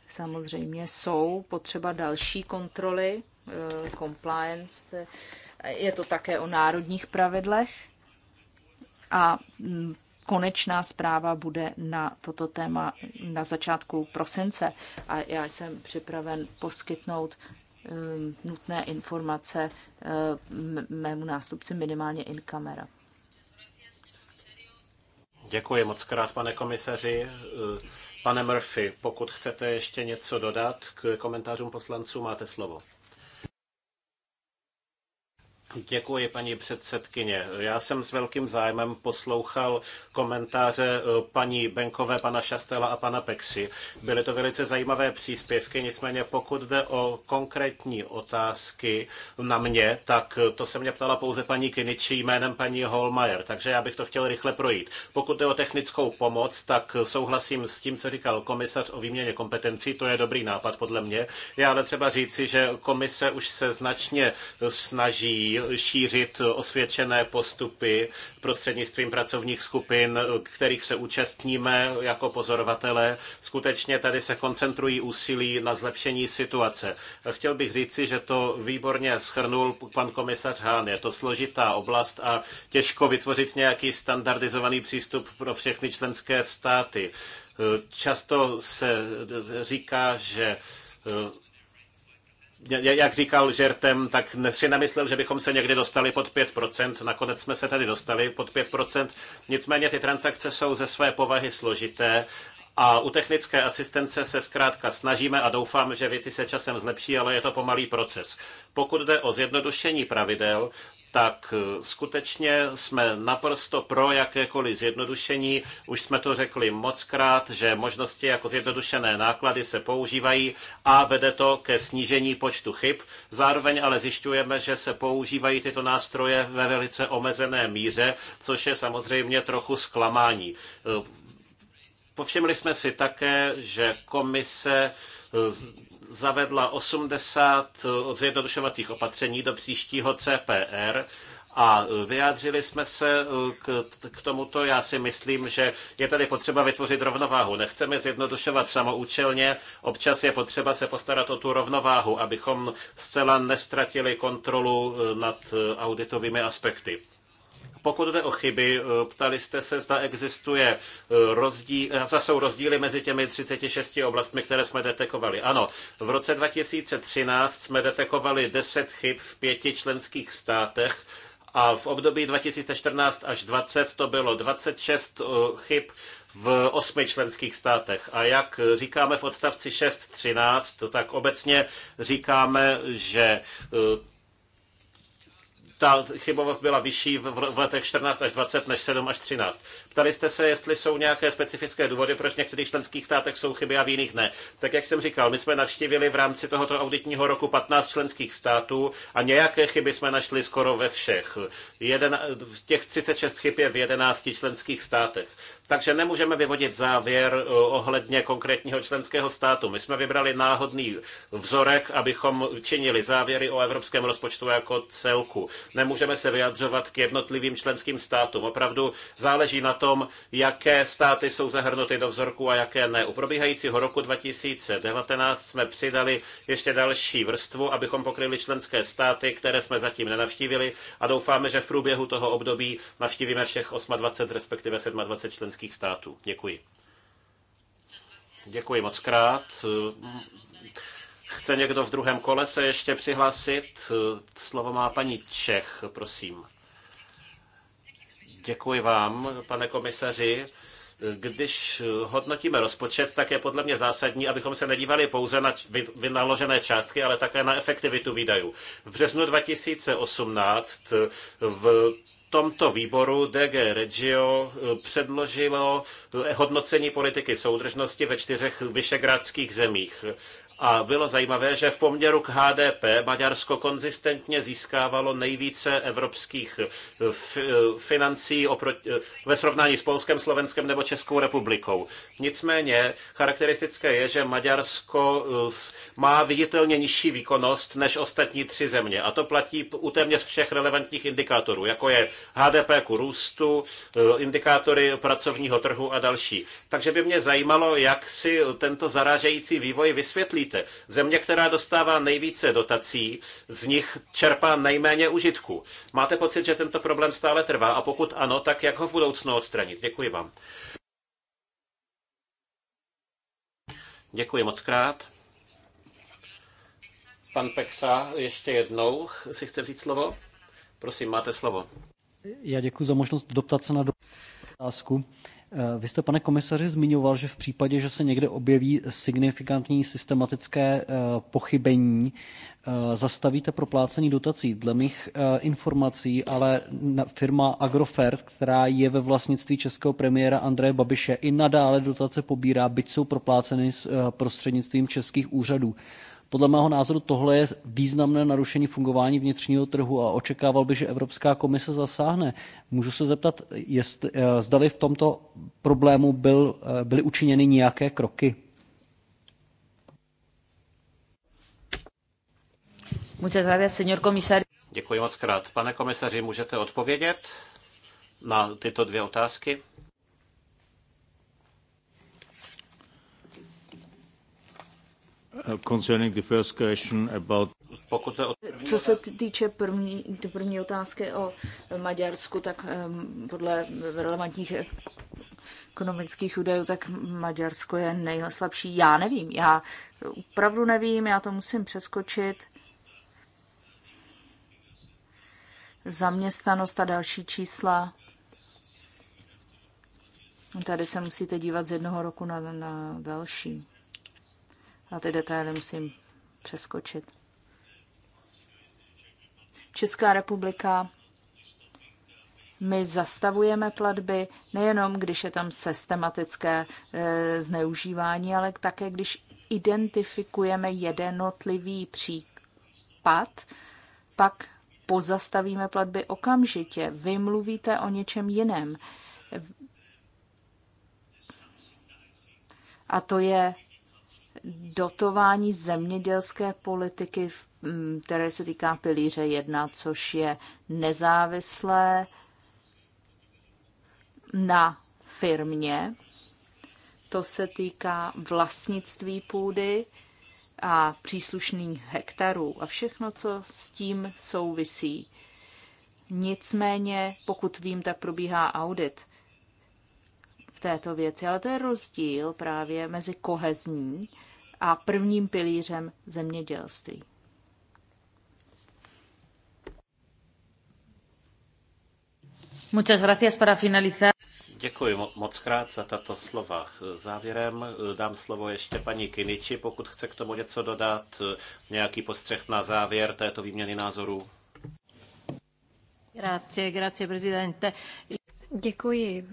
Samozřejmě jsou potřeba další kontroly, Eh, compliance. Je to také o národních pravidlech a mm, konečná zpráva bude na toto téma na začátku prosince a já jsem připraven poskytnout mm, nutné informace eh, mému nástupci minimálně in camera. Děkuji moc krát, pane komisaři. Eh, pane Murphy, pokud chcete ještě něco dodat k komentářům poslanců, máte slovo. Děkuji, paní předsedkyně. Já jsem s velkým zájmem poslouchal komentáře eh, paní Benkové, pana Šastela a pana Pexy. Byly to velice zajímavé příspěvky, nicméně pokud jde o konkrétní otázky na mě, tak eh, to se mě ptala pouze paní Kiniči jménem paní Holmajer, takže já bych to chtěl rychle projít. Pokud jde o technickou pomoc, tak eh, souhlasím s tím, co říkal komisař o výměně kompetencí, to je dobrý nápad podle mě. Já ale třeba říci, že komise už se značně snaží šířit osvědčené postupy prostřednictvím pracovních skupin, kterých se účastníme jako pozorovatele. Skutečně tady se koncentrují úsilí na zlepšení situace. Chtěl bych říci, že to výborně schrnul pan komisař Hán. Je to složitá oblast a těžko vytvořit nějaký standardizovaný přístup pro všechny členské státy. Často se říká, že jak říkal žertem, tak si nemyslel, že bychom se někdy dostali pod 5%. Nakonec jsme se tady dostali pod 5%. Nicméně ty transakce jsou ze své povahy složité a u technické asistence se zkrátka snažíme a doufám, že věci se časem zlepší, ale je to pomalý proces. Pokud jde o zjednodušení pravidel, tak eh, skutečně jsme naprosto pro jakékoliv zjednodušení. Už jsme to řekli mockrát, že možnosti jako zjednodušené náklady se používají a vede to ke snížení počtu chyb. Zároveň ale zjišťujeme, že se používají tyto nástroje ve velice omezené míře, což je samozřejmě trochu zklamání. Eh, Povšimli jsme si také, že komise eh, zavedla 80 eh, zjednodušovacích opatření do příštího CPR a eh, vyjádřili jsme se eh, k, k tomuto. Já si myslím, že je tady potřeba vytvořit rovnováhu. Nechceme zjednodušovat samoučelně, občas je potřeba se postarat o tu rovnováhu, abychom zcela nestratili kontrolu nad auditovými aspekty. Pokud jde o chyby, eh, ptali jste se, zda existuje eh, rozdíl, eh, zda jsou rozdíly mezi těmi 36 oblastmi, které jsme detekovali. Ano, v roce 2013 jsme detekovali 10 chyb v pěti členských státech, a v období 2014 až 20 to bylo 26 chyb v osmi členských státech. A jak říkáme v odstavci 6.13, tak obecně říkáme, že ta chybovost byla vyšší v letech 14 až 20 než 7 až 13. Ptali jste se, jestli jsou nějaké specifické důvody, proč v některých členských státech jsou chyby a v jiných ne. Tak jak jsem říkal, my jsme navštívili v rámci tohoto auditního roku 15 členských států a nějaké chyby jsme našli skoro ve všech. Jeden, těch 36 chyb je v 11 členských státech. Takže nemůžeme vyvodit závěr eh, ohledně konkrétního členského státu. My jsme vybrali náhodný vzorek, abychom činili závěry o evropském rozpočtu jako celku. Nemůžeme se vyjadřovat k jednotlivým členským státům. Opravdu záleží na tom, jaké státy jsou zahrnuty do vzorku a jaké ne. U probíhajícího roku 2019 jsme přidali ještě další vrstvu, abychom pokryli členské státy, které jsme zatím nenavštívili a doufáme, že v průběhu toho období navštívíme všech 28, respektive 27 členských členských států. Děkuji. Děkuji moc krát. Chce někdo v druhém kole se ještě přihlásit? Slovo má paní Čech, prosím. Děkuji vám, pane komisaři. Když hodnotíme rozpočet, tak je podle mě zásadní, abychom se nedívali pouze na vynaložené částky, ale také na efektivitu výdajů. V březnu 2018 v tomto výboru DG Regio eh, předložilo eh, hodnocení politiky soudržnosti ve čtyřech vyšegradských zemích. A bylo zajímavé, že v poměru k HDP Maďarsko konzistentně získávalo nejvíce evropských eh, eh, financí eh, ve srovnání s Polskem, Slovenskem nebo Českou republikou. Nicméně charakteristické je, že Maďarsko má viditelně nižší výkonnost než ostatní tři země. A to platí u téměř všech relevantních indikátorů, jako je HDP ku růstu, indikátory pracovního trhu a další. Takže by mě zajímalo, jak si tento zarážející vývoj vysvětlíte vidíte. Země, která dostává nejvíce dotací, z nich čerpá nejméně užitku. Máte pocit, že tento problém stále trvá a pokud ano, tak jak ho v budoucnu odstranit? Děkuji vám. Děkuji moc krát. Pan Peksa ještě jednou si chce vzít slovo. Prosím, máte slovo. Já děkuji za možnost doptat se na... Otázku. Eh, vy jste, pane komisaři, zmiňoval, že v případě, že se někde objeví signifikantní systematické eh, pochybení, eh, zastavíte proplácení dotací. Dle mých informací, ale firma Agrofert, která je ve vlastnictví českého premiéra Andreje Babiše, i nadále dotace pobírá, byť jsou propláceny prostřednictvím českých úřadů. Podle mého názoru tohle je významné narušení fungování vnitřního trhu a očekával bych, že Evropská komise zasáhne. Můžu se zeptat, jestli, eh, zdali v tomto problému byl, eh, byly učiněny nějaké kroky? Muchas gracias, señor comisario. Děkuji moc krát. Pane komisaři, můžete odpovědět na tyto dvě otázky? Uh, Co se týče první, první otázky o eh, Maďarsku, tak eh, podle relevantních ekonomických údajů, tak Maďarsko je nejslabší. Já nevím, já opravdu nevím, já to musím přeskočit. Zaměstnanost a další čísla. Tady se musíte dívat z jednoho roku na, na další. Na ty detaily musím přeskočit. Česká republika. My zastavujeme platby nejenom, když je tam systematické e, zneužívání, ale také, když identifikujeme jednotlivý případ, pak pozastavíme platby okamžitě. Vy mluvíte o něčem jiném. A to je dotování zemědělské politiky, mm, které se týká pilíře 1, což je nezávislé na firmě. To se týká vlastnictví půdy a příslušných hektarů a všechno, co s tím souvisí. Nicméně, pokud vím, tak probíhá audit v této věci, ale to je rozdíl právě mezi kohezní a prvním pilířem zemědělství. Muchas gracias para finalizar. Děkuji moc krát za tato slova. Závěrem eh, dám slovo ještě paní Kiniči, pokud chce k tomu něco dodat, eh, nějaký postřeh na závěr této výměny názorů. Grazie, grazie, prezidente. Děkuji,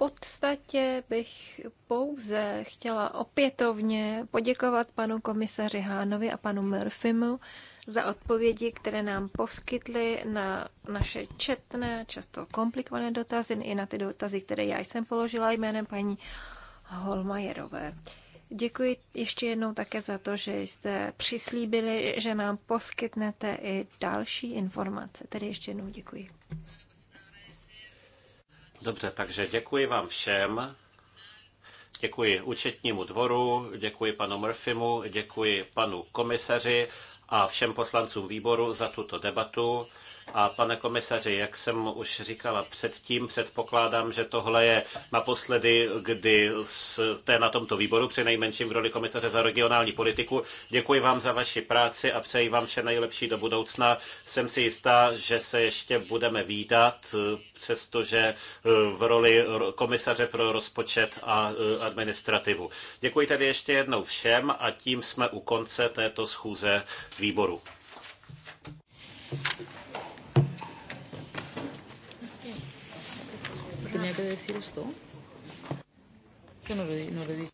podstatě bych pouze chtěla opětovně poděkovat panu komisaři Hánovi a panu Murphymu za odpovědi, které nám poskytly na naše četné, často komplikované dotazy, i na ty dotazy, které já jsem položila jménem paní Holmajerové. Děkuji ještě jednou také za to, že jste přislíbili, že nám poskytnete i další informace. Tedy ještě jednou děkuji. Dobře, takže děkuji vám všem. Děkuji účetnímu dvoru, děkuji panu Murphymu, děkuji panu komisaři a všem poslancům výboru za tuto debatu. A pane komisaři, jak jsem už říkala předtím, předpokládám, že tohle je naposledy, kdy jste na tomto výboru, při nejmenším v roli komisaře za regionální politiku. Děkuji vám za vaši práci a přeji vám vše nejlepší do budoucna. Jsem si jistá, že se ještě budeme výdat, přestože eh, v roli komisaře pro rozpočet a eh, administrativu. Děkuji tedy ještě jednou všem a tím jsme u konce této schůze výboru. tenía que decir esto? Yo no lo, no lo he dicho.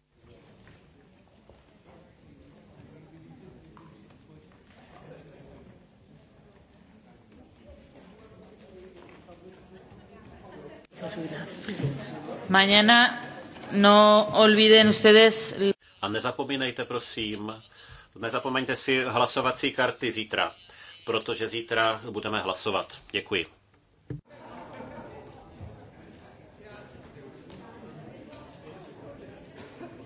Mañana no olviden ustedes... A nezapomínejte, prosím, nezapomeňte si hlasovací karty zítra, protože zítra budeme hlasovat. Děkuji.